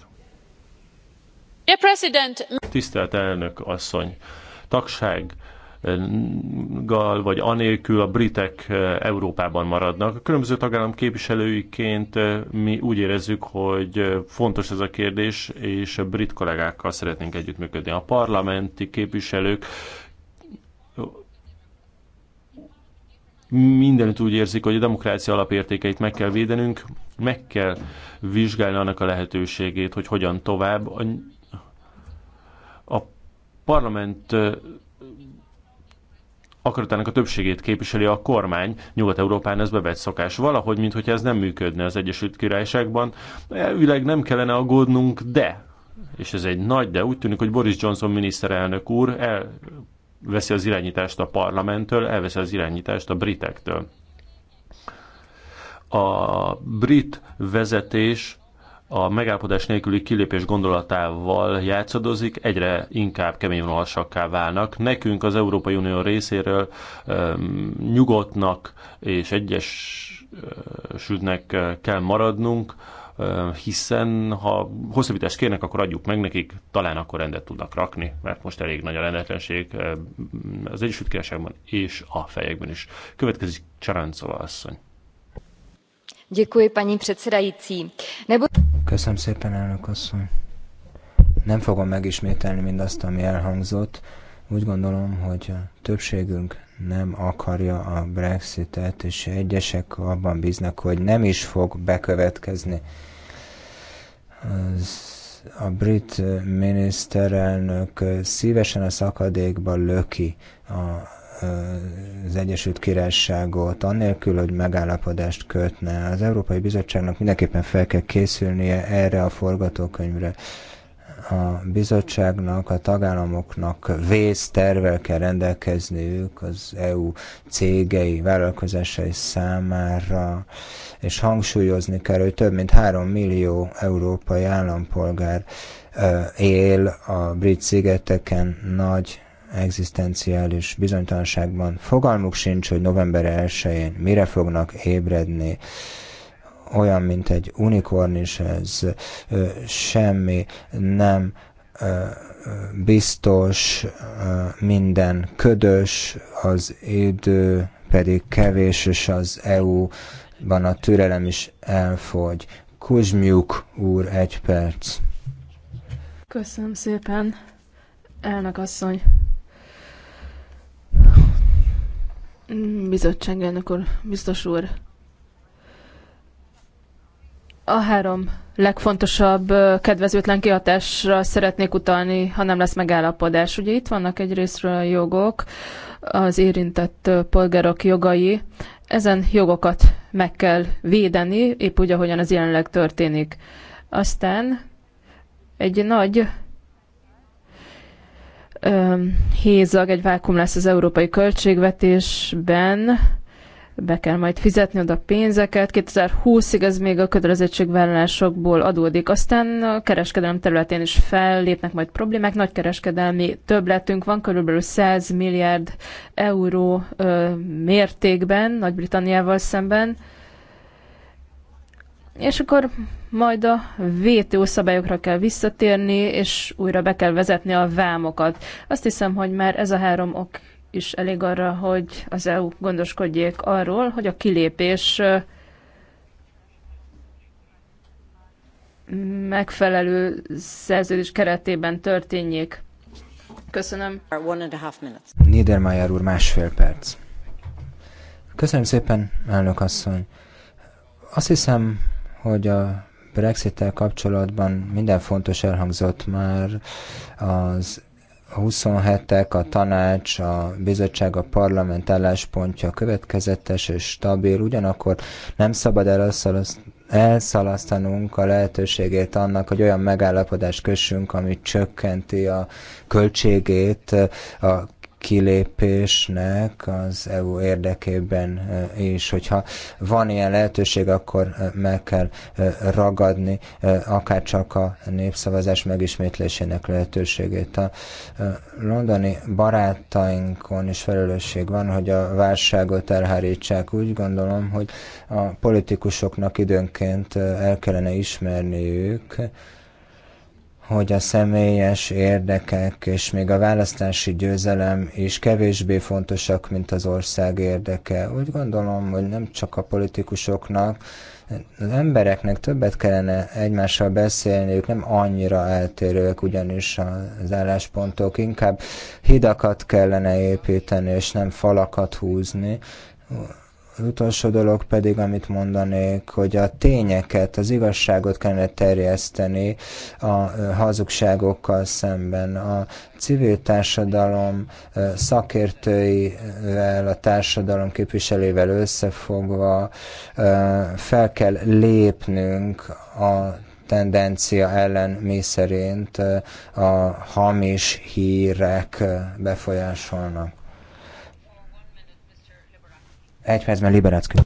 [SPEAKER 4] Tisztelt elnök asszony, tagság gal vagy anélkül a britek eh, Európában maradnak. A különböző tagállam képviselőiként eh, mi úgy érezzük, hogy eh, fontos ez a kérdés, és a brit kollégákkal szeretnénk együttműködni. A parlamenti képviselők mindenütt úgy érzik, hogy a demokrácia alapértékeit meg kell védenünk, meg kell vizsgálni annak a lehetőségét, hogy hogyan tovább. A, a parlament akaratának a többségét képviseli a kormány, Nyugat-Európán ez bevett szokás. Valahogy, mintha ez nem működne az Egyesült Királyságban, elvileg nem kellene aggódnunk, de és ez egy nagy, de úgy tűnik, hogy Boris Johnson miniszterelnök úr el elveszi az irányítást a parlamenttől, elveszi az irányítást a britektől. A brit vezetés a megállapodás nélküli kilépés gondolatával játszadozik, egyre inkább kemény vonalsakká válnak. Nekünk az Európai Unió részéről um, nyugodtnak és egyesültnek eh, kell maradnunk, hiszen ha hosszabbítást kérnek, akkor adjuk meg nekik, talán akkor rendet tudnak rakni, mert most elég nagy a rendetlenség az Egyesült Királyságban és a fejekben is. Következik Csarancova asszony.
[SPEAKER 2] Děkuji, paní předsedající.
[SPEAKER 5] Nebo...
[SPEAKER 6] Köszönöm szépen, elnök asszony. Nem fogom megismételni mindazt, ami elhangzott. Úgy gondolom, hogy a többségünk nem akarja a Brexitet, és egyesek abban bíznak, hogy nem is fog bekövetkezni. Az a brit miniszterelnök szívesen a szakadékba löki a, az Egyesült Királyságot, annélkül, hogy megállapodást kötne. Az Európai Bizottságnak mindenképpen fel kell készülnie erre a forgatókönyvre a bizottságnak, a tagállamoknak vésztervel kell rendelkezniük az EU cégei, vállalkozásai számára, és hangsúlyozni kell, hogy több mint 3 millió európai állampolgár él a brit szigeteken nagy egzisztenciális bizonytalanságban. Fogalmuk sincs, hogy november 1-én mire fognak ébredni olyan, mint egy unikorn is, ez semmi nem biztos, minden ködös, az idő pedig kevés, és az EU-ban a türelem is elfogy. Kuzsmiuk úr, egy perc.
[SPEAKER 2] Köszönöm szépen, elnök asszony. Bizottság elnök úr, biztos úr, a három legfontosabb kedvezőtlen kihatásra szeretnék utalni, ha nem lesz megállapodás. Ugye itt vannak egyrésztről a jogok, az érintett polgárok jogai. Ezen jogokat meg kell védeni, épp úgy, ahogyan az jelenleg történik. Aztán egy nagy hézag, egy vákum lesz az európai költségvetésben, be kell majd fizetni oda pénzeket, 2020-ig ez még a kötelezettségvállalásokból adódik. Aztán a kereskedelem területén is fellépnek majd problémák, nagy kereskedelmi többletünk van, körülbelül 100 milliárd euró ö, mértékben Nagy-Britanniával szemben. És akkor majd a VTO szabályokra kell visszatérni, és újra be kell vezetni a vámokat. Azt hiszem, hogy már ez a három ok is elég arra, hogy az EU gondoskodjék arról, hogy a kilépés megfelelő szerződés keretében történjék. Köszönöm.
[SPEAKER 6] Niedermayer úr, másfél perc. Köszönöm szépen, elnök asszony. Azt hiszem, hogy a Brexit-tel kapcsolatban minden fontos elhangzott már az a 27-ek, a tanács, a bizottság, a parlament álláspontja következetes és stabil, ugyanakkor nem szabad elszalasztanunk a lehetőségét annak, hogy olyan megállapodást kössünk, ami csökkenti a költségét a kilépésnek az EU érdekében is. Eh, hogyha van ilyen lehetőség, akkor eh, meg kell eh, ragadni akár csak a népszavazás megismétlésének lehetőségét. A londoni barátainkon is felelősség van, hogy a válságot elhárítsák. Úgy gondolom, hogy a politikusoknak időnként el kellene ismerniük, hogy a személyes érdekek és még a választási győzelem is kevésbé fontosak, mint az ország érdeke. Úgy gondolom, hogy nem csak a politikusoknak, az embereknek többet kellene egymással beszélni, ők nem annyira eltérőek ugyanis az álláspontok, inkább hidakat kellene építeni, és nem falakat húzni. Az utolsó dolog pedig, amit mondanék, hogy a tényeket, az igazságot kellene terjeszteni a hazugságokkal szemben. A civil társadalom szakértőivel, a társadalom képviselével összefogva fel kell lépnünk a tendencia ellen, mi szerint a hamis hírek befolyásolnak. Egy percben Liberacki.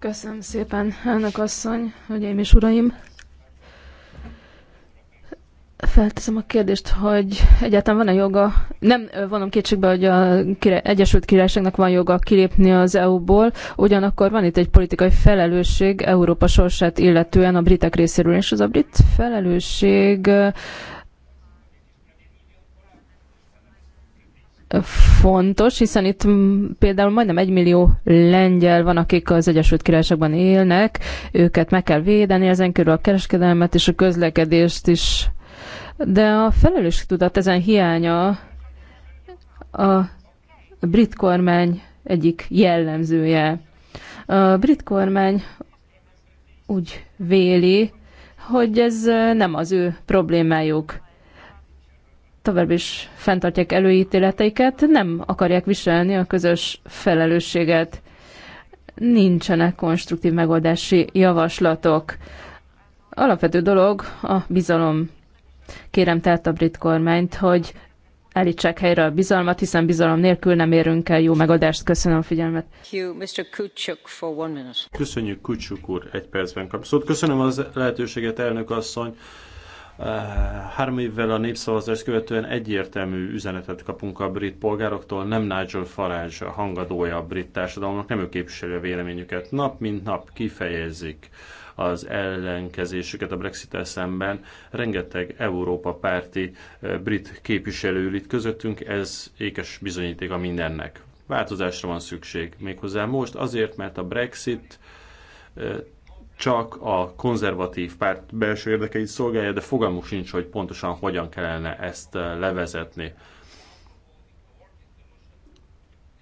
[SPEAKER 2] Köszönöm szépen, elnök asszony, hölgyeim és uraim. Felteszem a kérdést, hogy egyáltalán van-e joga, nem vonom kétségbe, hogy a Egyesült Királyságnak van joga kilépni az EU-ból, ugyanakkor van itt egy politikai felelősség Európa sorsát illetően a britek részéről, és az a brit felelősség fontos, hiszen itt például majdnem egy millió lengyel van, akik az Egyesült Királyságban élnek, őket meg kell védeni, ezen körül a kereskedelmet és a közlekedést is. De a felelősségtudat ezen hiánya a brit kormány egyik jellemzője. A brit kormány úgy véli, hogy ez nem az ő problémájuk tovább is fenntartják előítéleteiket, nem akarják viselni a közös felelősséget. Nincsenek konstruktív megoldási javaslatok. Alapvető dolog a bizalom. Kérem tehát a brit kormányt, hogy elítsák helyre a bizalmat, hiszen bizalom nélkül nem érünk el jó megoldást. Köszönöm a figyelmet.
[SPEAKER 4] Köszönjük, Kucsuk úr, egy percben kapszott. Köszönöm az lehetőséget, elnök asszony. Eh, három évvel a népszavazást követően egyértelmű üzenetet kapunk a brit polgároktól, nem Nigel Farage a hangadója a brit társadalomnak, nem ő képviseli a véleményüket. Nap mint nap kifejezik az ellenkezésüket a brexit -el szemben. Rengeteg Európa párti eh, brit képviselő itt közöttünk, ez ékes bizonyíték a mindennek. Változásra van szükség méghozzá most, azért, mert a Brexit eh, csak a konzervatív párt belső érdekeit szolgálja, de fogalmuk sincs, hogy pontosan hogyan kellene ezt eh, levezetni.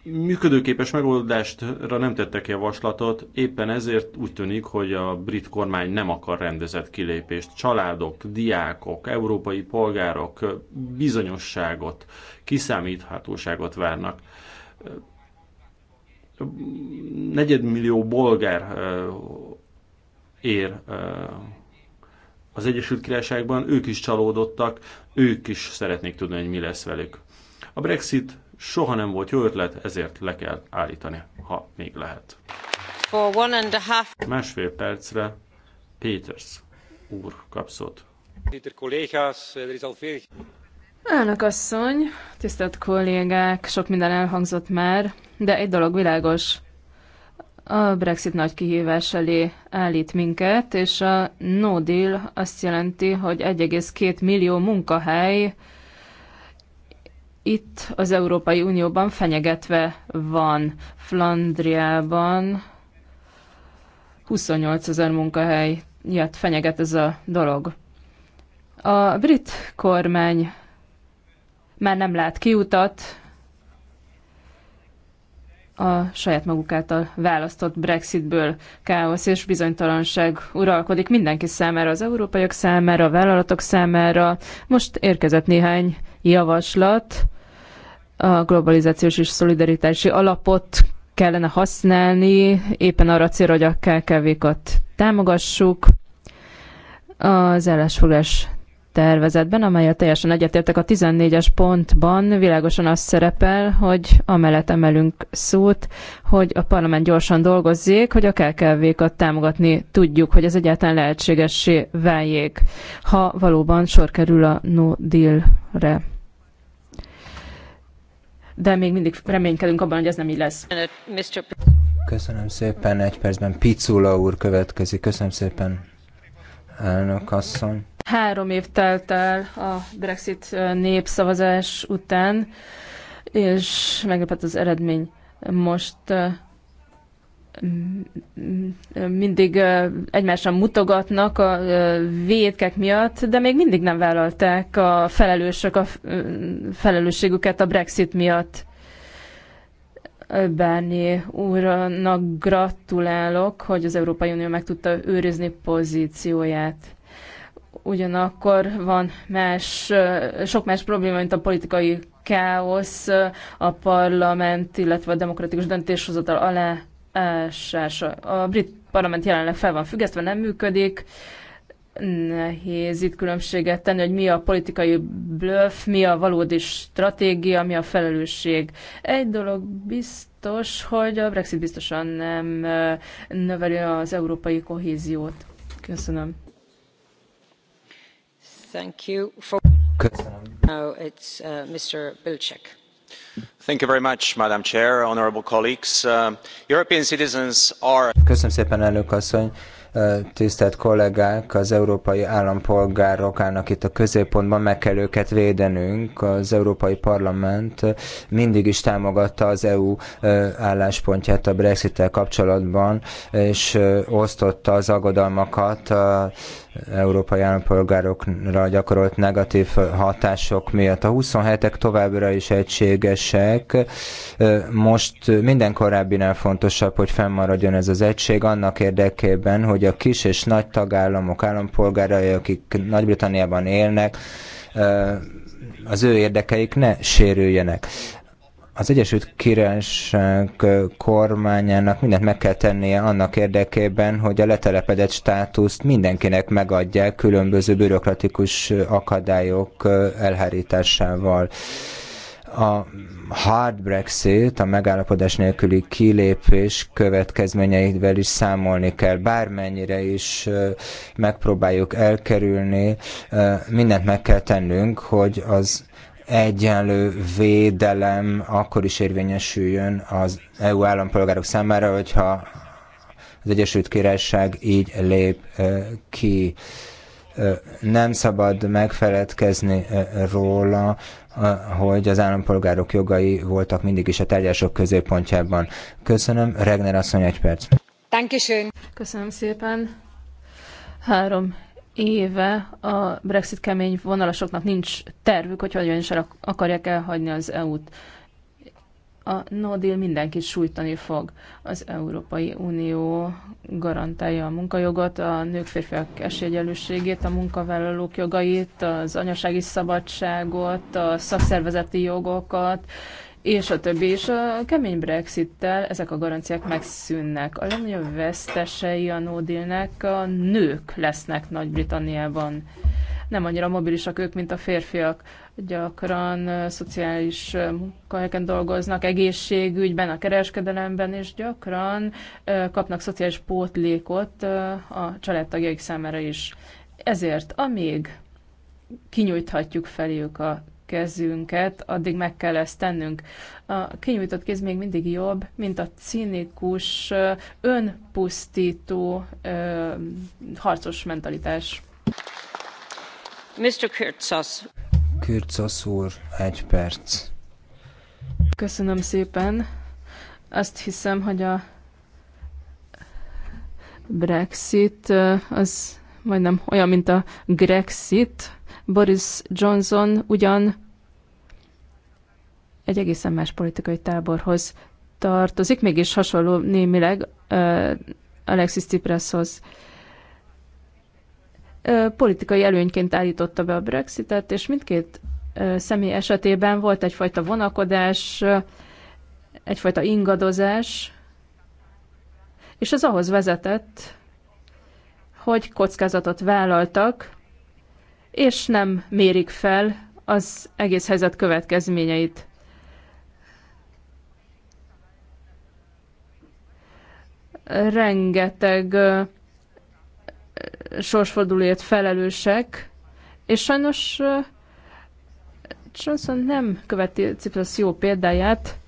[SPEAKER 4] Működőképes megoldástra nem tettek javaslatot, éppen ezért úgy tűnik, hogy a brit kormány nem akar rendezett kilépést. Családok, diákok, európai polgárok eh, bizonyosságot, kiszámíthatóságot várnak eh, negyedmillió bolgár ér az Egyesült Királyságban, ők is csalódottak, ők is szeretnék tudni, hogy mi lesz velük. A Brexit soha nem volt jó ötlet, ezért le kell állítani, ha még lehet.
[SPEAKER 1] For one and a half...
[SPEAKER 4] Másfél percre Peters úr kapszott. szót.
[SPEAKER 2] Elnök asszony, tisztelt kollégák, sok minden elhangzott már, de egy dolog világos. A Brexit nagy kihívás elé állít minket, és a no deal azt jelenti, hogy 1,2 millió munkahely itt az Európai Unióban fenyegetve van. Flandriában 28 ezer munkahely miatt fenyeget ez a dolog. A brit kormány már nem lát kiutat, a saját maguk által választott Brexitből káosz és bizonytalanság uralkodik mindenki számára, az európaiak számára, a vállalatok számára. Most érkezett néhány javaslat, a globalizációs és szolidaritási alapot kellene használni, éppen arra célra, hogy a KKV-kat támogassuk. Az állásfoglalás tervezetben, amelyet teljesen egyetértek a 14-es pontban, világosan az szerepel, hogy amellett emelünk szót, hogy a parlament gyorsan dolgozzék, hogy a KKV-kat támogatni tudjuk, hogy ez egyáltalán lehetségessé váljék, ha valóban sor kerül a no deal-re. De még mindig reménykedünk abban, hogy ez nem így lesz.
[SPEAKER 6] Köszönöm szépen, egy percben Picula úr következik. Köszönöm szépen, elnök asszony.
[SPEAKER 2] Három év telt el a Brexit népszavazás után, és meglepett az eredmény. Most mindig egymásra mutogatnak a védkek miatt, de még mindig nem vállalták a felelősök a felelősségüket a Brexit miatt. Berni úrnak gratulálok, hogy az Európai Unió meg tudta őrizni pozícióját ugyanakkor van más, sok más probléma, mint a politikai káosz, a parlament, illetve a demokratikus döntéshozatal alá A brit parlament jelenleg fel van függesztve, nem működik, nehéz itt különbséget tenni, hogy mi a politikai bluff, mi a valódi stratégia, mi a felelősség. Egy dolog biztos, hogy a Brexit biztosan nem növeli az európai kohéziót. Köszönöm. Köszönöm.
[SPEAKER 1] Uh, Madam
[SPEAKER 6] colleagues. Uh, European citizens are... Köszönöm szépen, elnök asszony uh, tisztelt kollégák, az európai állampolgárok állnak itt a középpontban, meg kell őket védenünk. Az Európai Parlament mindig is támogatta az EU álláspontját a Brexit-tel kapcsolatban, és osztotta az aggodalmakat európai állampolgárokra gyakorolt negatív hatások miatt. A 27-ek továbbra is egységesek. Most minden korábbinál fontosabb, hogy fennmaradjon ez az egység annak érdekében, hogy a kis és nagy tagállamok állampolgárai, akik Nagy-Britanniában élnek, az ő érdekeik ne sérüljenek az Egyesült Királyság kormányának mindent meg kell tennie annak érdekében, hogy a letelepedett státuszt mindenkinek megadják különböző bürokratikus akadályok elhárításával. A hard Brexit, a megállapodás nélküli kilépés következményeivel is számolni kell. Bármennyire is megpróbáljuk elkerülni, mindent meg kell tennünk, hogy az egyenlő védelem akkor is érvényesüljön az EU állampolgárok számára, hogyha az Egyesült Királyság így lép ki. Nem szabad megfeledkezni róla, hogy az állampolgárok jogai voltak mindig is a tárgyások középpontjában. Köszönöm, Regner asszony egy perc.
[SPEAKER 2] Köszönöm szépen. Három éve a Brexit kemény vonalasoknak nincs tervük, hogy hogyan is akarják elhagyni az EU-t. A no deal mindenkit sújtani fog. Az Európai Unió garantálja a munkajogot, a nők férfiak esélyegyenlőségét, a munkavállalók jogait, az anyasági szabadságot, a szakszervezeti jogokat, és a többi, és a kemény Brexit-tel ezek a garanciák megszűnnek. A legnagyobb vesztesei a no a nők lesznek Nagy-Britanniában. Nem annyira mobilisak ők, mint a férfiak. Gyakran szociális munkahelyeken dolgoznak, egészségügyben, a kereskedelemben, és gyakran kapnak szociális pótlékot a családtagjaik számára is. Ezért, amíg kinyújthatjuk feléjük a kezünket, addig meg kell ezt tennünk. A kinyújtott kéz még mindig jobb, mint a cinikus, önpusztító harcos mentalitás. Mr. Kürtsasz.
[SPEAKER 6] Kürtsasz úr, egy perc.
[SPEAKER 2] Köszönöm szépen. Azt hiszem, hogy a Brexit az majdnem olyan, mint a Grexit, Boris Johnson ugyan egy egészen más politikai táborhoz tartozik, mégis hasonló némileg uh, Alexis Tsiprashoz. politikai előnyként állította be a Brexitet, és mindkét személy esetében volt egyfajta vonakodás, egyfajta ingadozás, és ez ahhoz vezetett, hogy kockázatot vállaltak, és nem mérik fel az egész helyzet következményeit. Rengeteg sorsfordulóért felelősek, és sajnos Johnson nem követi Ciprasz jó példáját.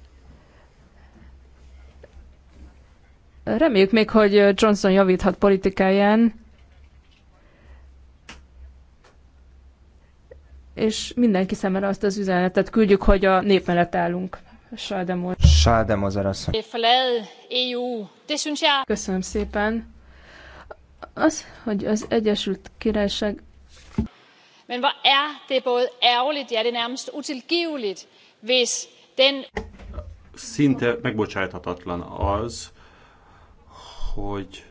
[SPEAKER 2] Reméljük még, hogy Johnson javíthat politikáján, és mindenki szemére azt az üzenetet küldjük, hogy a nép mellett állunk. Sáldemor.
[SPEAKER 6] Sáldemozar
[SPEAKER 2] asszony. Er e Köszönöm szépen. Az, hogy az Egyesült Királyság Men hvor er det både ærgerligt, ja det er nærmest utilgiveligt, hvis den...
[SPEAKER 4] Szinte megbocsájthatatlan az, hogy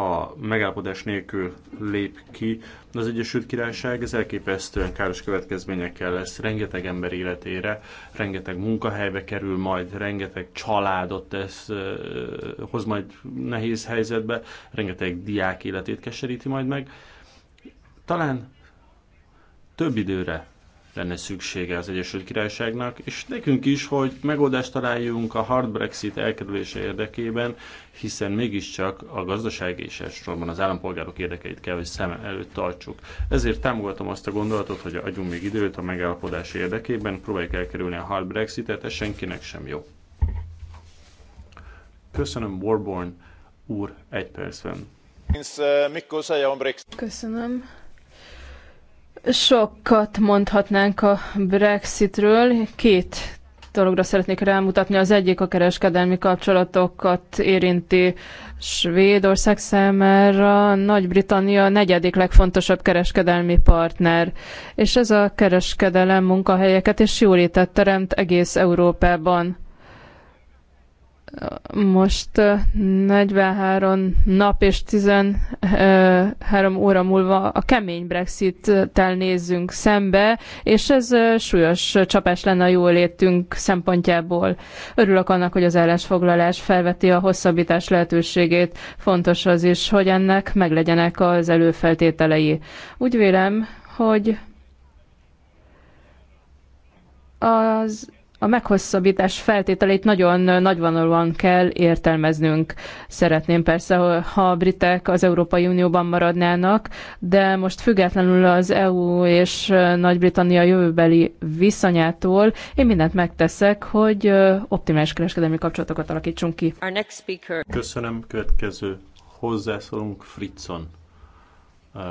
[SPEAKER 4] ha megállapodás nélkül lép ki az Egyesült Királyság, ez elképesztően káros következményekkel lesz rengeteg ember életére, rengeteg munkahelybe kerül majd, rengeteg családot tesz, hoz majd nehéz helyzetbe, rengeteg diák életét keseríti majd meg. Talán több időre lenne szüksége az Egyesült Királyságnak, és nekünk is, hogy megoldást találjunk a hard Brexit elkerülése érdekében, hiszen mégiscsak a gazdaság és elsősorban az állampolgárok érdekeit kell, hogy szem előtt tartsuk. Ezért támogatom azt a gondolatot, hogy adjunk még időt a megállapodás érdekében, próbáljuk elkerülni a hard Brexitet, ez senkinek sem jó. Köszönöm, Warborn úr, egy percben.
[SPEAKER 2] Köszönöm. Sokat mondhatnánk a Brexitről. Két dologra szeretnék rámutatni. Az egyik a kereskedelmi kapcsolatokat érinti Svédország számára. Nagy-Britannia a negyedik legfontosabb kereskedelmi partner. És ez a kereskedelem munkahelyeket és jólétet teremt egész Európában most 43 nap és 13 óra múlva a kemény Brexit-tel nézzünk szembe, és ez súlyos csapás lenne a jólétünk szempontjából. Örülök annak, hogy az állásfoglalás felveti a hosszabbítás lehetőségét. Fontos az is, hogy ennek meglegyenek az előfeltételei. Úgy vélem, hogy az a meghosszabbítás feltételeit nagyon nagyvonalúan kell értelmeznünk. Szeretném persze, ha a britek az Európai Unióban maradnának, de most függetlenül az EU és Nagy-Britannia jövőbeli viszonyától én mindent megteszek, hogy optimális kereskedelmi kapcsolatokat alakítsunk ki.
[SPEAKER 4] Köszönöm, következő hozzászólunk Fritzon. Uh,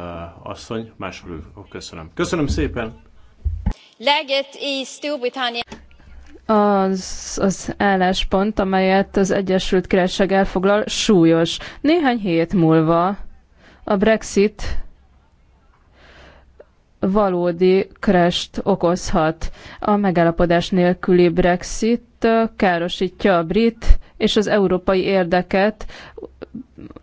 [SPEAKER 4] asszony, másról köszönöm. Köszönöm szépen!
[SPEAKER 5] Läget i Storbritannien
[SPEAKER 2] az, az álláspont, amelyet az Egyesült Királyság elfoglal, súlyos. Néhány hét múlva a Brexit valódi krest okozhat. A megállapodás nélküli Brexit károsítja a brit és az európai érdeket,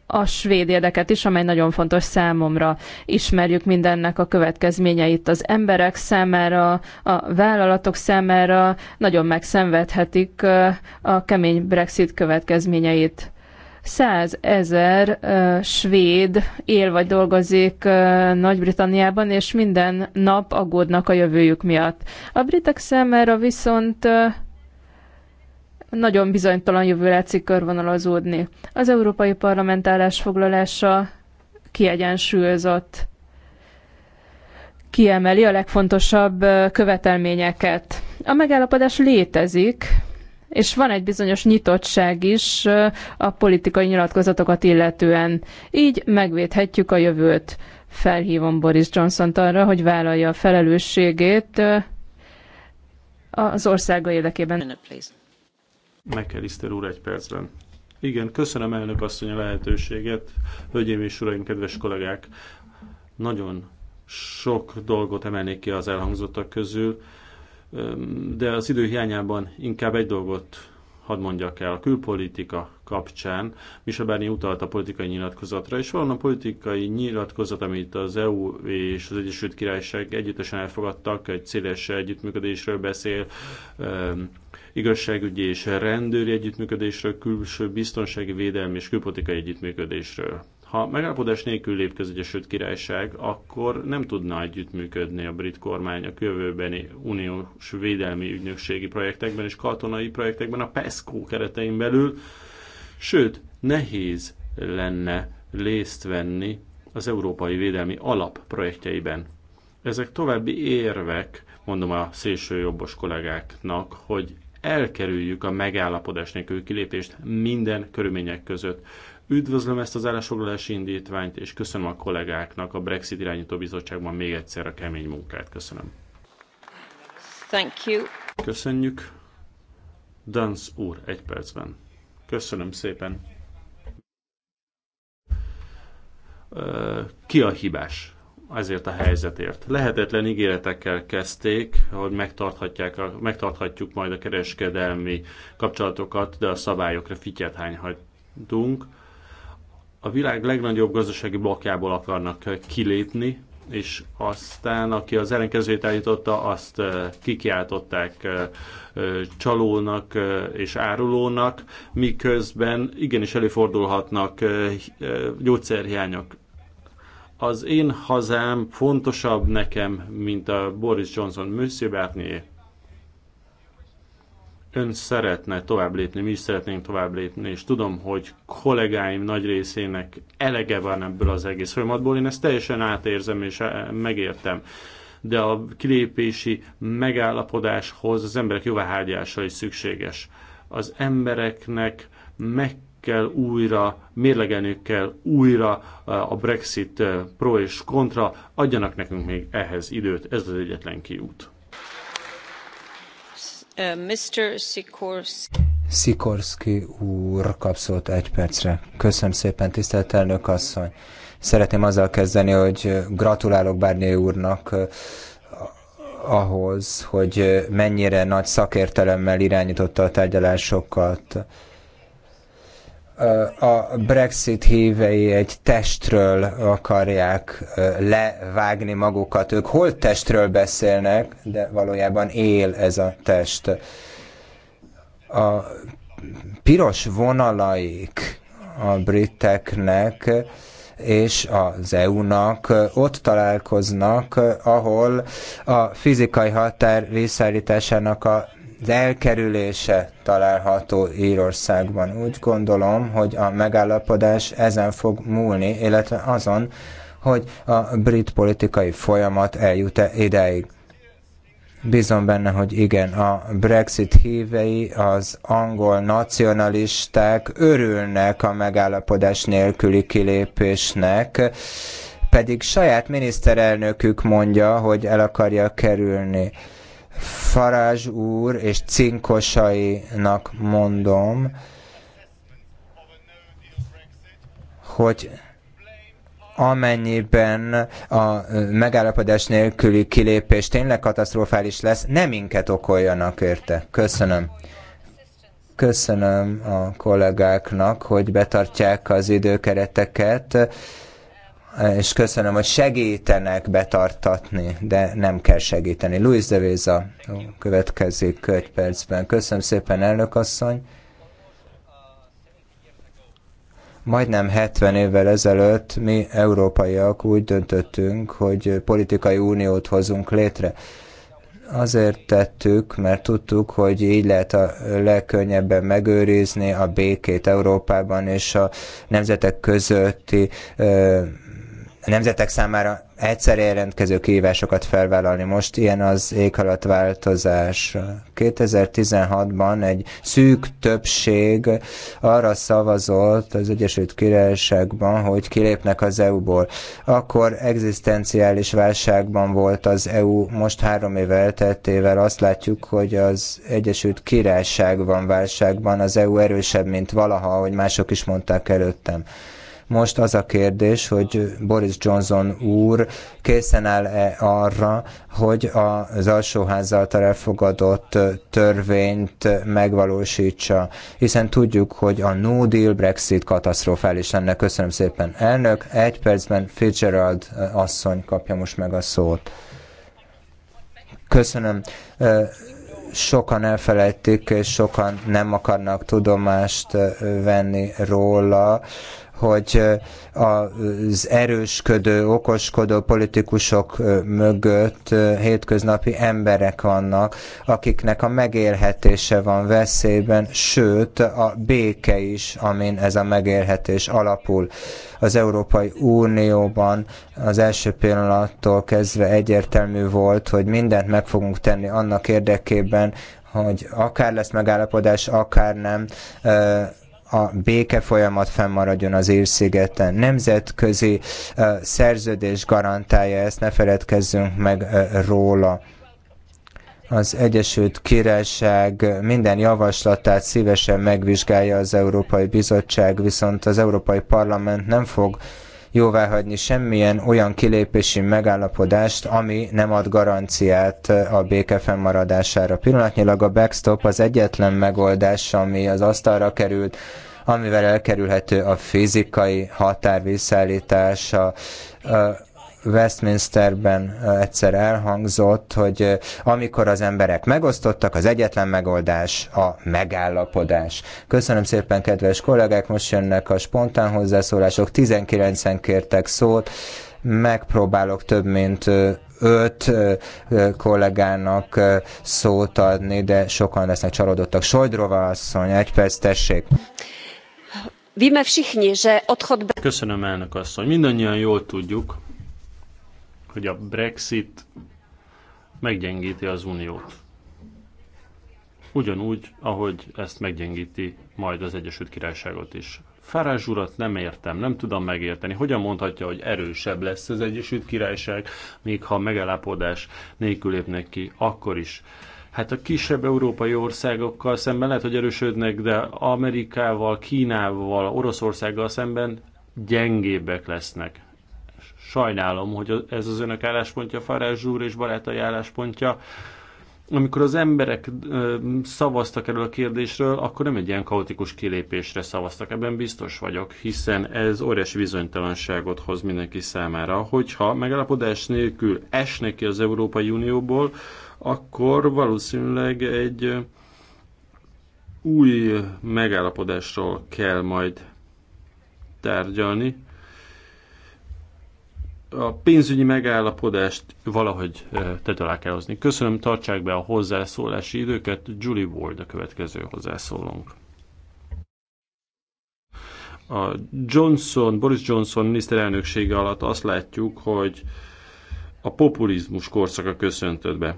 [SPEAKER 2] a svéd érdeket is, amely nagyon fontos számomra. Ismerjük mindennek a következményeit az emberek számára, a vállalatok számára, nagyon megszenvedhetik a kemény Brexit következményeit. 100 ezer uh, svéd él vagy dolgozik uh, Nagy-Britanniában, és minden nap aggódnak a jövőjük miatt. A britek számára viszont uh, nagyon bizonytalan jövő látszik körvonalazódni. Az Európai Parlament állásfoglalása kiegyensúlyozott, kiemeli a legfontosabb követelményeket. A megállapodás létezik, és van egy bizonyos nyitottság is a politikai nyilatkozatokat illetően. Így megvédhetjük a jövőt. Felhívom Boris johnson arra, hogy vállalja a felelősségét az országa érdekében.
[SPEAKER 4] McAllister úr egy percben. Igen, köszönöm elnök asszony a lehetőséget, hölgyeim és uraim, kedves kollégák. Nagyon sok dolgot emelnék ki az elhangzottak közül, de az idő hiányában inkább egy dolgot hadd mondjak el, a külpolitika kapcsán Misabárnyi utalt a politikai nyilatkozatra, és valóban a politikai nyilatkozat, amit az EU és az Egyesült Királyság együttesen elfogadtak, egy széles együttműködésről beszél, igazságügyi és rendőri együttműködésről, külső biztonsági védelmi és külpolitikai együttműködésről. Ha megállapodás nélkül lép az Egyesült Királyság, akkor nem tudna együttműködni a brit kormány a jövőbeni uniós védelmi ügynökségi projektekben és katonai projektekben a PESCO keretein belül, sőt, nehéz lenne részt venni az Európai Védelmi Alap projektjeiben. Ezek további érvek, mondom a szélső jobbos kollégáknak, hogy elkerüljük a megállapodás nélkül kilépést minden körülmények között. Üdvözlöm ezt az állásfoglalási indítványt, és köszönöm a kollégáknak a Brexit irányító bizottságban még egyszer a kemény munkát. Köszönöm. Thank you. Köszönjük. Dans úr, egy percben. Köszönöm szépen. Ki a hibás? ezért a helyzetért. Lehetetlen ígéretekkel kezdték, hogy megtarthatják a, megtarthatjuk majd a kereskedelmi kapcsolatokat, de a szabályokra fityet hányhatunk. A világ legnagyobb gazdasági blokkjából akarnak kilépni, és aztán, aki az ellenkezőjét állította, azt kikiáltották csalónak és árulónak, miközben igenis előfordulhatnak gyógyszerhiányok az én hazám fontosabb nekem, mint a Boris Johnson Monsieur Ön szeretne tovább lépni, mi is szeretnénk tovább lépni, és tudom, hogy kollégáim nagy részének elege van ebből az egész folyamatból, én ezt teljesen átérzem és eh, megértem de a kilépési megállapodáshoz az emberek jóváhágyása is szükséges. Az embereknek meg kell újra, mérlegelniük kell újra a Brexit pro és kontra. Adjanak nekünk még ehhez időt, ez az egyetlen kiút.
[SPEAKER 5] Mr.
[SPEAKER 6] Sikorski. úr kapszolt egy percre. Köszönöm szépen, tisztelt elnök asszony. Szeretném azzal kezdeni, hogy gratulálok Bárnyi úrnak ahhoz, hogy mennyire nagy szakértelemmel irányította a tárgyalásokat a Brexit hívei egy testről akarják levágni magukat. Ők hol testről beszélnek, de valójában él ez a test. A piros vonalaik a briteknek és az EU-nak ott találkoznak, ahol a fizikai határ visszaállításának a elkerülése található Írországban. Úgy gondolom, hogy a megállapodás ezen fog múlni, illetve azon, hogy a brit politikai folyamat eljut-e ideig. Bízom benne, hogy igen, a Brexit hívei, az angol nacionalisták örülnek a megállapodás nélküli kilépésnek, pedig saját miniszterelnökük mondja, hogy el akarja kerülni. Farázs úr és cinkosainak mondom, hogy amennyiben a megállapodás nélküli kilépés tényleg katasztrofális lesz, nem minket okoljanak érte. Köszönöm. Köszönöm a kollégáknak, hogy betartják az időkereteket és köszönöm, hogy segítenek betartatni, de nem kell segíteni. Luis de Véza következik egy percben. Köszönöm szépen, elnök asszony. Majdnem 70 évvel ezelőtt mi európaiak úgy döntöttünk, hogy politikai uniót hozunk létre. Azért tettük, mert tudtuk, hogy így lehet a legkönnyebben megőrizni a békét Európában és a nemzetek közötti a nemzetek számára egyszer jelentkező kihívásokat felvállalni. Most ilyen az éghajlatváltozás. 2016-ban egy szűk többség arra szavazott az Egyesült Királyságban, hogy kilépnek az EU-ból. Akkor egzisztenciális válságban volt az EU, most három éve elteltével azt látjuk, hogy az Egyesült Királyság van válságban, az EU erősebb, mint valaha, ahogy mások is mondták előttem. Most az a kérdés, hogy Boris Johnson úr készen áll-e arra, hogy az alsóház által elfogadott törvényt megvalósítsa, hiszen tudjuk, hogy a no deal Brexit katasztrofális lenne. Köszönöm szépen, elnök. Egy percben Fitzgerald eh, asszony kapja most meg a szót. Köszönöm eh, sokan elfelejtik, és sokan nem akarnak tudomást eh, venni róla, hogy az erősködő, okoskodó politikusok mögött hétköznapi emberek vannak, akiknek a megélhetése van veszélyben, sőt a béke is, amin ez a megélhetés alapul. Az Európai Unióban az első pillanattól kezdve egyértelmű volt, hogy mindent meg fogunk tenni annak érdekében, hogy akár lesz megállapodás, akár nem, a béke folyamat fennmaradjon az Írszigeten. Nemzetközi szerződés garantálja ezt, ne feledkezzünk meg róla az Egyesült Királyság minden javaslatát szívesen megvizsgálja az Európai Bizottság, viszont az Európai Parlament nem fog jóváhagyni semmilyen olyan kilépési megállapodást, ami nem ad garanciát eh, a béke fennmaradására. Pillanatnyilag a backstop az egyetlen megoldás, ami az asztalra került, amivel elkerülhető a fizikai határ visszaállítása, eh, Westminsterben egyszer elhangzott, hogy amikor az emberek megosztottak, az egyetlen megoldás a megállapodás. Köszönöm szépen, kedves kollégák, most jönnek a spontán hozzászólások, 19-en kértek szót, megpróbálok több mint öt kollégának szót adni, de sokan lesznek csalódottak. Sojdrova asszony, egy perc, tessék.
[SPEAKER 4] Köszönöm, elnök asszony. Mindannyian jól tudjuk, hogy a Brexit meggyengíti az uniót. Ugyanúgy, ahogy ezt meggyengíti majd az Egyesült Királyságot is. Farázs urat nem értem, nem tudom megérteni. Hogyan mondhatja, hogy erősebb lesz az Egyesült Királyság, még ha megállapodás nélkül lépnek ki, akkor is. Hát a kisebb európai országokkal szemben lehet, hogy erősödnek, de Amerikával, Kínával, Oroszországgal szemben gyengébbek lesznek. Sajnálom, hogy ez az önök álláspontja, Farázs úr és barátai álláspontja. Amikor az emberek ö, szavaztak erről a kérdésről, akkor nem egy ilyen kaotikus kilépésre szavaztak, ebben biztos vagyok, hiszen ez óriási bizonytalanságot hoz mindenki számára. Hogyha megállapodás nélkül esnek ki az Európai Unióból, akkor valószínűleg egy új megállapodásról kell majd tárgyalni a pénzügyi megállapodást valahogy tető alá kell hozni. Köszönöm, tartsák be a hozzászólási időket. Julie Ward a következő hozzászólónk. A Johnson, Boris Johnson miniszterelnöksége alatt azt látjuk, hogy a populizmus korszaka köszöntött be.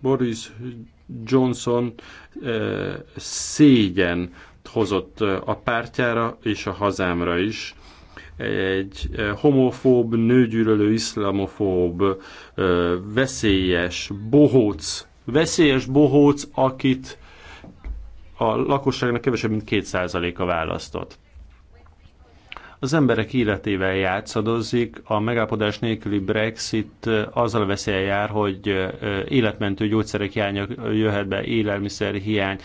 [SPEAKER 4] Boris Johnson szégyen hozott a pártjára és a hazámra is egy homofób, nőgyűlölő, iszlamofób, veszélyes, bohóc, veszélyes bohóc, akit a lakosságnak kevesebb mint 2%-a választott az emberek életével játszadozik, a megállapodás nélküli Brexit azzal veszélye jár, hogy életmentő gyógyszerek hiánya jöhet be, élelmiszer hiány,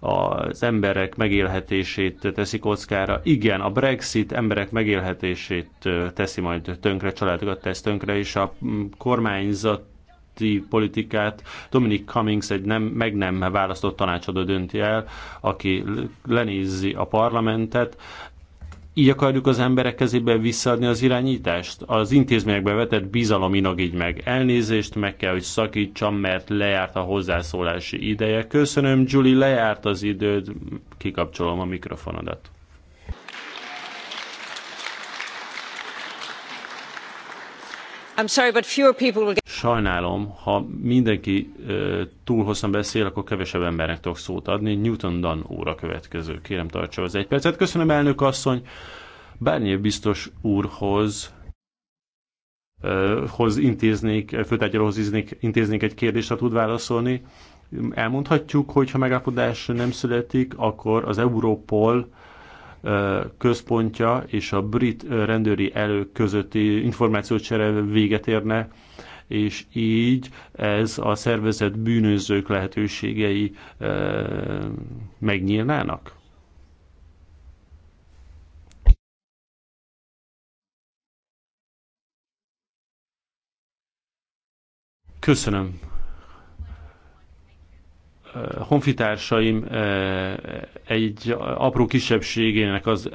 [SPEAKER 4] az emberek megélhetését teszi kockára. Igen, a Brexit emberek megélhetését teszi majd tönkre, családokat tesz tönkre, és a mm, kormányzat politikát. Dominic Cummings egy nem, meg nem választott tanácsadó dönti el, aki lenézi a parlamentet, így akarjuk az emberek kezébe visszaadni az irányítást? Az intézményekbe vetett bizalom inog így meg. Elnézést meg kell, hogy szakítsam, mert lejárt a hozzászólási ideje. Köszönöm, Julie, lejárt az időd. Kikapcsolom a mikrofonodat. I'm
[SPEAKER 5] sorry, but fewer people will get
[SPEAKER 4] sajnálom, ha mindenki ö, túl hosszan beszél, akkor kevesebb embernek tudok szót adni. Newton Dan óra következő. Kérem, tartsa az egy percet. Köszönöm, elnök asszony. Bárnyév biztos úrhoz ö, hoz intéznék, főtárgyalóhoz íznék, intéznék egy kérdést, ha tud válaszolni. Elmondhatjuk, hogy ha megállapodás nem születik, akkor az Európol központja és a brit rendőri elő közötti információcsere véget érne és így ez a szervezet bűnözők lehetőségei eh, megnyílnának? Köszönöm honfitársaim egy apró kisebbségének az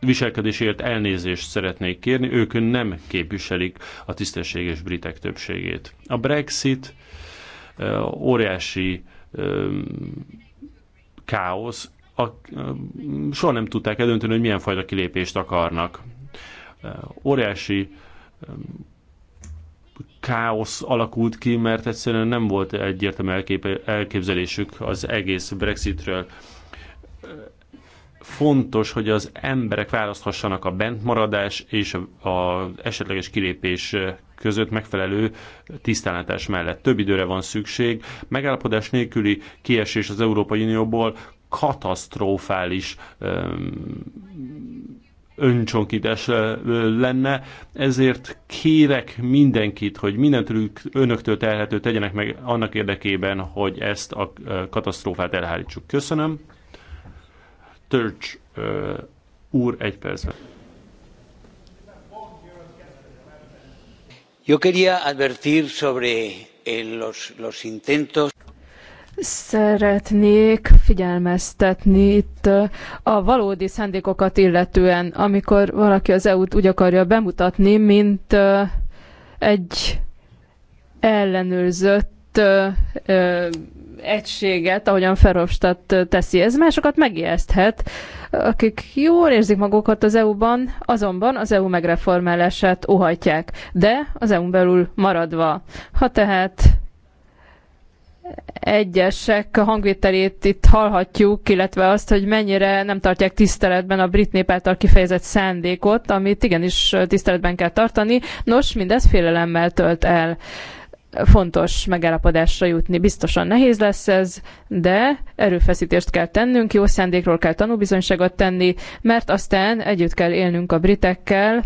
[SPEAKER 4] viselkedésért elnézést szeretnék kérni, ők nem képviselik a tisztességes britek többségét. A Brexit óriási káosz, a, soha nem tudták eldönteni, hogy milyen fajta kilépést akarnak. Óriási káosz alakult ki, mert egyszerűen nem volt egyértelmű elképzelésük az egész Brexitről. Fontos, hogy az emberek választhassanak a bentmaradás és az esetleges kilépés között megfelelő tisztánlátás mellett. Több időre van szükség. Megállapodás nélküli kiesés az Európai Unióból katasztrofális öm, öncsonkítás lenne. Ezért kérek mindenkit, hogy mindent önöktől telhető tegyenek meg annak érdekében, hogy ezt a katasztrófát elhárítsuk. Köszönöm. Törcs úr, egy percben.
[SPEAKER 1] Yo quería advertir sobre eh, los, los intentos
[SPEAKER 2] Szeretnék figyelmeztetni itt a valódi szándékokat illetően, amikor valaki az EU-t úgy akarja bemutatni, mint egy ellenőrzött egységet, ahogyan Ferhofstadt teszi. Ez másokat megijeszthet, akik jól érzik magukat az EU-ban, azonban az EU megreformálását óhajtják, de az EU-n belül maradva. Ha tehát egyesek hangvételét itt hallhatjuk, illetve azt, hogy mennyire nem tartják tiszteletben a brit nép által kifejezett szándékot, amit igenis tiszteletben kell tartani. Nos, mindez félelemmel tölt el. Fontos megállapodásra jutni. Biztosan nehéz lesz ez, de erőfeszítést kell tennünk, jó szándékról kell tanúbizonyságot tenni, mert aztán együtt kell élnünk a britekkel,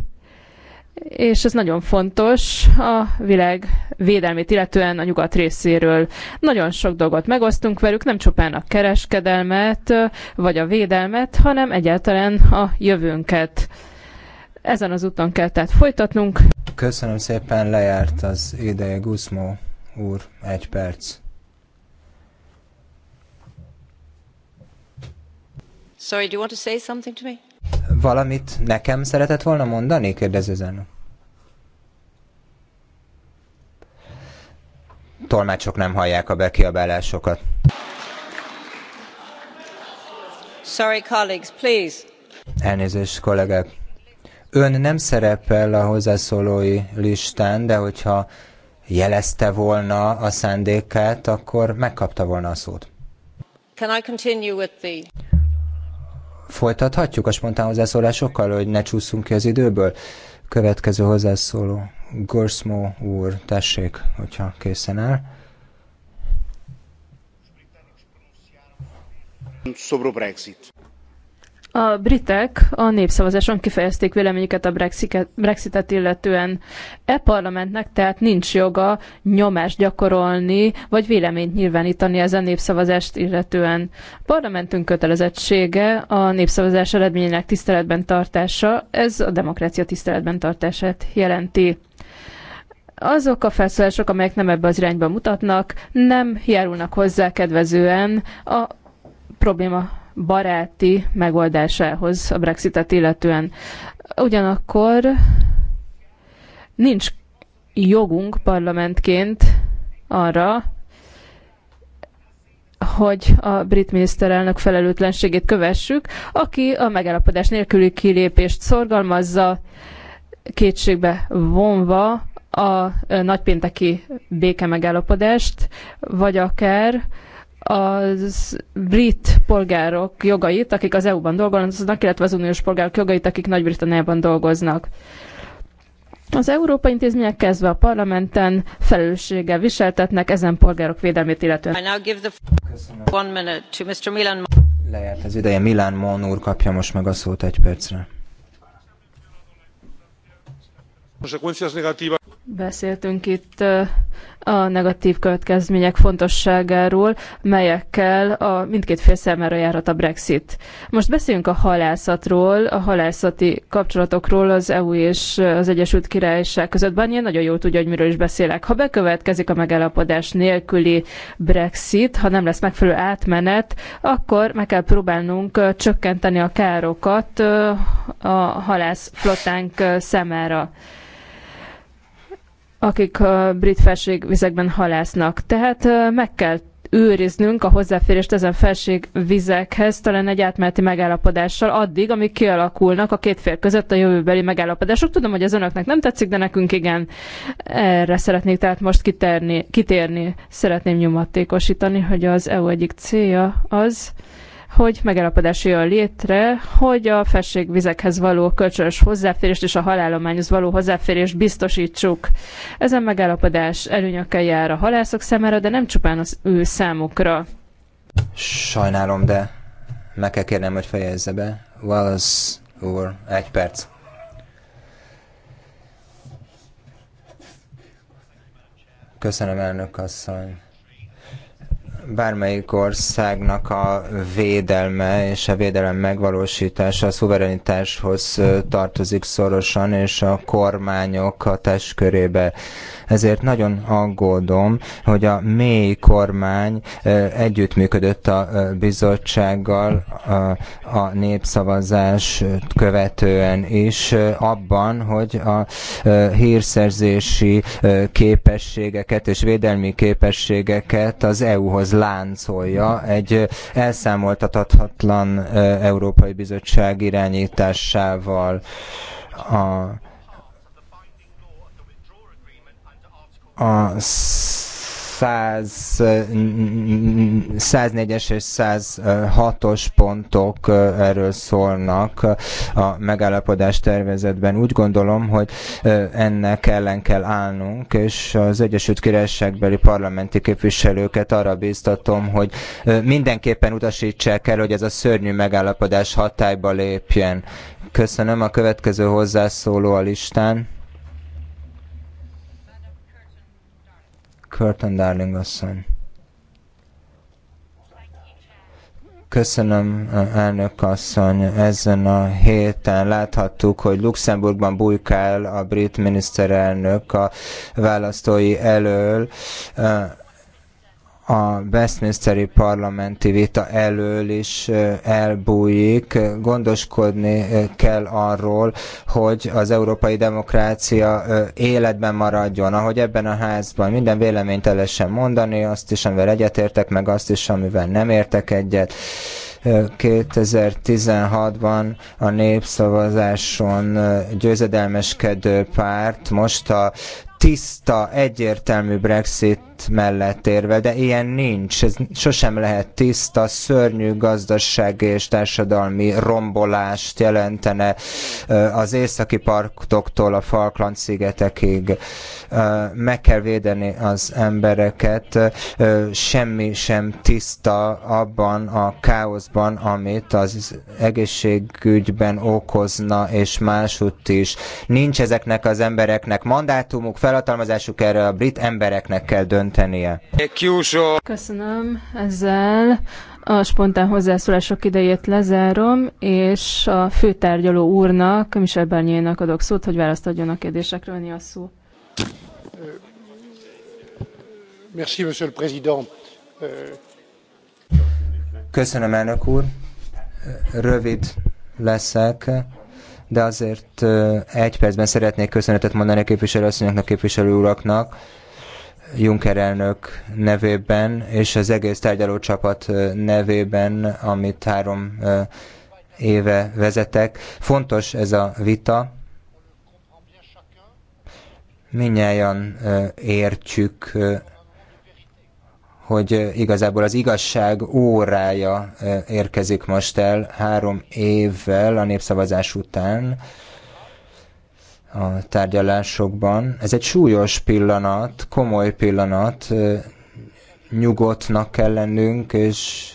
[SPEAKER 2] és ez nagyon fontos a világ védelmét, illetően a nyugat részéről. Nagyon sok dolgot megosztunk velük, nem csupán a kereskedelmet, vagy a védelmet, hanem egyáltalán a jövőnket. Ezen az úton kell tehát folytatnunk.
[SPEAKER 6] Köszönöm szépen, lejárt az ideje Guzmó úr, egy perc.
[SPEAKER 5] Sorry, do you want to say something to me?
[SPEAKER 6] Valamit nekem szeretett volna mondani? kérdezi az Tolmácsok nem hallják a bekiabálásokat.
[SPEAKER 5] Sorry, colleagues, please.
[SPEAKER 6] Elnézést, kollégák. Ön nem szerepel a hozzászólói listán, de hogyha jelezte volna a szándékát, akkor megkapta volna a szót.
[SPEAKER 5] Can I continue with the
[SPEAKER 6] folytathatjuk a spontán hozzászólásokkal, hogy ne csúszunk ki az időből? Következő hozzászóló, Gorszmó úr, tessék, hogyha készen áll.
[SPEAKER 1] Szobro Brexit.
[SPEAKER 2] A britek a népszavazáson kifejezték véleményüket a Brexitet illetően. E parlamentnek tehát nincs joga nyomást gyakorolni, vagy véleményt nyilvánítani ezen népszavazást illetően. A parlamentünk kötelezettsége a népszavazás eredményének tiszteletben tartása, ez a demokrácia tiszteletben tartását jelenti azok a felszólások, amelyek nem ebbe az irányba mutatnak, nem járulnak hozzá kedvezően a probléma baráti megoldásához a Brexitet illetően. Ugyanakkor nincs jogunk parlamentként arra, hogy a brit miniszterelnök felelőtlenségét kövessük, aki a megállapodás nélküli kilépést szorgalmazza, kétségbe vonva a nagypénteki béke megállapodást, vagy akár az brit polgárok jogait, akik az EU-ban dolgoznak, illetve az uniós polgárok jogait, akik Nagy-Britanniában dolgoznak. Az Európai Intézmények kezdve a parlamenten felelősséggel viseltetnek ezen polgárok védelmét illetően.
[SPEAKER 5] Lejárt
[SPEAKER 6] az ideje. Milán Mon úr kapja most meg a szót egy percre.
[SPEAKER 2] Beszéltünk itt a negatív következmények fontosságáról, melyekkel a mindkét fél számára járhat a Brexit. Most beszéljünk a halászatról, a halászati kapcsolatokról az EU és az Egyesült Királyság között. Barnier nagyon jól tudja, hogy miről is beszélek. Ha bekövetkezik a megállapodás nélküli Brexit, ha nem lesz megfelelő átmenet, akkor meg kell próbálnunk csökkenteni a károkat a halászflotánk számára akik a brit felségvizekben halásznak. Tehát meg kell őriznünk a hozzáférést ezen felségvizekhez, talán egy átmeneti megállapodással addig, amíg kialakulnak a két fél között a jövőbeli megállapodások. Tudom, hogy az önöknek nem tetszik, de nekünk igen. Erre szeretnék tehát most kiterni, kitérni. Szeretném nyomatékosítani, hogy az EU egyik célja az, hogy megállapodás jön létre, hogy a felségvizekhez való kölcsönös hozzáférést és a halállományhoz való hozzáférést biztosítsuk. Ezen megállapodás előnyökkel jár a halászok számára, de nem csupán az ő számukra.
[SPEAKER 6] Sajnálom, de meg kell kérnem, hogy fejezze be. Wallace úr, egy perc. Köszönöm, elnök asszony bármelyik országnak a védelme és a védelem megvalósítása a szuverenitáshoz tartozik szorosan, és a kormányok hatáskörébe. Ezért nagyon aggódom, hogy a mély kormány együttműködött a bizottsággal a népszavazás követően is abban, hogy a hírszerzési képességeket és védelmi képességeket az EU-hoz láncolja egy elszámoltathatatlan Európai Bizottság irányításával. A, a 100, 104-es és 106-os pontok erről szólnak a megállapodás tervezetben. Úgy gondolom, hogy ennek ellen kell állnunk, és az Egyesült Királyságbeli parlamenti képviselőket arra bíztatom, hogy mindenképpen utasítsák el, hogy ez a szörnyű megállapodás hatályba lépjen. Köszönöm a következő hozzászóló a listán. Curtain Darling asszony. Köszönöm, elnök asszony. Ezen a héten láthattuk, hogy Luxemburgban bujkál a brit miniszterelnök a választói elől a Westminsteri parlamenti vita elől is elbújik. Gondoskodni kell arról, hogy az európai demokrácia életben maradjon, ahogy ebben a házban minden véleményt el lehessen mondani, azt is, amivel egyetértek, meg azt is, amivel nem értek egyet. 2016-ban a népszavazáson győzedelmeskedő párt most a tiszta, egyértelmű Brexit élet mellett érve, de ilyen nincs. Ez sosem lehet tiszta, szörnyű gazdaság és társadalmi rombolást jelentene az északi partoktól a Falkland-szigetekig. Meg kell védeni az embereket, semmi sem tiszta abban a káoszban, amit az egészségügyben okozna, és másutt is. Nincs ezeknek az embereknek mandátumuk, felhatalmazásuk erre a brit embereknek kell dönteni döntenie.
[SPEAKER 2] Köszönöm ezzel. A spontán hozzászólások idejét lezárom, és a főtárgyaló úrnak, Michel Bernier-nak adok szót, hogy választ adjon a kérdésekre, önni a szó.
[SPEAKER 1] Merci, monsieur le
[SPEAKER 2] président.
[SPEAKER 6] Köszönöm, elnök úr. Rövid leszek, de azért egy percben szeretnék köszönetet mondani a képviselőasszonyoknak, képviselő uraknak. Juncker elnök nevében és az egész tárgyalócsapat nevében, amit három éve vezetek. Fontos ez a vita. Minnyáján értjük, hogy igazából az igazság órája érkezik most el három évvel a népszavazás után a tárgyalásokban. Ez egy súlyos pillanat, komoly pillanat, nyugodtnak kell lennünk, és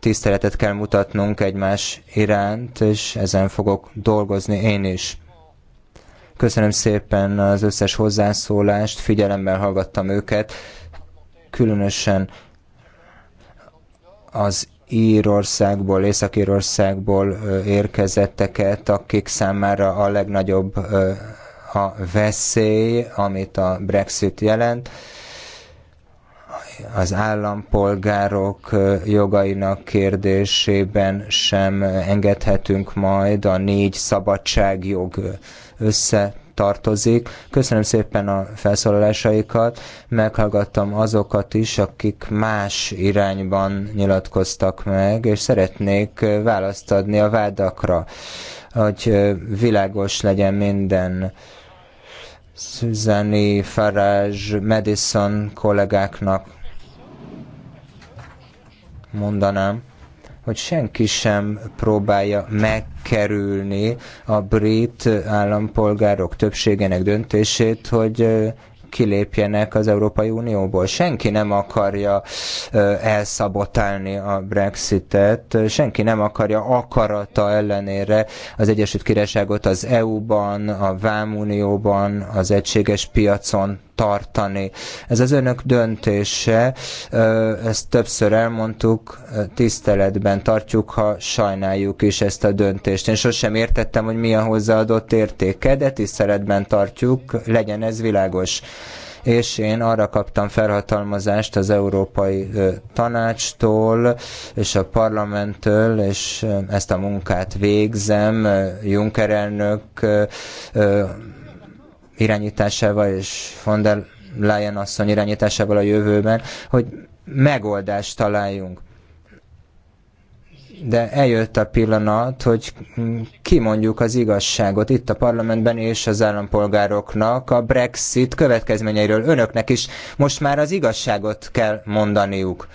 [SPEAKER 6] tiszteletet kell mutatnunk egymás iránt, és ezen fogok dolgozni én is. Köszönöm szépen az összes hozzászólást, figyelemmel hallgattam őket, különösen az Írországból, Észak-Írországból érkezetteket, akik számára a legnagyobb a veszély, amit a Brexit jelent az állampolgárok jogainak kérdésében sem engedhetünk majd a négy szabadságjog össze tartozik. Köszönöm szépen a felszólalásaikat, meghallgattam azokat is, akik más irányban nyilatkoztak meg, és szeretnék választ adni a vádakra, hogy világos legyen minden. Suzanne Farage, Madison kollégáknak mondanám hogy senki sem próbálja megkerülni a brit állampolgárok többségének döntését, hogy kilépjenek az Európai Unióból. Senki nem akarja elszabotálni a Brexitet, senki nem akarja akarata ellenére az Egyesült Királyságot az EU-ban, a Vámunióban, az egységes piacon tartani. Ez az önök döntése, ezt többször elmondtuk, tiszteletben tartjuk, ha sajnáljuk is ezt a döntést. Én sosem értettem, hogy mi a hozzáadott értéke, de tiszteletben tartjuk, legyen ez világos és én arra kaptam felhatalmazást az Európai Tanácstól és a parlamenttől, és ezt a munkát végzem. Juncker elnök irányításával és von der Leyen asszony irányításával a jövőben, hogy megoldást találjunk. De eljött a pillanat, hogy kimondjuk az igazságot itt a parlamentben és az állampolgároknak a Brexit következményeiről. Önöknek is most már az igazságot kell mondaniuk.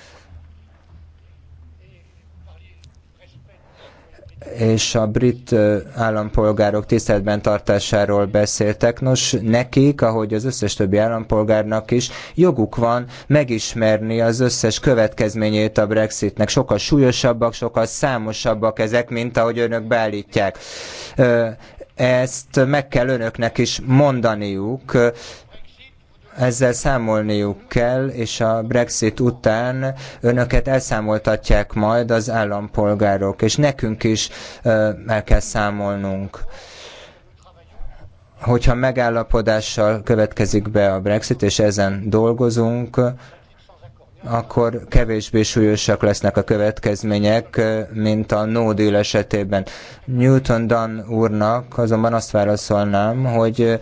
[SPEAKER 6] és a brit állampolgárok tiszteletben tartásáról beszéltek. Nos, nekik, ahogy az összes többi állampolgárnak is, joguk van megismerni az összes következményét a Brexitnek. Sokkal súlyosabbak, sokkal számosabbak ezek, mint ahogy önök beállítják ezt meg kell önöknek is mondaniuk, ezzel számolniuk kell, és a Brexit után önöket elszámoltatják majd az állampolgárok, és nekünk is el kell számolnunk. Hogyha megállapodással következik be a Brexit, és ezen dolgozunk, akkor kevésbé súlyosak lesznek a következmények, mint a no deal esetében. Newton Dunn úrnak azonban azt válaszolnám, hogy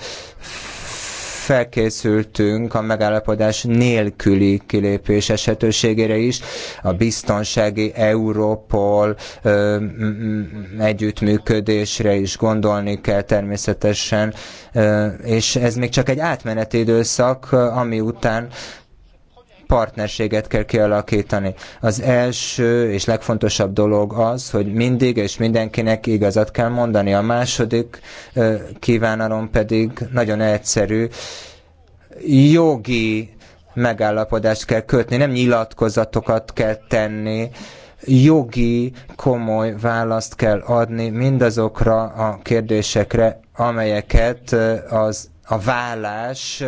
[SPEAKER 6] felkészültünk a megállapodás nélküli kilépés esetőségére is. A biztonsági Europol ö, együttműködésre is gondolni kell természetesen, ö, és ez még csak egy átmeneti időszak, ami után partnerséget kell kialakítani. Az első és legfontosabb dolog az, hogy mindig és mindenkinek igazat kell mondani. A második kívánalom pedig nagyon egyszerű, jogi megállapodást kell kötni, nem nyilatkozatokat kell tenni, jogi, komoly választ kell adni mindazokra a kérdésekre, amelyeket az a vállás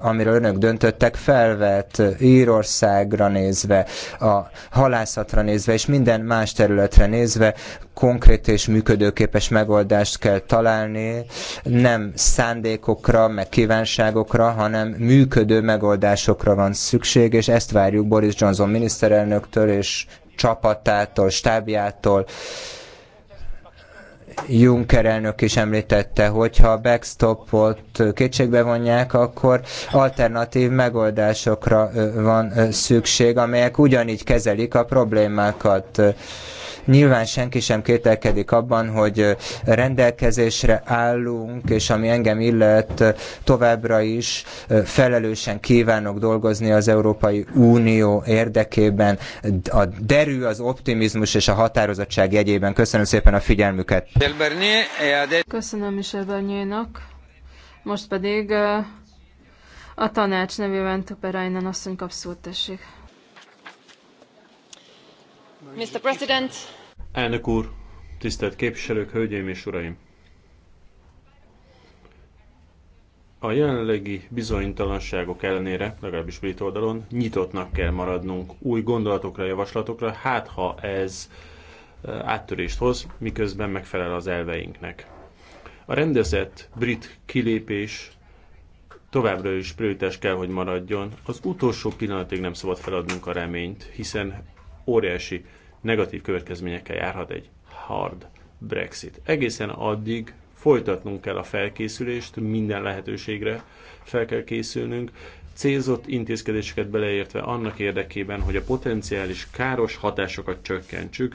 [SPEAKER 6] amiről önök döntöttek, felvet Írországra nézve, a halászatra nézve, és minden más területre nézve konkrét és működőképes megoldást kell találni, nem szándékokra, meg kívánságokra, hanem működő megoldásokra van szükség, és ezt várjuk Boris Johnson miniszterelnöktől és csapatától, stábjától. Juncker elnök is említette, hogyha a backstopot kétségbe vonják, akkor alternatív megoldásokra van szükség, amelyek ugyanígy kezelik a problémákat. Nyilván senki sem kételkedik abban, hogy rendelkezésre állunk, és ami engem illet, továbbra is felelősen kívánok dolgozni az Európai Unió érdekében. A derű, az optimizmus és a határozottság jegyében. Köszönöm szépen a figyelmüket.
[SPEAKER 2] Köszönöm Michel Barnier-nak. Most pedig a tanács nevében Tuperainen asszony kap szót, tessék. Mr. President.
[SPEAKER 4] Elnök úr, tisztelt képviselők, hölgyeim és uraim! A jelenlegi bizonytalanságok ellenére, legalábbis brit oldalon, nyitottnak kell maradnunk új gondolatokra, javaslatokra, hát ha ez áttörést hoz, miközben megfelel az elveinknek. A rendezett brit kilépés továbbra is prioritás kell, hogy maradjon. Az utolsó pillanatig nem szabad feladnunk a reményt, hiszen óriási negatív következményekkel járhat egy hard Brexit. Egészen addig folytatnunk kell a felkészülést, minden lehetőségre fel kell készülnünk, célzott intézkedéseket beleértve annak érdekében, hogy a potenciális káros hatásokat csökkentsük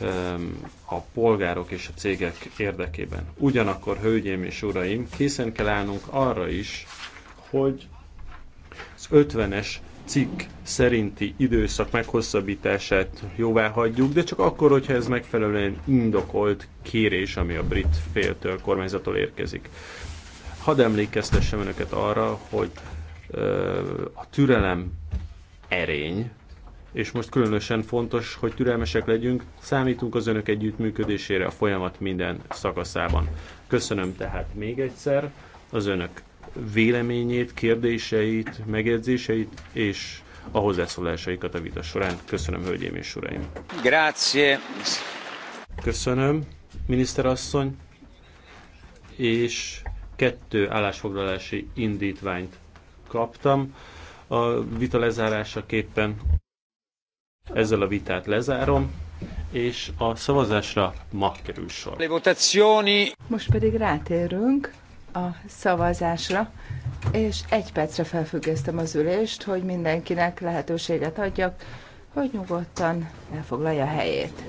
[SPEAKER 4] ehm, a polgárok és a cégek érdekében. Ugyanakkor, hölgyeim és uraim, készen kell állnunk arra is, hogy az 50-es cikk szerinti időszak meghosszabbítását jóvá hagyjuk, de csak akkor, hogyha ez megfelelően indokolt kérés, ami a brit féltől, kormányzatól érkezik. Hadd emlékeztessem önöket arra, hogy a türelem erény, és most különösen fontos, hogy türelmesek legyünk, számítunk az önök együttműködésére a folyamat minden szakaszában. Köszönöm tehát még egyszer az önök véleményét, kérdéseit, megjegyzéseit és a hozzászólásaikat a vita során. Köszönöm, hölgyeim és uraim!
[SPEAKER 1] Grazie!
[SPEAKER 4] Köszönöm, miniszterasszony, és kettő állásfoglalási indítványt kaptam. A vita lezárásaképpen ezzel a vitát lezárom, és a szavazásra ma kerül sor.
[SPEAKER 3] Most pedig rátérünk a szavazásra, és egy percre felfüggesztem az ülést, hogy mindenkinek lehetőséget adjak, hogy nyugodtan elfoglalja a helyét.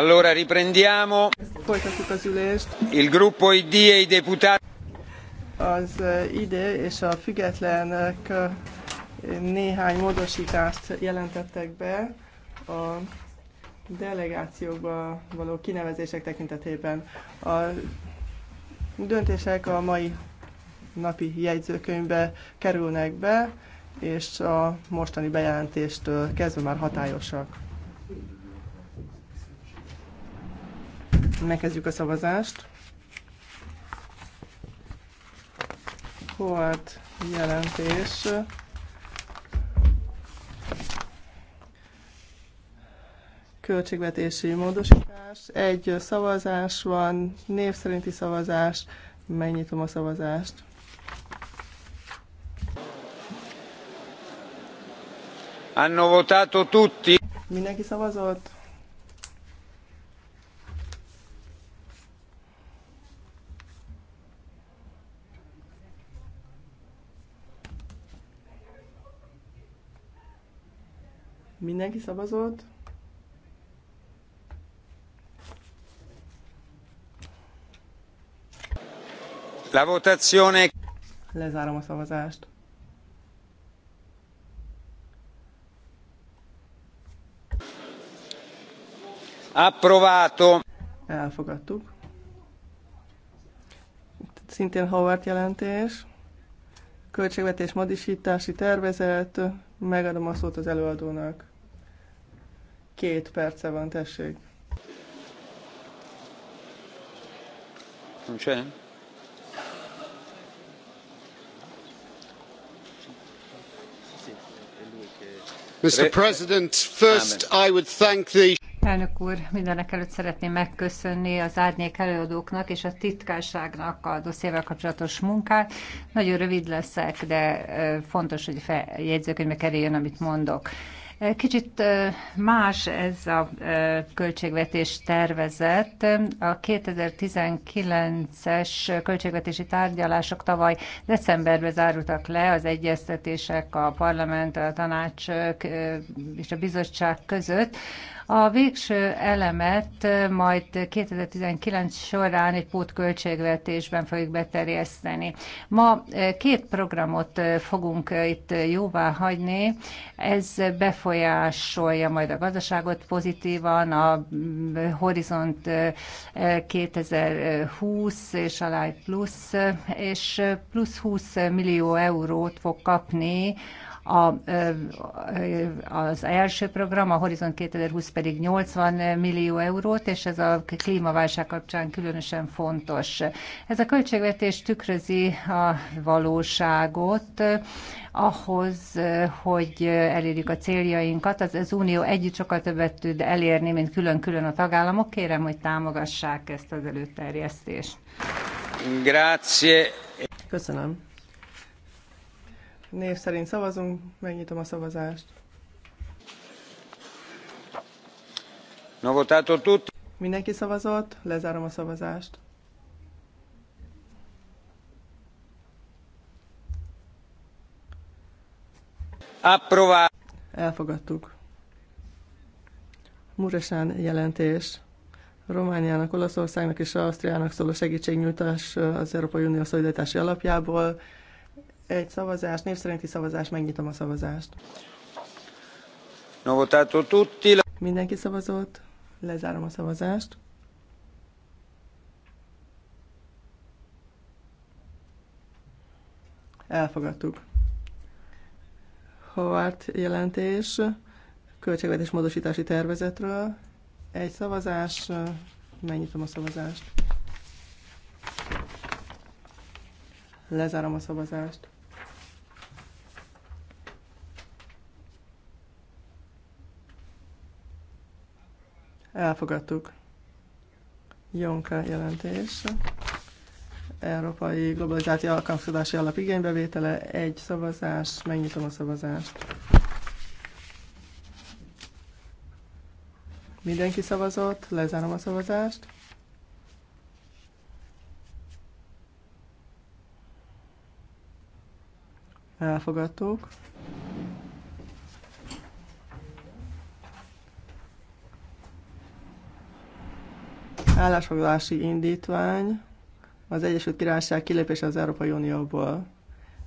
[SPEAKER 1] Allora riprendiamo.
[SPEAKER 7] Folytatjuk az ülést.
[SPEAKER 1] Il gruppo ID e i deputati.
[SPEAKER 7] Az eh, ID és a függetlenek eh, néhány módosítást jelentettek be a delegációkba való kinevezések tekintetében. A döntések a mai napi jegyzőkönyvbe kerülnek be, és a mostani bejelentéstől kezdve már hatályosak. Megkezdjük a szavazást. Holt jelentés. Költségvetési módosítás. Egy szavazás van, név szerinti szavazás. Megnyitom a szavazást.
[SPEAKER 1] Hanno votato tutti.
[SPEAKER 7] Mindenki szavazott? Mindenki szavazott?
[SPEAKER 1] La votazione.
[SPEAKER 7] Lezárom a szavazást.
[SPEAKER 1] Approvato.
[SPEAKER 7] Elfogadtuk. szintén Howard jelentés. Költségvetés modisítási tervezet. Megadom a szót az előadónak. Két perce van, tessék.
[SPEAKER 1] Nincsen. Mr. President, first I would thank the
[SPEAKER 5] Elnök úr, mindenek előtt szeretném megköszönni az árnyék előadóknak és a titkárságnak a dossziével kapcsolatos munkát. Nagyon rövid leszek, de fontos, hogy feljegyzőkönyvbe kerüljön, amit mondok. Kicsit más ez a költségvetés tervezet. A 2019-es költségvetési tárgyalások tavaly decemberben zárultak le az egyeztetések a parlament, a tanács és a bizottság között. A végső elemet majd 2019 során egy pótköltségvetésben fogjuk beterjeszteni. Ma eh, két programot eh, fogunk eh, itt jóvá hagyni. Ez befolyásolja majd a gazdaságot pozitívan, a mm, Horizont 2020 és a Life Plus, és plusz 20 millió eurót fog kapni a, az első program, a Horizon 2020 pedig 80 millió eurót, és ez a klímaválság kapcsán különösen fontos. Ez a költségvetés tükrözi a valóságot, ahhoz, hogy elérjük a céljainkat. Az, az Unió együtt sokkal többet tud elérni, mint külön-külön a tagállamok. Kérem, hogy
[SPEAKER 7] támogassák ezt az előterjesztést.
[SPEAKER 1] Grazie.
[SPEAKER 7] Köszönöm. Név szerint szavazunk, megnyitom a szavazást.
[SPEAKER 1] No votato tutti.
[SPEAKER 7] Mindenki szavazott, lezárom a szavazást.
[SPEAKER 1] Apprová.
[SPEAKER 7] Elfogadtuk. Muresán jelentés. Romániának, Olaszországnak és Ausztriának szóló segítségnyújtás az Európai Unió szolidaritási alapjából. Egy szavazás, név szerinti szavazás, megnyitom a szavazást. Mindenki szavazott, lezárom a szavazást. Elfogadtuk. Howard jelentés költségvetés módosítási tervezetről. Egy szavazás, megnyitom a szavazást. Lezárom a szavazást. Elfogadtuk. Jonka jelentés. Európai Globalizáció Alkalmazkodási Alap igénybevétele. Egy szavazás. Megnyitom a szavazást. Mindenki szavazott. Lezárom a szavazást. Elfogadtuk. állásfoglalási indítvány az Egyesült Királyság kilépése az Európai Unióból.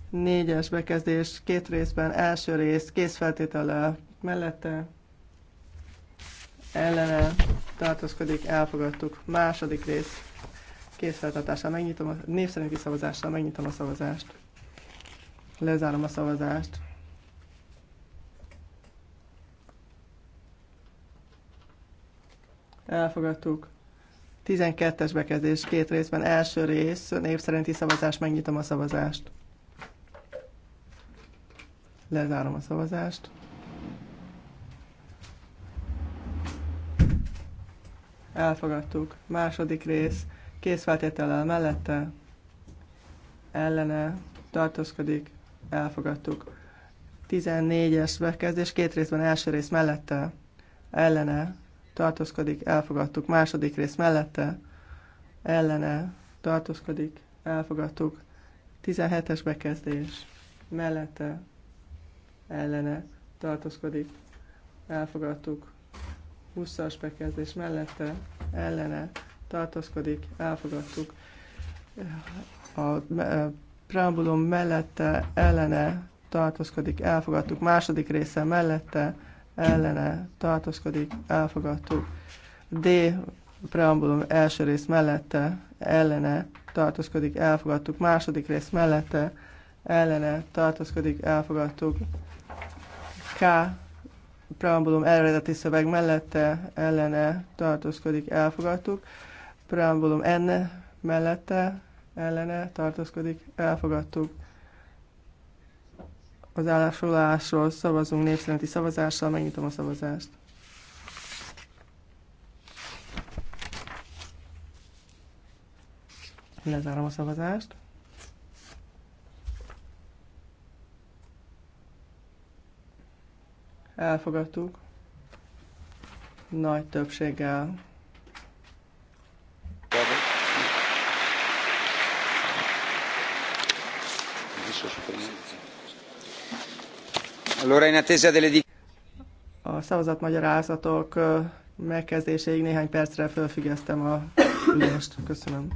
[SPEAKER 7] Négyes bekezdés, két részben, első rész, készfeltétele mellette, ellene tartózkodik, elfogadtuk. Második rész, készfeltartással megnyitom, a, név szerinti szavazással megnyitom a szavazást. Lezárom a szavazást. Elfogadtuk. 12-es bekezdés két részben. Első rész, név szerinti szavazás, megnyitom a szavazást. Lezárom a szavazást. Elfogadtuk. Második rész, készfeltétellel mellette, ellene, tartózkodik, elfogadtuk. 14-es bekezdés, két részben első rész mellette, ellene, tartózkodik, elfogadtuk. Második rész mellette, ellene, tartózkodik, elfogadtuk. 17-es bekezdés mellette, ellene, tartózkodik, elfogadtuk. 20-as bekezdés mellette, ellene, tartózkodik, elfogadtuk. A preambulum mellette, ellene, tartózkodik, elfogadtuk. Második része mellette, ellene tartózkodik, elfogadtuk. D. Preambulum első rész mellette, ellene tartózkodik, elfogadtuk. Második rész mellette, ellene tartózkodik, elfogadtuk. K. Preambulum eredeti szöveg mellette, ellene tartózkodik, elfogadtuk. Preambulum N mellette, ellene tartózkodik, elfogadtuk. Az állásfoglalásról szavazunk népszerinti szavazással, megnyitom a szavazást. Lezárom a szavazást. Elfogadtuk. Nagy többséggel.
[SPEAKER 1] Köszönöm
[SPEAKER 7] a szavazatmagyarázatok megkezdéséig néhány percre felfüggesztem a ülést. Köszönöm.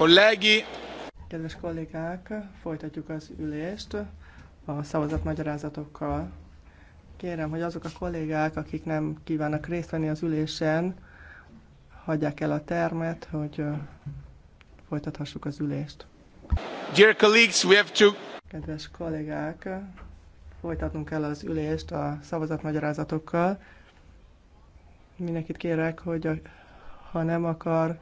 [SPEAKER 7] Kollégi! Kedves kollégák, folytatjuk az ülést a szavazatmagyarázatokkal. Kérem, hogy azok a kollégák, akik nem kívánnak részt venni az ülésen, hagyják el a termet, hogy folytathassuk az ülést. Dear colleagues, we have to... Kedves kollégák, folytatnunk kell az ülést a szavazatmagyarázatokkal. Mindenkit kérek, hogy a, ha nem akar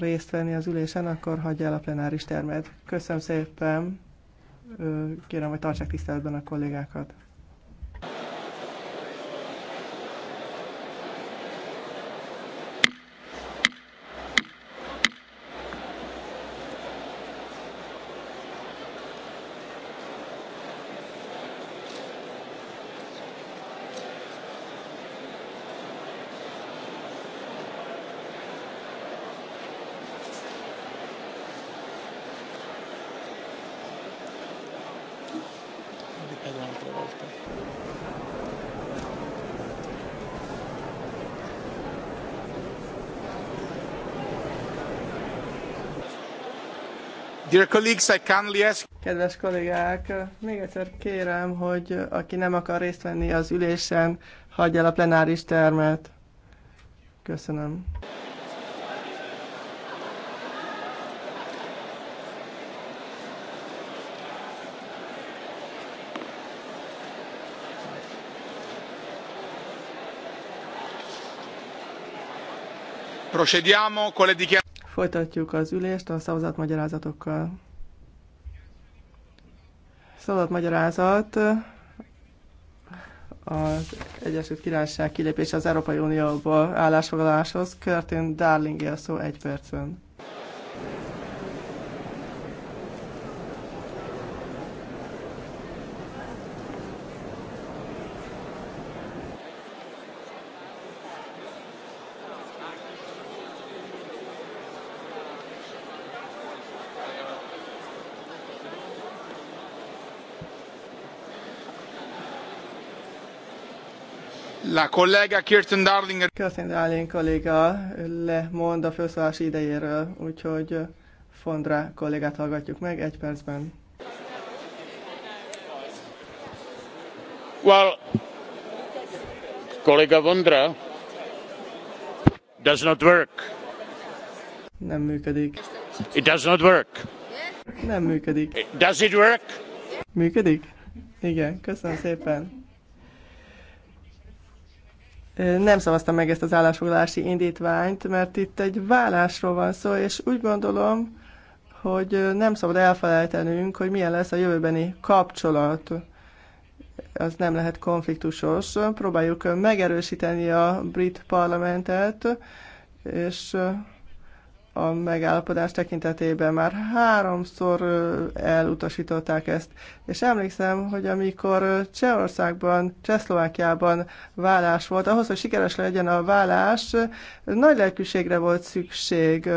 [SPEAKER 7] részt venni az ülésen, akkor hagyja el a plenáris termet. Köszönöm szépen, kérem, hogy tartsák tiszteletben a kollégákat. Dear colleagues, I kindly ask... Kedves kollégák, még egyszer kérem, hogy aki nem akar részt venni az ülésen, hagyja el a plenáris termet. Köszönöm.
[SPEAKER 6] Procediamo con le dichiarazioni.
[SPEAKER 7] Folytatjuk az ülést a szavazatmagyarázatokkal. Szavazatmagyarázat az Egyesült Királyság kilépése az Európai Unióból állásfoglaláshoz. Körtén Darling szó egy percen. La collega Kirsten Darling. Kirsten Darling kolléga lemond a felszólás idejéről, úgyhogy Fondra kollégát hallgatjuk meg egy percben. Well, kollega Vondra
[SPEAKER 4] does not work.
[SPEAKER 7] Nem működik.
[SPEAKER 4] It does not work. Nem működik. Does it work?
[SPEAKER 7] Működik? Igen, köszönöm szépen nem szavaztam meg ezt az állásfoglalási indítványt, mert itt egy vállásról van szó, és úgy gondolom, hogy nem szabad elfelejtenünk, hogy milyen lesz a jövőbeni kapcsolat. Az nem lehet konfliktusos. Próbáljuk megerősíteni a brit parlamentet, és a megállapodás tekintetében. Már háromszor elutasították ezt. És emlékszem, hogy amikor Csehországban, Csehszlovákiában vállás volt, ahhoz, hogy sikeres legyen a vállás, nagy lelkűségre volt szükség.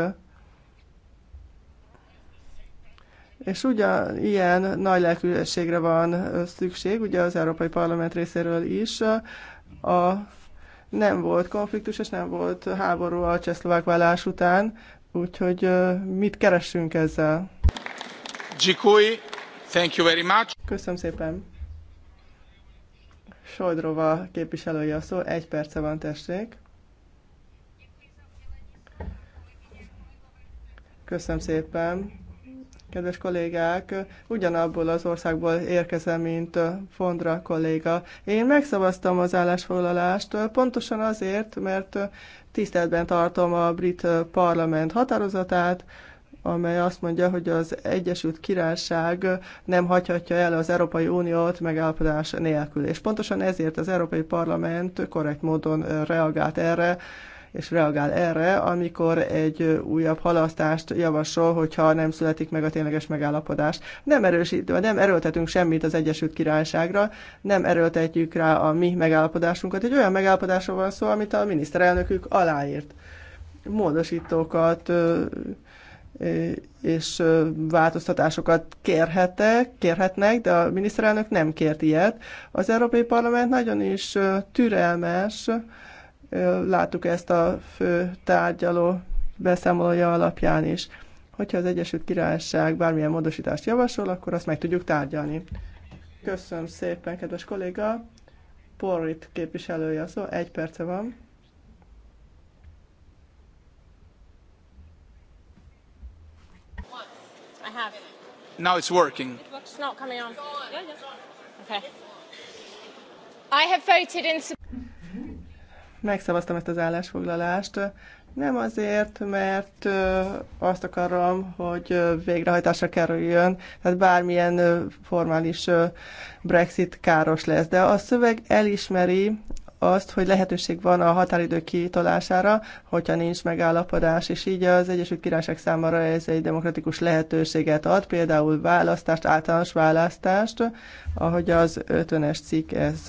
[SPEAKER 7] És ugyan nagy lelkűségre van szükség, ugye az Európai Parlament részéről is, a nem volt konfliktus, és nem volt háború a csehszlovák vállás után, Úgyhogy mit keresünk ezzel?
[SPEAKER 6] Dzsikui, thank you very much.
[SPEAKER 7] Köszönöm szépen. Sojdrova képviselője a szó, egy perce van, tessék. Köszönöm szépen. Kedves kollégák, ugyanabból az országból érkezem, mint Fondra kolléga. Én megszavaztam az állásfoglalást pontosan azért, mert tiszteletben tartom a brit parlament határozatát, amely azt mondja, hogy az Egyesült Királyság nem hagyhatja el az Európai Uniót megállapodás nélkül. És pontosan ezért az Európai Parlament korrekt módon reagált erre, és reagál erre, amikor egy újabb halasztást javasol, hogyha nem születik meg a tényleges megállapodás. Nem erősítő, nem erőltetünk semmit az Egyesült Királyságra, nem erőltetjük rá a mi megállapodásunkat. Egy olyan megállapodásról van szó, amit a miniszterelnökük aláírt. Módosítókat és változtatásokat kérhetek, kérhetnek, de a miniszterelnök nem kért ilyet. Az Európai Parlament nagyon is türelmes, Láttuk ezt a fő tárgyaló beszámolója alapján is. Hogyha az Egyesült Királyság bármilyen módosítást javasol, akkor azt meg tudjuk tárgyalni. Köszönöm szépen, kedves kolléga. Porrit képviselője szó, szóval egy perce van.
[SPEAKER 2] Now it's working. It's not coming on. Okay. I have voted in
[SPEAKER 7] megszavaztam ezt az állásfoglalást. Nem azért, mert azt akarom, hogy végrehajtásra kerüljön, tehát bármilyen formális Brexit káros lesz, de a szöveg elismeri azt, hogy lehetőség van a határidő kitolására, hogyha nincs megállapodás, és így az Egyesült Királyság számára ez egy demokratikus lehetőséget ad, például választást, általános választást, ahogy az 50-es cikk ez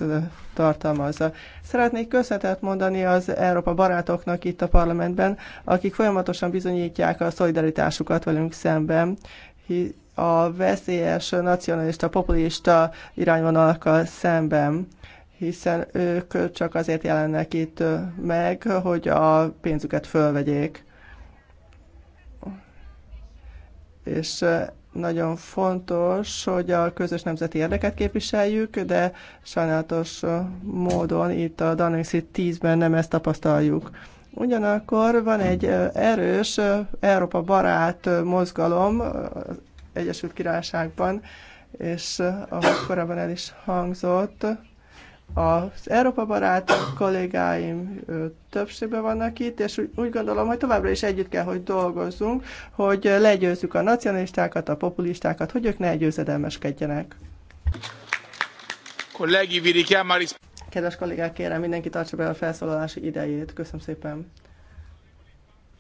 [SPEAKER 7] tartalmazza. Szeretnék köszönetet mondani az Európa barátoknak itt a parlamentben, akik folyamatosan bizonyítják a szolidaritásukat velünk szemben, a veszélyes nacionalista, populista irányvonalakkal szemben hiszen ők csak azért jelennek itt meg, hogy a pénzüket fölvegyék. És nagyon fontos, hogy a közös nemzeti érdeket képviseljük, de sajnálatos módon itt a Danexit 10-ben nem ezt tapasztaljuk. Ugyanakkor van egy erős Európa barát mozgalom az Egyesült Királyságban, és ahogy korábban el is hangzott, az Európa barát kollégáim többségben vannak itt, és úgy, gondolom, hogy továbbra is együtt kell, hogy dolgozzunk, hogy legyőzzük a nacionalistákat, a populistákat, hogy ők ne győzedelmeskedjenek. Kedves kollégák, kérem, mindenki tartsa be a felszólalási idejét. Köszönöm szépen.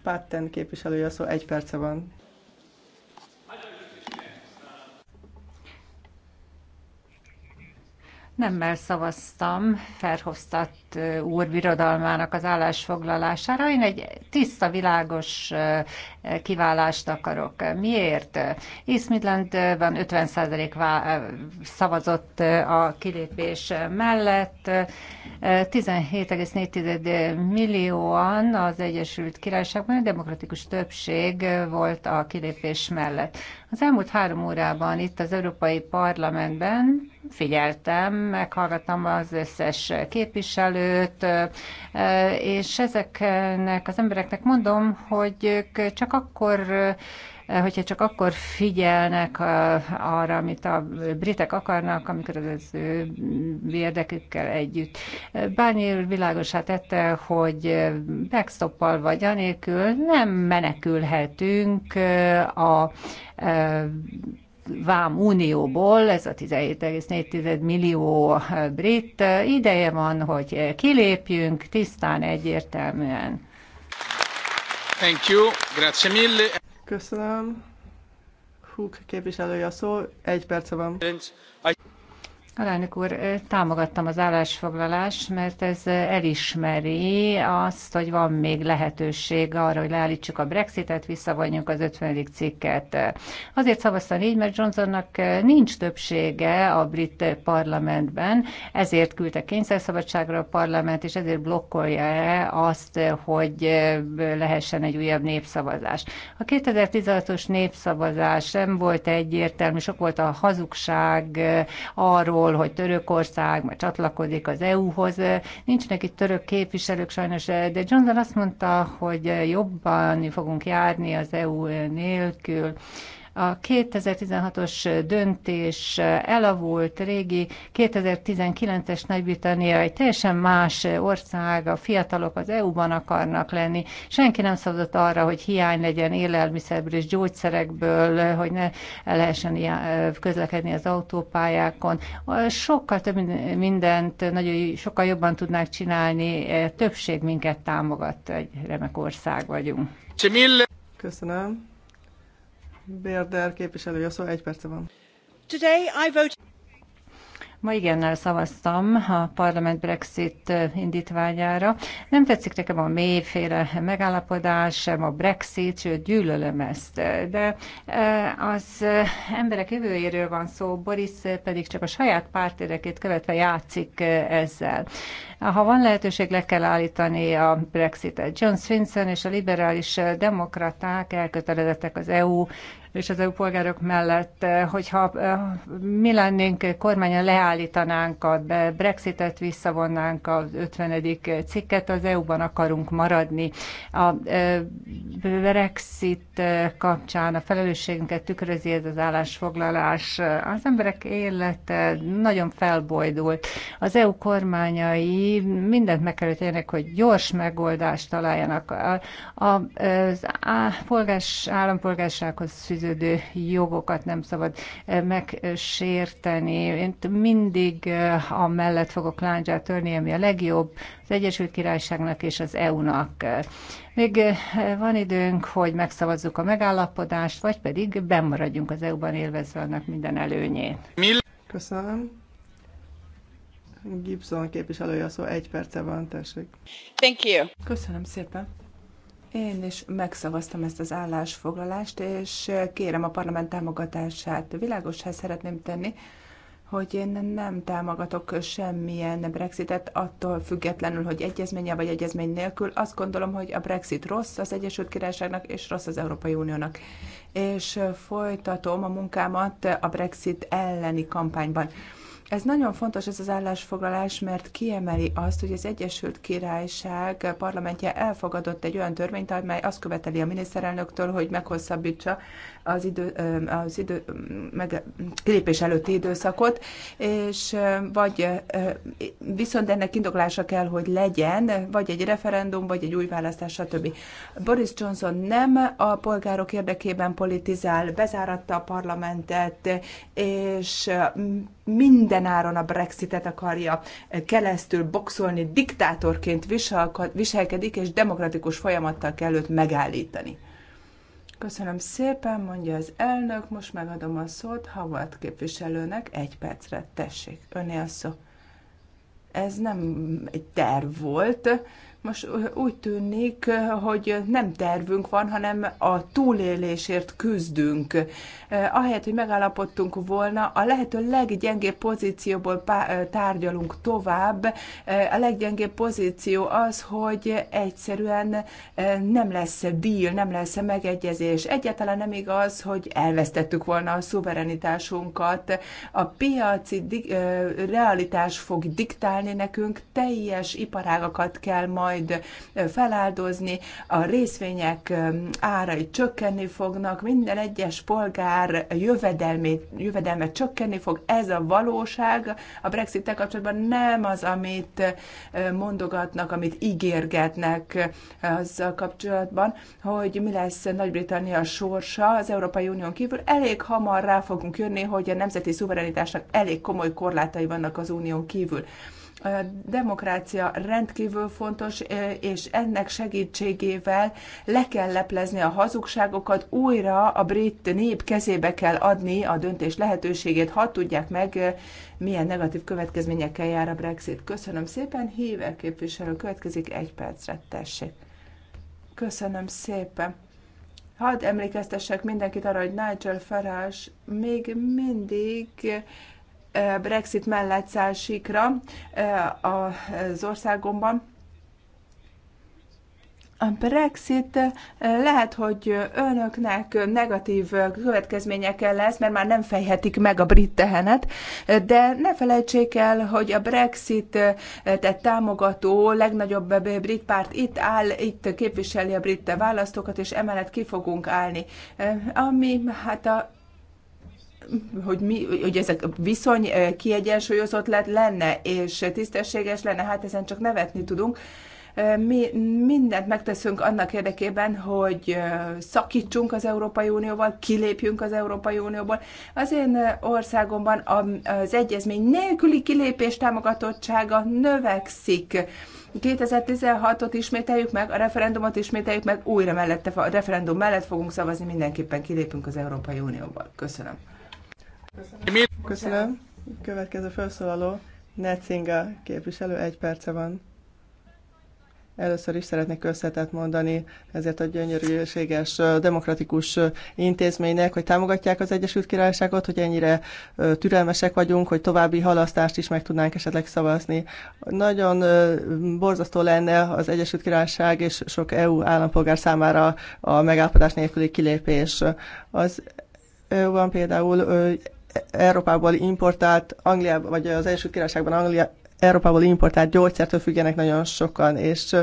[SPEAKER 7] Patten képviselője szó, egy perce van. nemmel
[SPEAKER 5] szavaztam Ferhofstadt úr birodalmának az állásfoglalására. Én egy tiszta, világos kiválást akarok. Miért? East Van 50% szavazott a kilépés mellett, 17,4 millióan az Egyesült Királyságban a demokratikus többség volt a kilépés mellett. Az elmúlt három órában itt az Európai Parlamentben figyeltem, meghallgattam az összes képviselőt, és ezeknek az embereknek mondom, hogy ők csak akkor hogyha csak akkor figyelnek arra, amit a britek akarnak, amikor az ő érdekükkel együtt. Bárnyél világosát tette, hogy backstoppal vagy anélkül nem menekülhetünk a Vám Unióból, ez a 17,4 millió eh, brit, eh, ideje van, hogy eh, kilépjünk tisztán, egyértelműen.
[SPEAKER 1] Thank you, grazie mille.
[SPEAKER 7] Köszönöm. Húk képviselője a szó, egy perce van. Alelnök úr,
[SPEAKER 5] támogattam az állásfoglalást, mert ez elismeri azt, hogy van még lehetőség arra, hogy leállítsuk a Brexitet, visszavonjuk az 50. cikket. Azért szavaztam így, mert Johnsonnak nincs többsége a brit parlamentben, ezért küldte kényszerszabadságra a parlament, és ezért blokkolja -e azt, hogy lehessen egy újabb népszavazás. A 2016-os népszavazás nem volt egyértelmű, sok volt a hazugság arról, arról, hogy Törökország majd csatlakozik az EU-hoz. Nincsenek itt török képviselők sajnos, de Johnson azt mondta, hogy jobban fogunk járni az EU nélkül. A 2016-os döntés elavult régi, 2019-es Nagy-Britannia egy teljesen más ország, a fiatalok az EU-ban akarnak lenni. Senki nem szabadott arra, hogy hiány legyen élelmiszerből és gyógyszerekből, hogy ne lehessen közlekedni az autópályákon. Sokkal több mindent, nagyon sokkal jobban tudnák csinálni, többség minket támogat, egy
[SPEAKER 7] remek ország vagyunk. Köszönöm. Bérder képviselő, a szó egy perce van.
[SPEAKER 3] Today I vote...
[SPEAKER 7] Ma igennel szavaztam
[SPEAKER 5] a parlament Brexit indítványára. Nem tetszik nekem a mélyféle megállapodás, sem a Brexit, sőt gyűlölöm ezt. De az emberek jövőjéről van szó, Boris pedig csak a saját pártérekét követve játszik ezzel. Ha van lehetőség, le kell állítani a Brexitet. John Swinson és a liberális demokraták elkötelezettek az EU és az EU polgárok mellett, eh, hogyha eh, mi lennénk eh, kormánya, leállítanánk a Brexitet, visszavonnánk az 50. cikket, az EU-ban akarunk maradni. A Brexit kapcsán a felelősségünket tükrözi ez az állásfoglalás. Az emberek élete nagyon felbojdult. Az EU kormányai mindent meg kell hogy gyors megoldást találjanak. A, a, az á, polgás, állampolgársághoz fűző szerződő jogokat nem szabad eh, megsérteni. Én mindig eh, a mellett fogok láncsát törni, ami a legjobb az Egyesült Királyságnak és az EU-nak. Még eh, van időnk, hogy megszavazzuk a megállapodást, vagy pedig bemaradjunk az
[SPEAKER 7] EU-ban élvezve annak minden előnyét. Köszönöm. Gibson képviselője szó, egy perce van, tessék.
[SPEAKER 3] Thank you. Köszönöm szépen. Én is megszavaztam ezt az állásfoglalást, és kérem a parlament támogatását. Világossá hát szeretném tenni, hogy én nem támogatok semmilyen Brexitet, attól függetlenül, hogy egyezménye vagy egyezmény nélkül. Azt gondolom, hogy a Brexit rossz az Egyesült Királyságnak és rossz az Európai Uniónak. És folytatom a munkámat a Brexit elleni kampányban. Ez nagyon fontos ez az állásfoglalás, mert kiemeli azt, hogy az Egyesült Királyság parlamentje elfogadott egy olyan törvényt, amely azt követeli a miniszterelnöktől, hogy meghosszabbítsa az idő, az idő meg, kilépés előtti időszakot, és vagy viszont ennek indoklása kell, hogy legyen, vagy egy referendum, vagy egy új választás, stb. Boris Johnson nem a polgárok érdekében politizál, bezáratta a parlamentet, és mindenáron a Brexitet akarja keresztül boxolni, diktátorként viselkedik, és demokratikus folyamattal kell őt megállítani. Köszönöm szépen, mondja az elnök, most megadom a szót Havard képviselőnek, egy percre, tessék, öné a szó. Ez nem egy terv volt, most úgy tűnik, hogy nem tervünk van, hanem a túlélésért küzdünk. Ahelyett, hogy megállapodtunk volna, a lehető leggyengébb pozícióból tárgyalunk tovább. A leggyengébb pozíció az, hogy egyszerűen nem lesz deal, nem lesz megegyezés. Egyáltalán nem igaz, hogy elvesztettük volna a szuverenitásunkat. A piaci realitás fog diktálni nekünk, teljes iparágakat kell majd majd feláldozni, a részvények árai csökkenni fognak, minden egyes polgár jövedelmét, jövedelme csökkenni fog. Ez a valóság a brexit kapcsolatban nem az, amit mondogatnak, amit ígérgetnek azzal kapcsolatban, hogy mi lesz Nagy-Britannia sorsa az Európai Unión kívül. Elég hamar rá fogunk jönni, hogy a nemzeti szuverenitásnak elég komoly korlátai vannak az Unión kívül. A demokrácia rendkívül fontos, és ennek segítségével le kell leplezni a hazugságokat, újra a brit nép kezébe kell adni a döntés lehetőségét, ha tudják meg, milyen negatív következményekkel jár a Brexit. Köszönöm szépen, Híver képviselő következik egy percre, tessék. Köszönöm szépen. Hadd emlékeztessek mindenkit arra, hogy Nigel Farage még mindig Brexit mellett száll síkra az országomban. A Brexit lehet, hogy önöknek negatív következményekkel lesz, mert már nem fejhetik meg a brit tehenet, de ne felejtsék el, hogy a brexit tett támogató legnagyobb brit párt itt áll, itt képviseli a brit választókat, és emellett ki fogunk állni. Ami hát a hogy mi, hogy ezek viszony eh, kiegyensúlyozott lett, lenne, és tisztességes lenne, hát ezen csak nevetni tudunk. Eh, mi mindent megteszünk annak érdekében, hogy eh, szakítsunk az Európai Unióval, kilépjünk az Európai Unióból. Az én országomban az egyezmény nélküli kilépés támogatottsága növekszik. 2016-ot ismételjük meg, a referendumot ismételjük meg, újra mellette, a referendum mellett fogunk szavazni, mindenképpen kilépünk az Európai Unióból. Köszönöm.
[SPEAKER 7] Köszönöm. Köszönöm. Következő felszólaló, Netzinga képviselő, egy perce van. Először is szeretnék összetett mondani ezért a gyönyörűséges demokratikus intézménynek, hogy támogatják az Egyesült Királyságot, hogy ennyire türelmesek vagyunk, hogy további halasztást is meg tudnánk esetleg szavazni. Nagyon borzasztó lenne az Egyesült Királyság és sok EU állampolgár számára a megállapodás nélküli kilépés. Az EU-ban például Európából importált, Angliában, vagy az első Királyságban Anglia, Európából importált gyógyszertől függenek nagyon sokan, és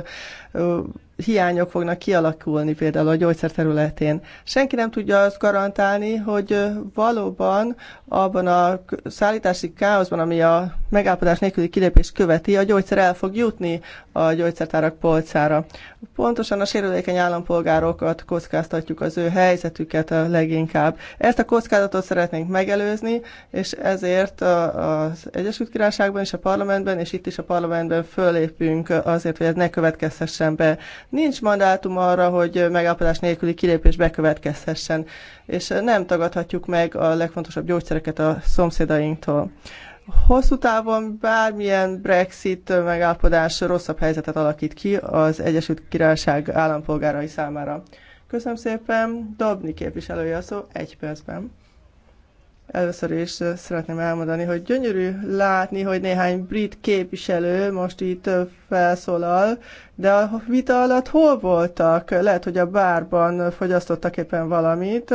[SPEAKER 7] hiányok fognak kialakulni például a gyógyszer területén. Senki nem tudja azt garantálni, hogy valóban abban a szállítási káoszban, ami a megállapodás nélküli kilépés követi, a gyógyszer el fog jutni a gyógyszertárak polcára. Pontosan a sérülékeny állampolgárokat kockáztatjuk az ő helyzetüket a leginkább. Ezt a kockázatot szeretnénk megelőzni, és ezért az Egyesült Királyságban és a parlamentben, és itt is a parlamentben fölépünk azért, hogy ez ne következhessen be Nincs mandátum arra, hogy megállapodás nélküli kilépés bekövetkezhessen, és nem tagadhatjuk meg a legfontosabb gyógyszereket a szomszédainktól. Hosszú távon bármilyen Brexit megállapodás rosszabb helyzetet alakít ki az Egyesült Királyság állampolgárai számára. Köszönöm szépen, Dobni képviselője a szó egy percben. Először is szeretném elmondani, hogy gyönyörű látni, hogy néhány brit képviselő most itt felszólal, de a vita alatt hol voltak? Lehet, hogy a bárban fogyasztottak éppen valamit,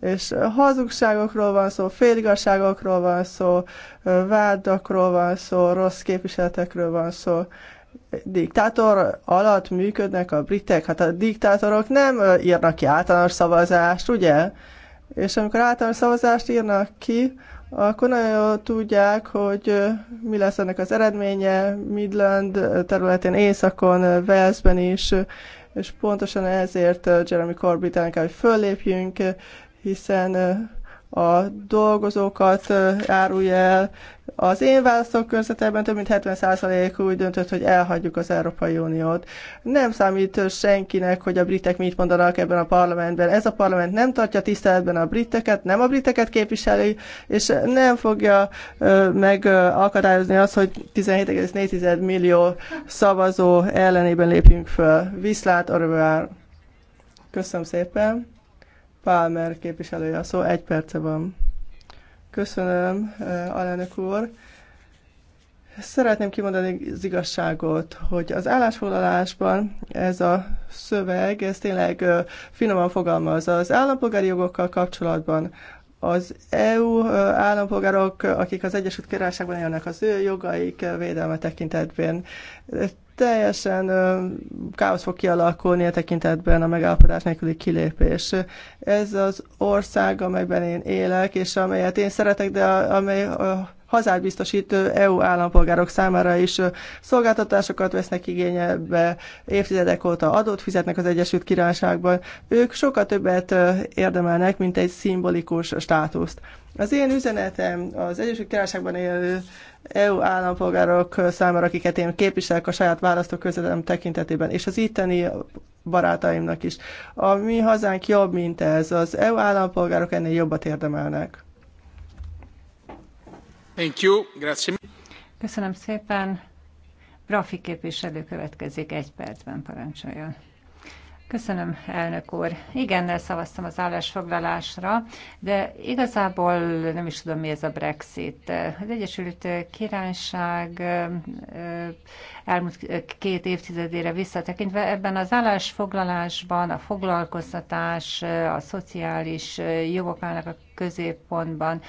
[SPEAKER 7] és hazugságokról van szó, féligasságokról van szó, vádakról van szó, rossz képviseletekről van szó. Diktátor alatt működnek a britek, hát a diktátorok nem írnak ki általános szavazást, ugye? És amikor általános szavazást írnak ki, akkor nagyon jól tudják, hogy mi lesz ennek az eredménye Midland területén, Északon, Walesben is, és pontosan ezért Jeremy Corbyn elnök, hogy föllépjünk, hiszen a dolgozókat árulja el. Az én körzetében több mint 70% úgy döntött, hogy elhagyjuk az Európai Uniót. Nem számít senkinek, hogy a britek mit mondanak ebben a parlamentben. Ez a parlament nem tartja tiszteletben a briteket, nem a briteket képviseli, és nem fogja megakadályozni azt, hogy 17,4 millió szavazó ellenében lépjünk föl. Viszlát, örömmel! Köszönöm szépen! Pálmer képviselője a szó, egy perce van. Köszönöm, eh, alelnök úr. Szeretném kimondani az igazságot, hogy az állásfoglalásban ez a szöveg, ez tényleg eh, finoman fogalmaz. Az állampolgári jogokkal kapcsolatban az EU eh, állampolgárok, akik az Egyesült Királyságban élnek, az ő jogaik védelme tekintetben teljesen káosz fog kialakulni a tekintetben a megállapodás nélküli kilépés. Ez az ország, amelyben én élek, és amelyet én szeretek, de amely a hazát biztosít EU állampolgárok számára is szolgáltatásokat vesznek igénybe, évtizedek óta adót fizetnek az Egyesült Királyságban. Ők sokkal többet érdemelnek, mint egy szimbolikus státuszt. Az én üzenetem az Egyesült Királyságban élő EU állampolgárok számára, akiket én képviselek a saját választókörzetem tekintetében, és az itteni barátaimnak is. A mi hazánk jobb, mint ez. Az EU állampolgárok ennél jobbat érdemelnek.
[SPEAKER 1] Thank you. Grazie.
[SPEAKER 7] Köszönöm szépen.
[SPEAKER 5] Grafi képviselő következik egy percben, parancsoljon. Köszönöm, elnök úr. Igen, szavaztam az állásfoglalásra, de igazából nem is tudom, mi ez a Brexit. Az Egyesült Királyság elmúlt két évtizedére visszatekintve ebben az állásfoglalásban a foglalkoztatás, a szociális jogok állnak a középpontban.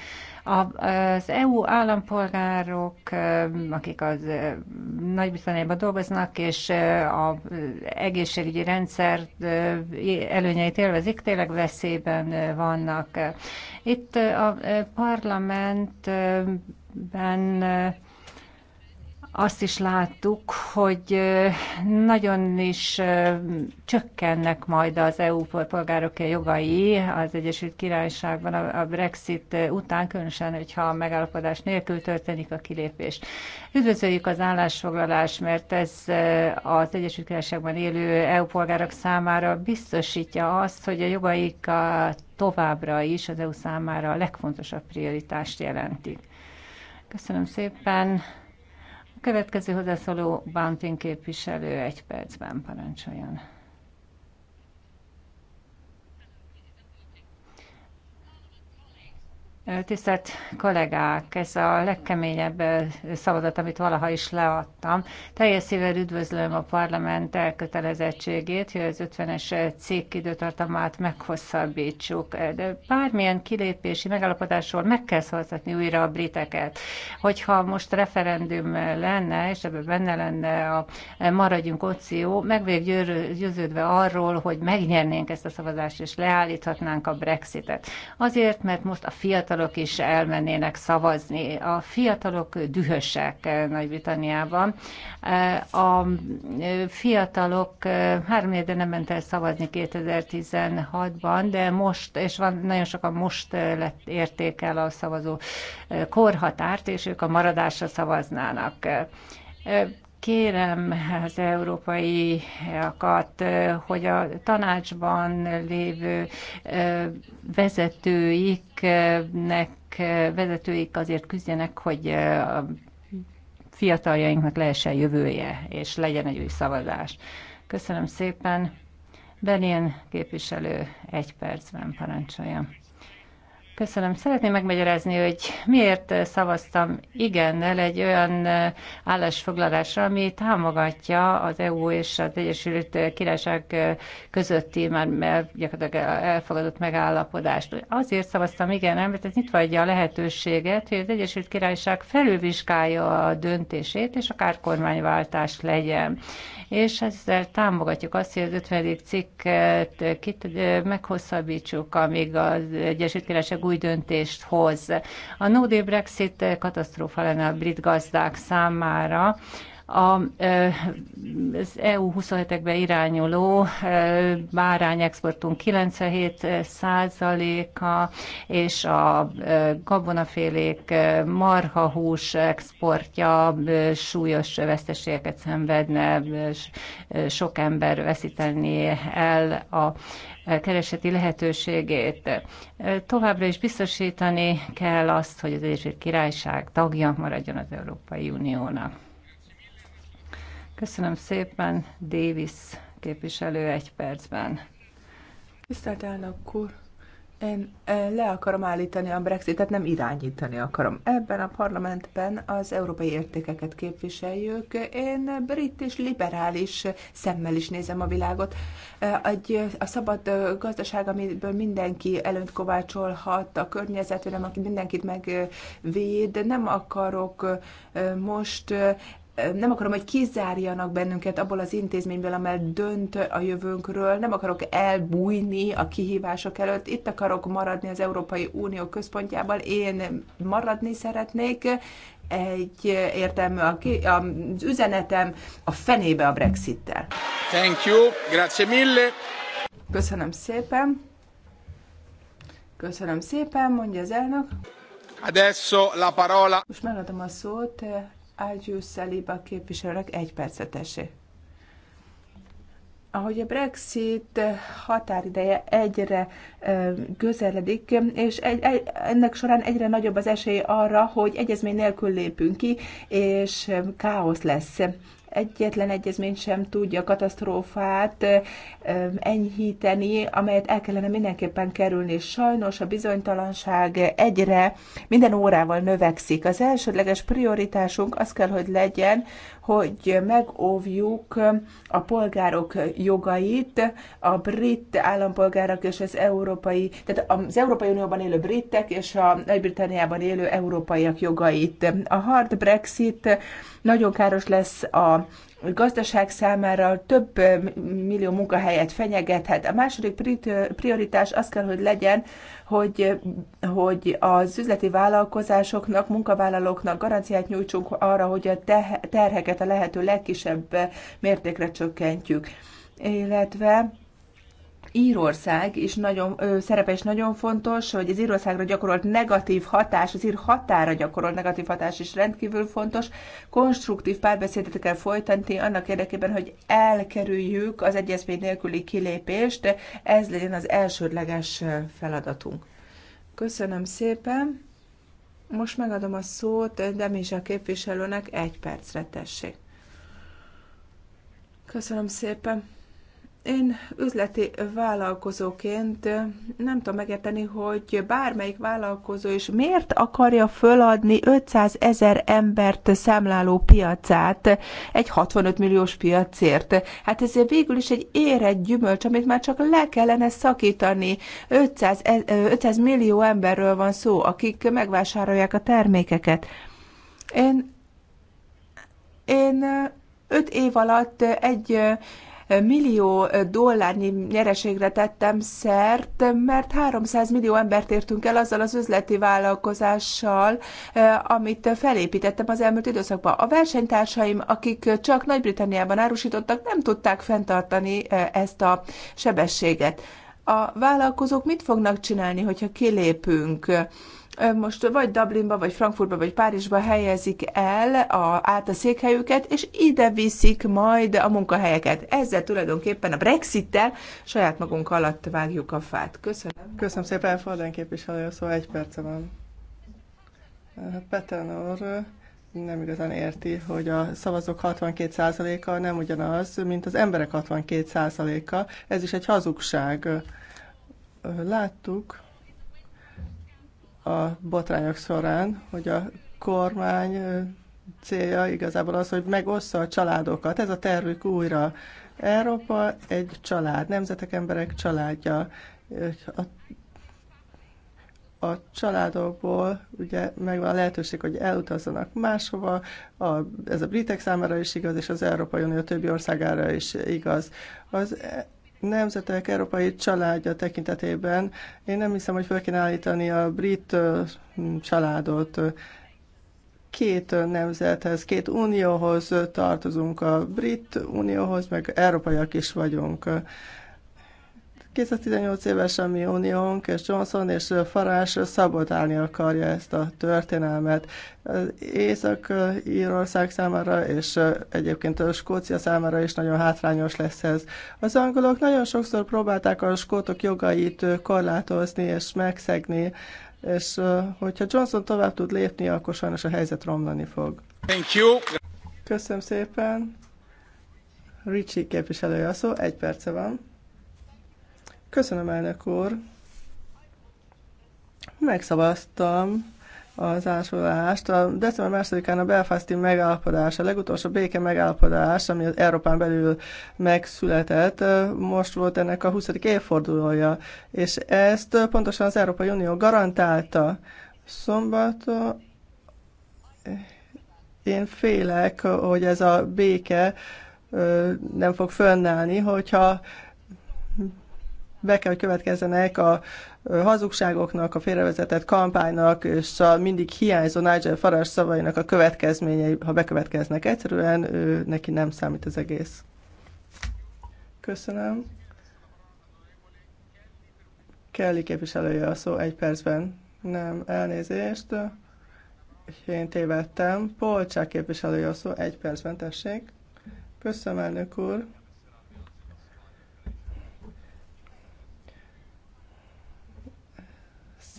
[SPEAKER 5] Az EU állampolgárok, akik az Nagy-Britanniában dolgoznak, és az egészségügyi rendszer előnyeit élvezik, tényleg veszélyben vannak. Itt a parlamentben azt is láttuk, hogy nagyon is csökkennek majd az EU polgárok jogai az Egyesült Királyságban a Brexit után, különösen, hogyha a megállapodás nélkül történik a kilépés. Üdvözöljük az állásfoglalás, mert ez az Egyesült Királyságban élő EU polgárok számára biztosítja azt, hogy a jogaik a továbbra is az EU számára a legfontosabb prioritást jelentik. Köszönöm szépen! Következő hozzászóló Bounting képviselő egy percben parancsoljon. Tisztelt kollégák, ez a legkeményebb szavazat, amit valaha is leadtam. Teljes szívvel üdvözlöm a parlament elkötelezettségét, hogy az 50-es cikk időtartamát meghosszabbítsuk, de bármilyen kilépési megállapodásról meg kell szavazatni újra a briteket. Hogyha most referendum lenne, és ebben benne lenne a e, maradjunk oció, meg vagyok győződve arról, hogy megnyernénk ezt a szavazást, és leállíthatnánk a Brexitet. Azért, mert most a fiatal fiatalok is elmennének szavazni. A fiatalok dühösek Nagy-Britanniában. Eh, a eh, fiatalok eh, három éve nem ment el szavazni 2016-ban, de most, és van nagyon sokan most lett érték el a szavazó korhatárt, és ők a maradásra szavaznának kérem az európaiakat, hogy a tanácsban lévő vezetőiknek, vezetőik azért küzdjenek, hogy a fiataljainknak lehessen jövője, és legyen egy új szavazás. Köszönöm szépen. Benén képviselő egy percben parancsolja. Köszönöm. Szeretném megmagyarázni, hogy miért szavaztam igennel egy olyan állásfoglalásra, ami támogatja az EU és az Egyesült Királyság közötti már gyakorlatilag elfogadott megállapodást. Azért szavaztam igen, mert ez nyitva adja a lehetőséget, hogy az Egyesült Királyság felülvizsgálja a döntését, és akár kormányváltás legyen. És ezzel támogatjuk azt, hogy az 50. cikket meghosszabbítsuk, amíg az Egyesült Királyság bizottság új döntést hoz. A no deal Brexit katasztrófa lenne a brit gazdák számára, az EU 27-ekbe irányuló exportunk 97 százaléka, és a gabonafélék marhahús exportja súlyos veszteségeket szenvedne, sok ember veszíteni el a kereseti lehetőségét. Továbbra is biztosítani kell azt, hogy az Egyesült Királyság tagja maradjon az Európai Uniónak. Köszönöm szépen, Davis képviselő egy
[SPEAKER 3] percben. Tisztelt elnök úr! Én eh, le akarom állítani a Brexitet, nem irányítani akarom. Ebben a parlamentben az európai értékeket képviseljük. Én brit és liberális szemmel is nézem a világot. Eh, egy, a szabad eh, gazdaság, amiből mindenki előnyt kovácsolhat, a környezetvédelem, aki mindenkit megvéd. Nem akarok most nem akarom, hogy kizárjanak bennünket abból az intézményből, amely dönt a jövőnkről, nem akarok elbújni a kihívások előtt, itt akarok maradni az Európai Unió központjában, én maradni szeretnék, egy értelmű a, az üzenetem a fenébe a Brexit-tel. Thank you, grazie mille. Köszönöm szépen. Köszönöm szépen, mondja az elnök. Adesso la parola. Most megadom a szót Ágyú Szeliba képviselőnek egy percet tessék. Ahogy a Brexit határideje egyre közeledik, és egy, egy, ennek során egyre nagyobb az esély arra, hogy egyezmény nélkül lépünk ki, és káosz lesz egyetlen egyezmény sem tudja katasztrófát enyhíteni, amelyet el kellene mindenképpen kerülni. Sajnos a bizonytalanság egyre, minden órával növekszik. Az elsődleges prioritásunk az kell, hogy legyen, hogy megóvjuk a polgárok jogait, a brit állampolgárok és az európai, tehát az Európai Unióban élő britek és a Nagy-Britanniában élő európaiak jogait. A hard Brexit nagyon káros lesz a gazdaság számára több millió munkahelyet fenyegethet. A második prioritás az kell, hogy legyen, hogy, hogy az üzleti vállalkozásoknak, munkavállalóknak garanciát nyújtsunk arra, hogy a terheket a lehető legkisebb mértékre csökkentjük. Illetve Írország is nagyon, ö, szerepe is nagyon fontos, hogy az Írországra gyakorolt negatív hatás, az ír határa gyakorolt negatív hatás is rendkívül fontos. Konstruktív párbeszédet kell folytatni annak érdekében, hogy elkerüljük az egyezmény nélküli kilépést. Ez legyen az elsődleges feladatunk. Köszönöm szépen. Most megadom a szót Demizsa képviselőnek egy percre tessék. Köszönöm szépen. Én üzleti vállalkozóként nem tudom megérteni, hogy bármelyik vállalkozó is miért akarja föladni 500 ezer embert számláló piacát egy 65 milliós piacért. Hát ez végül is egy érett gyümölcs, amit már csak le kellene szakítani. 500, 500 e- millió emberről van szó, akik megvásárolják a termékeket. Én, én 5 év alatt egy millió dollárnyi nyereségre tettem szert, mert 300 millió embert értünk el azzal az üzleti vállalkozással, eh, amit felépítettem az elmúlt időszakban. A versenytársaim, akik csak Nagy-Britanniában árusítottak, nem tudták fenntartani eh, ezt a sebességet. A vállalkozók mit fognak csinálni, hogyha kilépünk? most vagy Dublinba, vagy Frankfurtba, vagy Párizsba helyezik el a, át a székhelyüket, és ide viszik majd a munkahelyeket. Ezzel tulajdonképpen a Brexittel
[SPEAKER 7] saját magunk alatt vágjuk a fát. Köszönöm. Köszönöm szépen, Fordán képviselő, szóval egy perce van. Petenor nem igazán érti, hogy a szavazók 62%-a nem ugyanaz, mint az emberek 62%-a. Ez is egy hazugság. Láttuk, a botrányok során, hogy a kormány célja igazából az, hogy megossza a családokat. Ez a tervük újra. Európa egy család, nemzetek emberek családja. A, a családokból ugye megvan a lehetőség, hogy elutazzanak máshova, a, ez a britek számára is igaz, és az Európai Unió többi országára is igaz. Az nemzetek európai családja tekintetében én nem hiszem, hogy fel kéne állítani a brit családot. Két nemzethez, két unióhoz tartozunk, a brit unióhoz, meg európaiak is vagyunk. 218 éves a mi uniónk, és Johnson és Farage szabotálni akarja ezt a történelmet. Észak-Írország számára, és egyébként a Skócia számára is nagyon hátrányos lesz ez. Az angolok nagyon sokszor próbálták a skótok jogait korlátozni és megszegni, és hogyha Johnson tovább tud lépni, akkor sajnos a helyzet romlani fog. Thank you. Köszönöm szépen. Ricsi képviselője a szó, egy perce van. Köszönöm, elnök úr. Megszavaztam az ásolást. A december 2-án a belfasti megállapodás, a legutolsó béke megállapodás, ami az Európán belül megszületett, most volt ennek a 20. évfordulója, és ezt pontosan az Európai Unió garantálta. Szombaton én félek, hogy ez a béke nem fog fönnállni, hogyha be kell, hogy következzenek a hazugságoknak, a félrevezetett kampánynak, és a mindig hiányzó Nigel Farage szavainak a következményei, ha bekövetkeznek. Egyszerűen ő, neki nem számít az egész. Köszönöm. Kelly képviselője a szó egy percben. Nem, elnézést. Én tévedtem. Polcsák képviselője a szó egy percben, tessék. Köszönöm, elnök úr.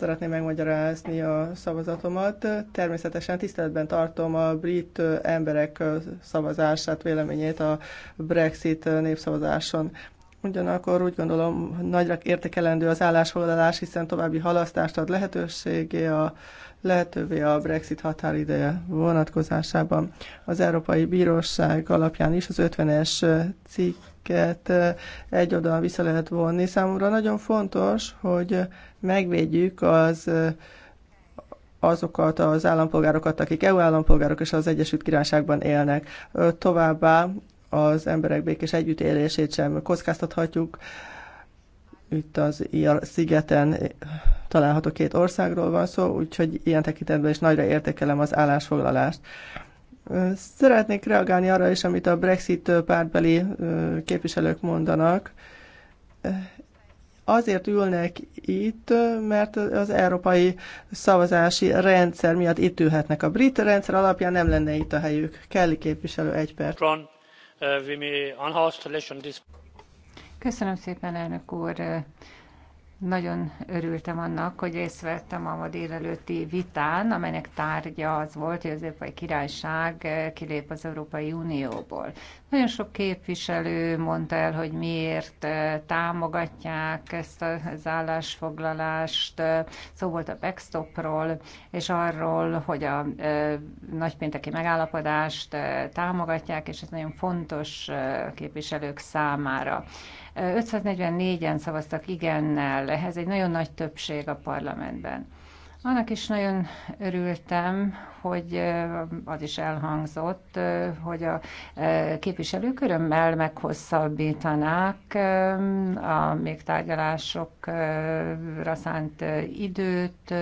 [SPEAKER 7] szeretném megmagyarázni a szavazatomat. Természetesen tiszteletben tartom a brit emberek szavazását, véleményét a Brexit népszavazáson. Ugyanakkor úgy gondolom, nagyra értekelendő az állásfoglalás, hiszen további halasztást ad lehetőségé a lehetővé a Brexit határideje vonatkozásában. Az Európai Bíróság alapján is az 50-es cikket egy oda vissza lehet vonni. Számomra nagyon fontos, hogy megvédjük az azokat az állampolgárokat, akik EU állampolgárok és az Egyesült Királyságban élnek. Továbbá az emberek békés együttélését sem kockáztathatjuk. Itt az ilyen szigeten található két országról van szó, úgyhogy ilyen tekintetben is nagyra értékelem az állásfoglalást. Szeretnék reagálni arra is, amit a Brexit pártbeli képviselők mondanak azért ülnek itt, mert az európai szavazási rendszer miatt itt ülhetnek. A brit rendszer alapján nem lenne itt a helyük. Kelly képviselő egy perc. Uh,
[SPEAKER 5] Köszönöm szépen, elnök úr. Nagyon örültem annak, hogy részt vettem a ma délelőtti vitán, amelynek tárgya az volt, hogy az Európai Királyság kilép az Európai Unióból. Nagyon sok képviselő mondta el, hogy miért eh, támogatják ezt az állásfoglalást. Szó volt a backstopról, és arról, hogy a eh, nagypénteki megállapodást eh, támogatják, és ez nagyon fontos képviselők számára. 544-en szavaztak igennel, ehhez egy nagyon nagy többség a parlamentben. Annak is nagyon örültem, hogy az is elhangzott, hogy a képviselőkörömmel meghosszabbítanák a még tárgyalásokra szánt időt,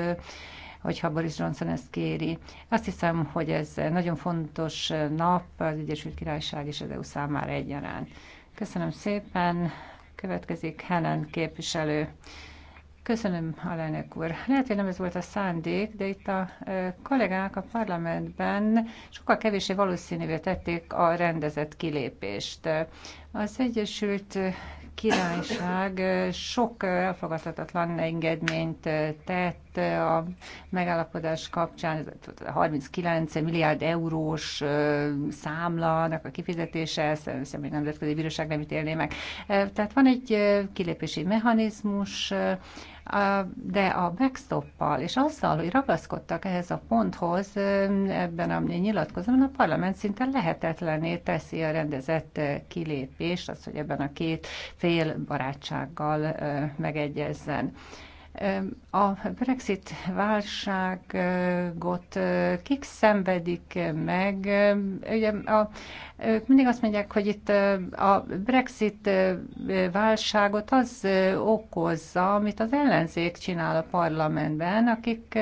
[SPEAKER 5] hogyha Boris Johnson ezt kéri. Azt hiszem, hogy ez nagyon fontos nap az Egyesült Királyság és az EU számára egyaránt. Köszönöm szépen. Következik Helen képviselő. Köszönöm, alelnök úr. Lehet, hogy nem ez volt a szándék, de itt a kollégák a parlamentben sokkal kevésbé valószínűvé tették a rendezett kilépést. Az Egyesült Királyság sok elfogadhatatlan engedményt tett a megállapodás kapcsán, 39 milliárd eurós számlának a kifizetése, ezt még nemzetközi bíróság nem ítélné meg. Tehát van egy kilépési mechanizmus, de a backstoppal és azzal, hogy ragaszkodtak ehhez a ponthoz, ebben a nyilatkozóban a parlament szinte lehetetlené teszi a rendezett kilépést, az, hogy ebben a két fél barátsággal megegyezzen. A Brexit válságot kik szenvedik meg? Ugye a ők mindig azt mondják, hogy itt a Brexit válságot az okozza, amit az ellenzék csinál a parlamentben, akik,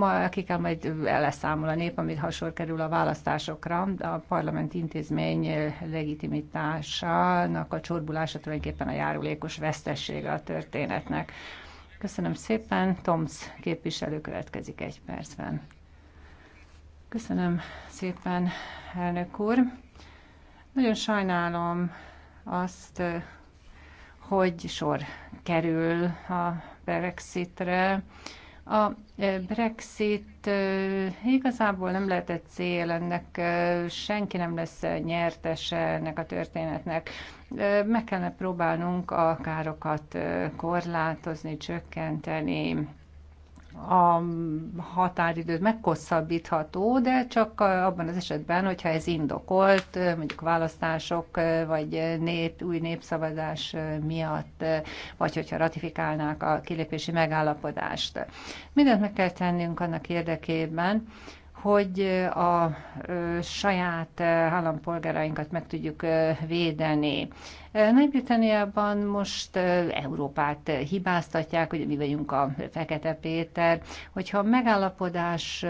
[SPEAKER 5] akikkel majd leszámol a nép, amit hasonló kerül a választásokra. A parlament intézmény legitimitásának a csorbulása tulajdonképpen a járulékos vesztessége a történetnek. Köszönöm szépen. Tomsz képviselő következik egy percben. Köszönöm szépen, elnök úr. Nagyon sajnálom azt, hogy sor kerül a Brexitre. A Brexit igazából nem lehetett cél, ennek senki nem lesz nyertese ennek a történetnek. Meg kellene próbálnunk a károkat korlátozni, csökkenteni a határidőt meghosszabbítható, de csak abban az esetben, hogyha ez indokolt, mondjuk választások, vagy nép, új népszavazás miatt, vagy hogyha ratifikálnák a kilépési megállapodást. Mindent meg kell tennünk annak érdekében, hogy a saját állampolgárainkat meg tudjuk védeni. Nagy-Britanniában most Európát hibáztatják, hogy mi vagyunk a Fekete Péter. Hogyha megállapodás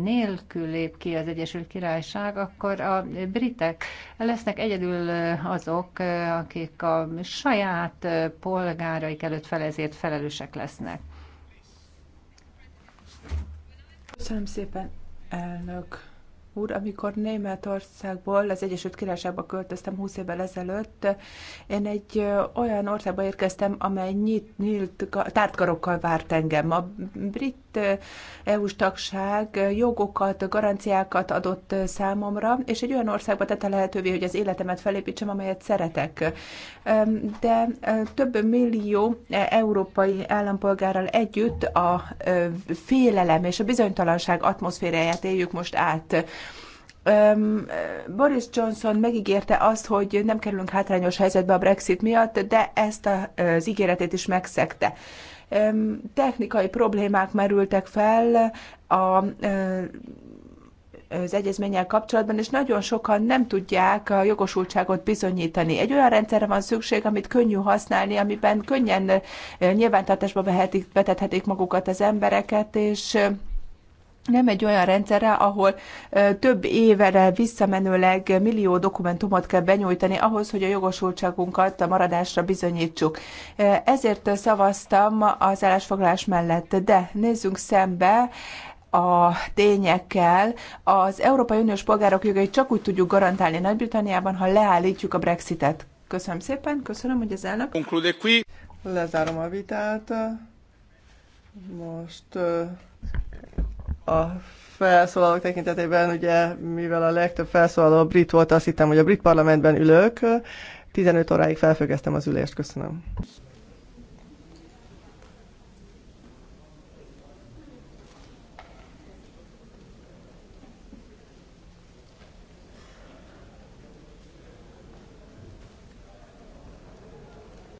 [SPEAKER 5] nélkül lép ki az Egyesült Királyság, akkor a britek lesznek egyedül azok, akik a saját polgáraik előtt felezért felelősek lesznek.
[SPEAKER 3] Köszönöm szépen elnök úr, amikor Németországból az Egyesült Királyságba költöztem 20 évvel ezelőtt, én egy olyan országba érkeztem, amely nyit, nyílt tártkarokkal várt engem. A brit EU-s tagság jogokat, garanciákat adott számomra, és egy olyan országba tette lehetővé, hogy az életemet felépítsem, amelyet szeretek. De több millió európai állampolgárral együtt a félelem és a bizonytalanság atmoszféráját éljük most át Boris Johnson megígérte azt, hogy nem kerülünk hátrányos helyzetbe a Brexit miatt, de ezt az ígéretét is megszegte. Technikai problémák merültek fel a az egyezménnyel kapcsolatban, és nagyon sokan nem tudják a jogosultságot bizonyítani. Egy olyan rendszerre van szükség, amit könnyű használni, amiben könnyen nyilvántartásba vehetik, vetethetik magukat az embereket, és nem egy olyan rendszerre, ahol több évre visszamenőleg millió dokumentumot kell benyújtani ahhoz, hogy a jogosultságunkat a maradásra bizonyítsuk. Ezért szavaztam az állásfoglalás mellett, de nézzünk szembe a tényekkel. Az Európai Uniós polgárok jogait csak úgy tudjuk garantálni Nagy-Britanniában, ha leállítjuk a Brexitet. Köszönöm szépen, köszönöm, hogy az elnök.
[SPEAKER 7] Lezárom a vitát. Most a felszólalók tekintetében, ugye mivel a legtöbb felszólaló brit volt, azt hittem, hogy a brit parlamentben ülök, 15 óráig felfüggesztem az ülést. Köszönöm.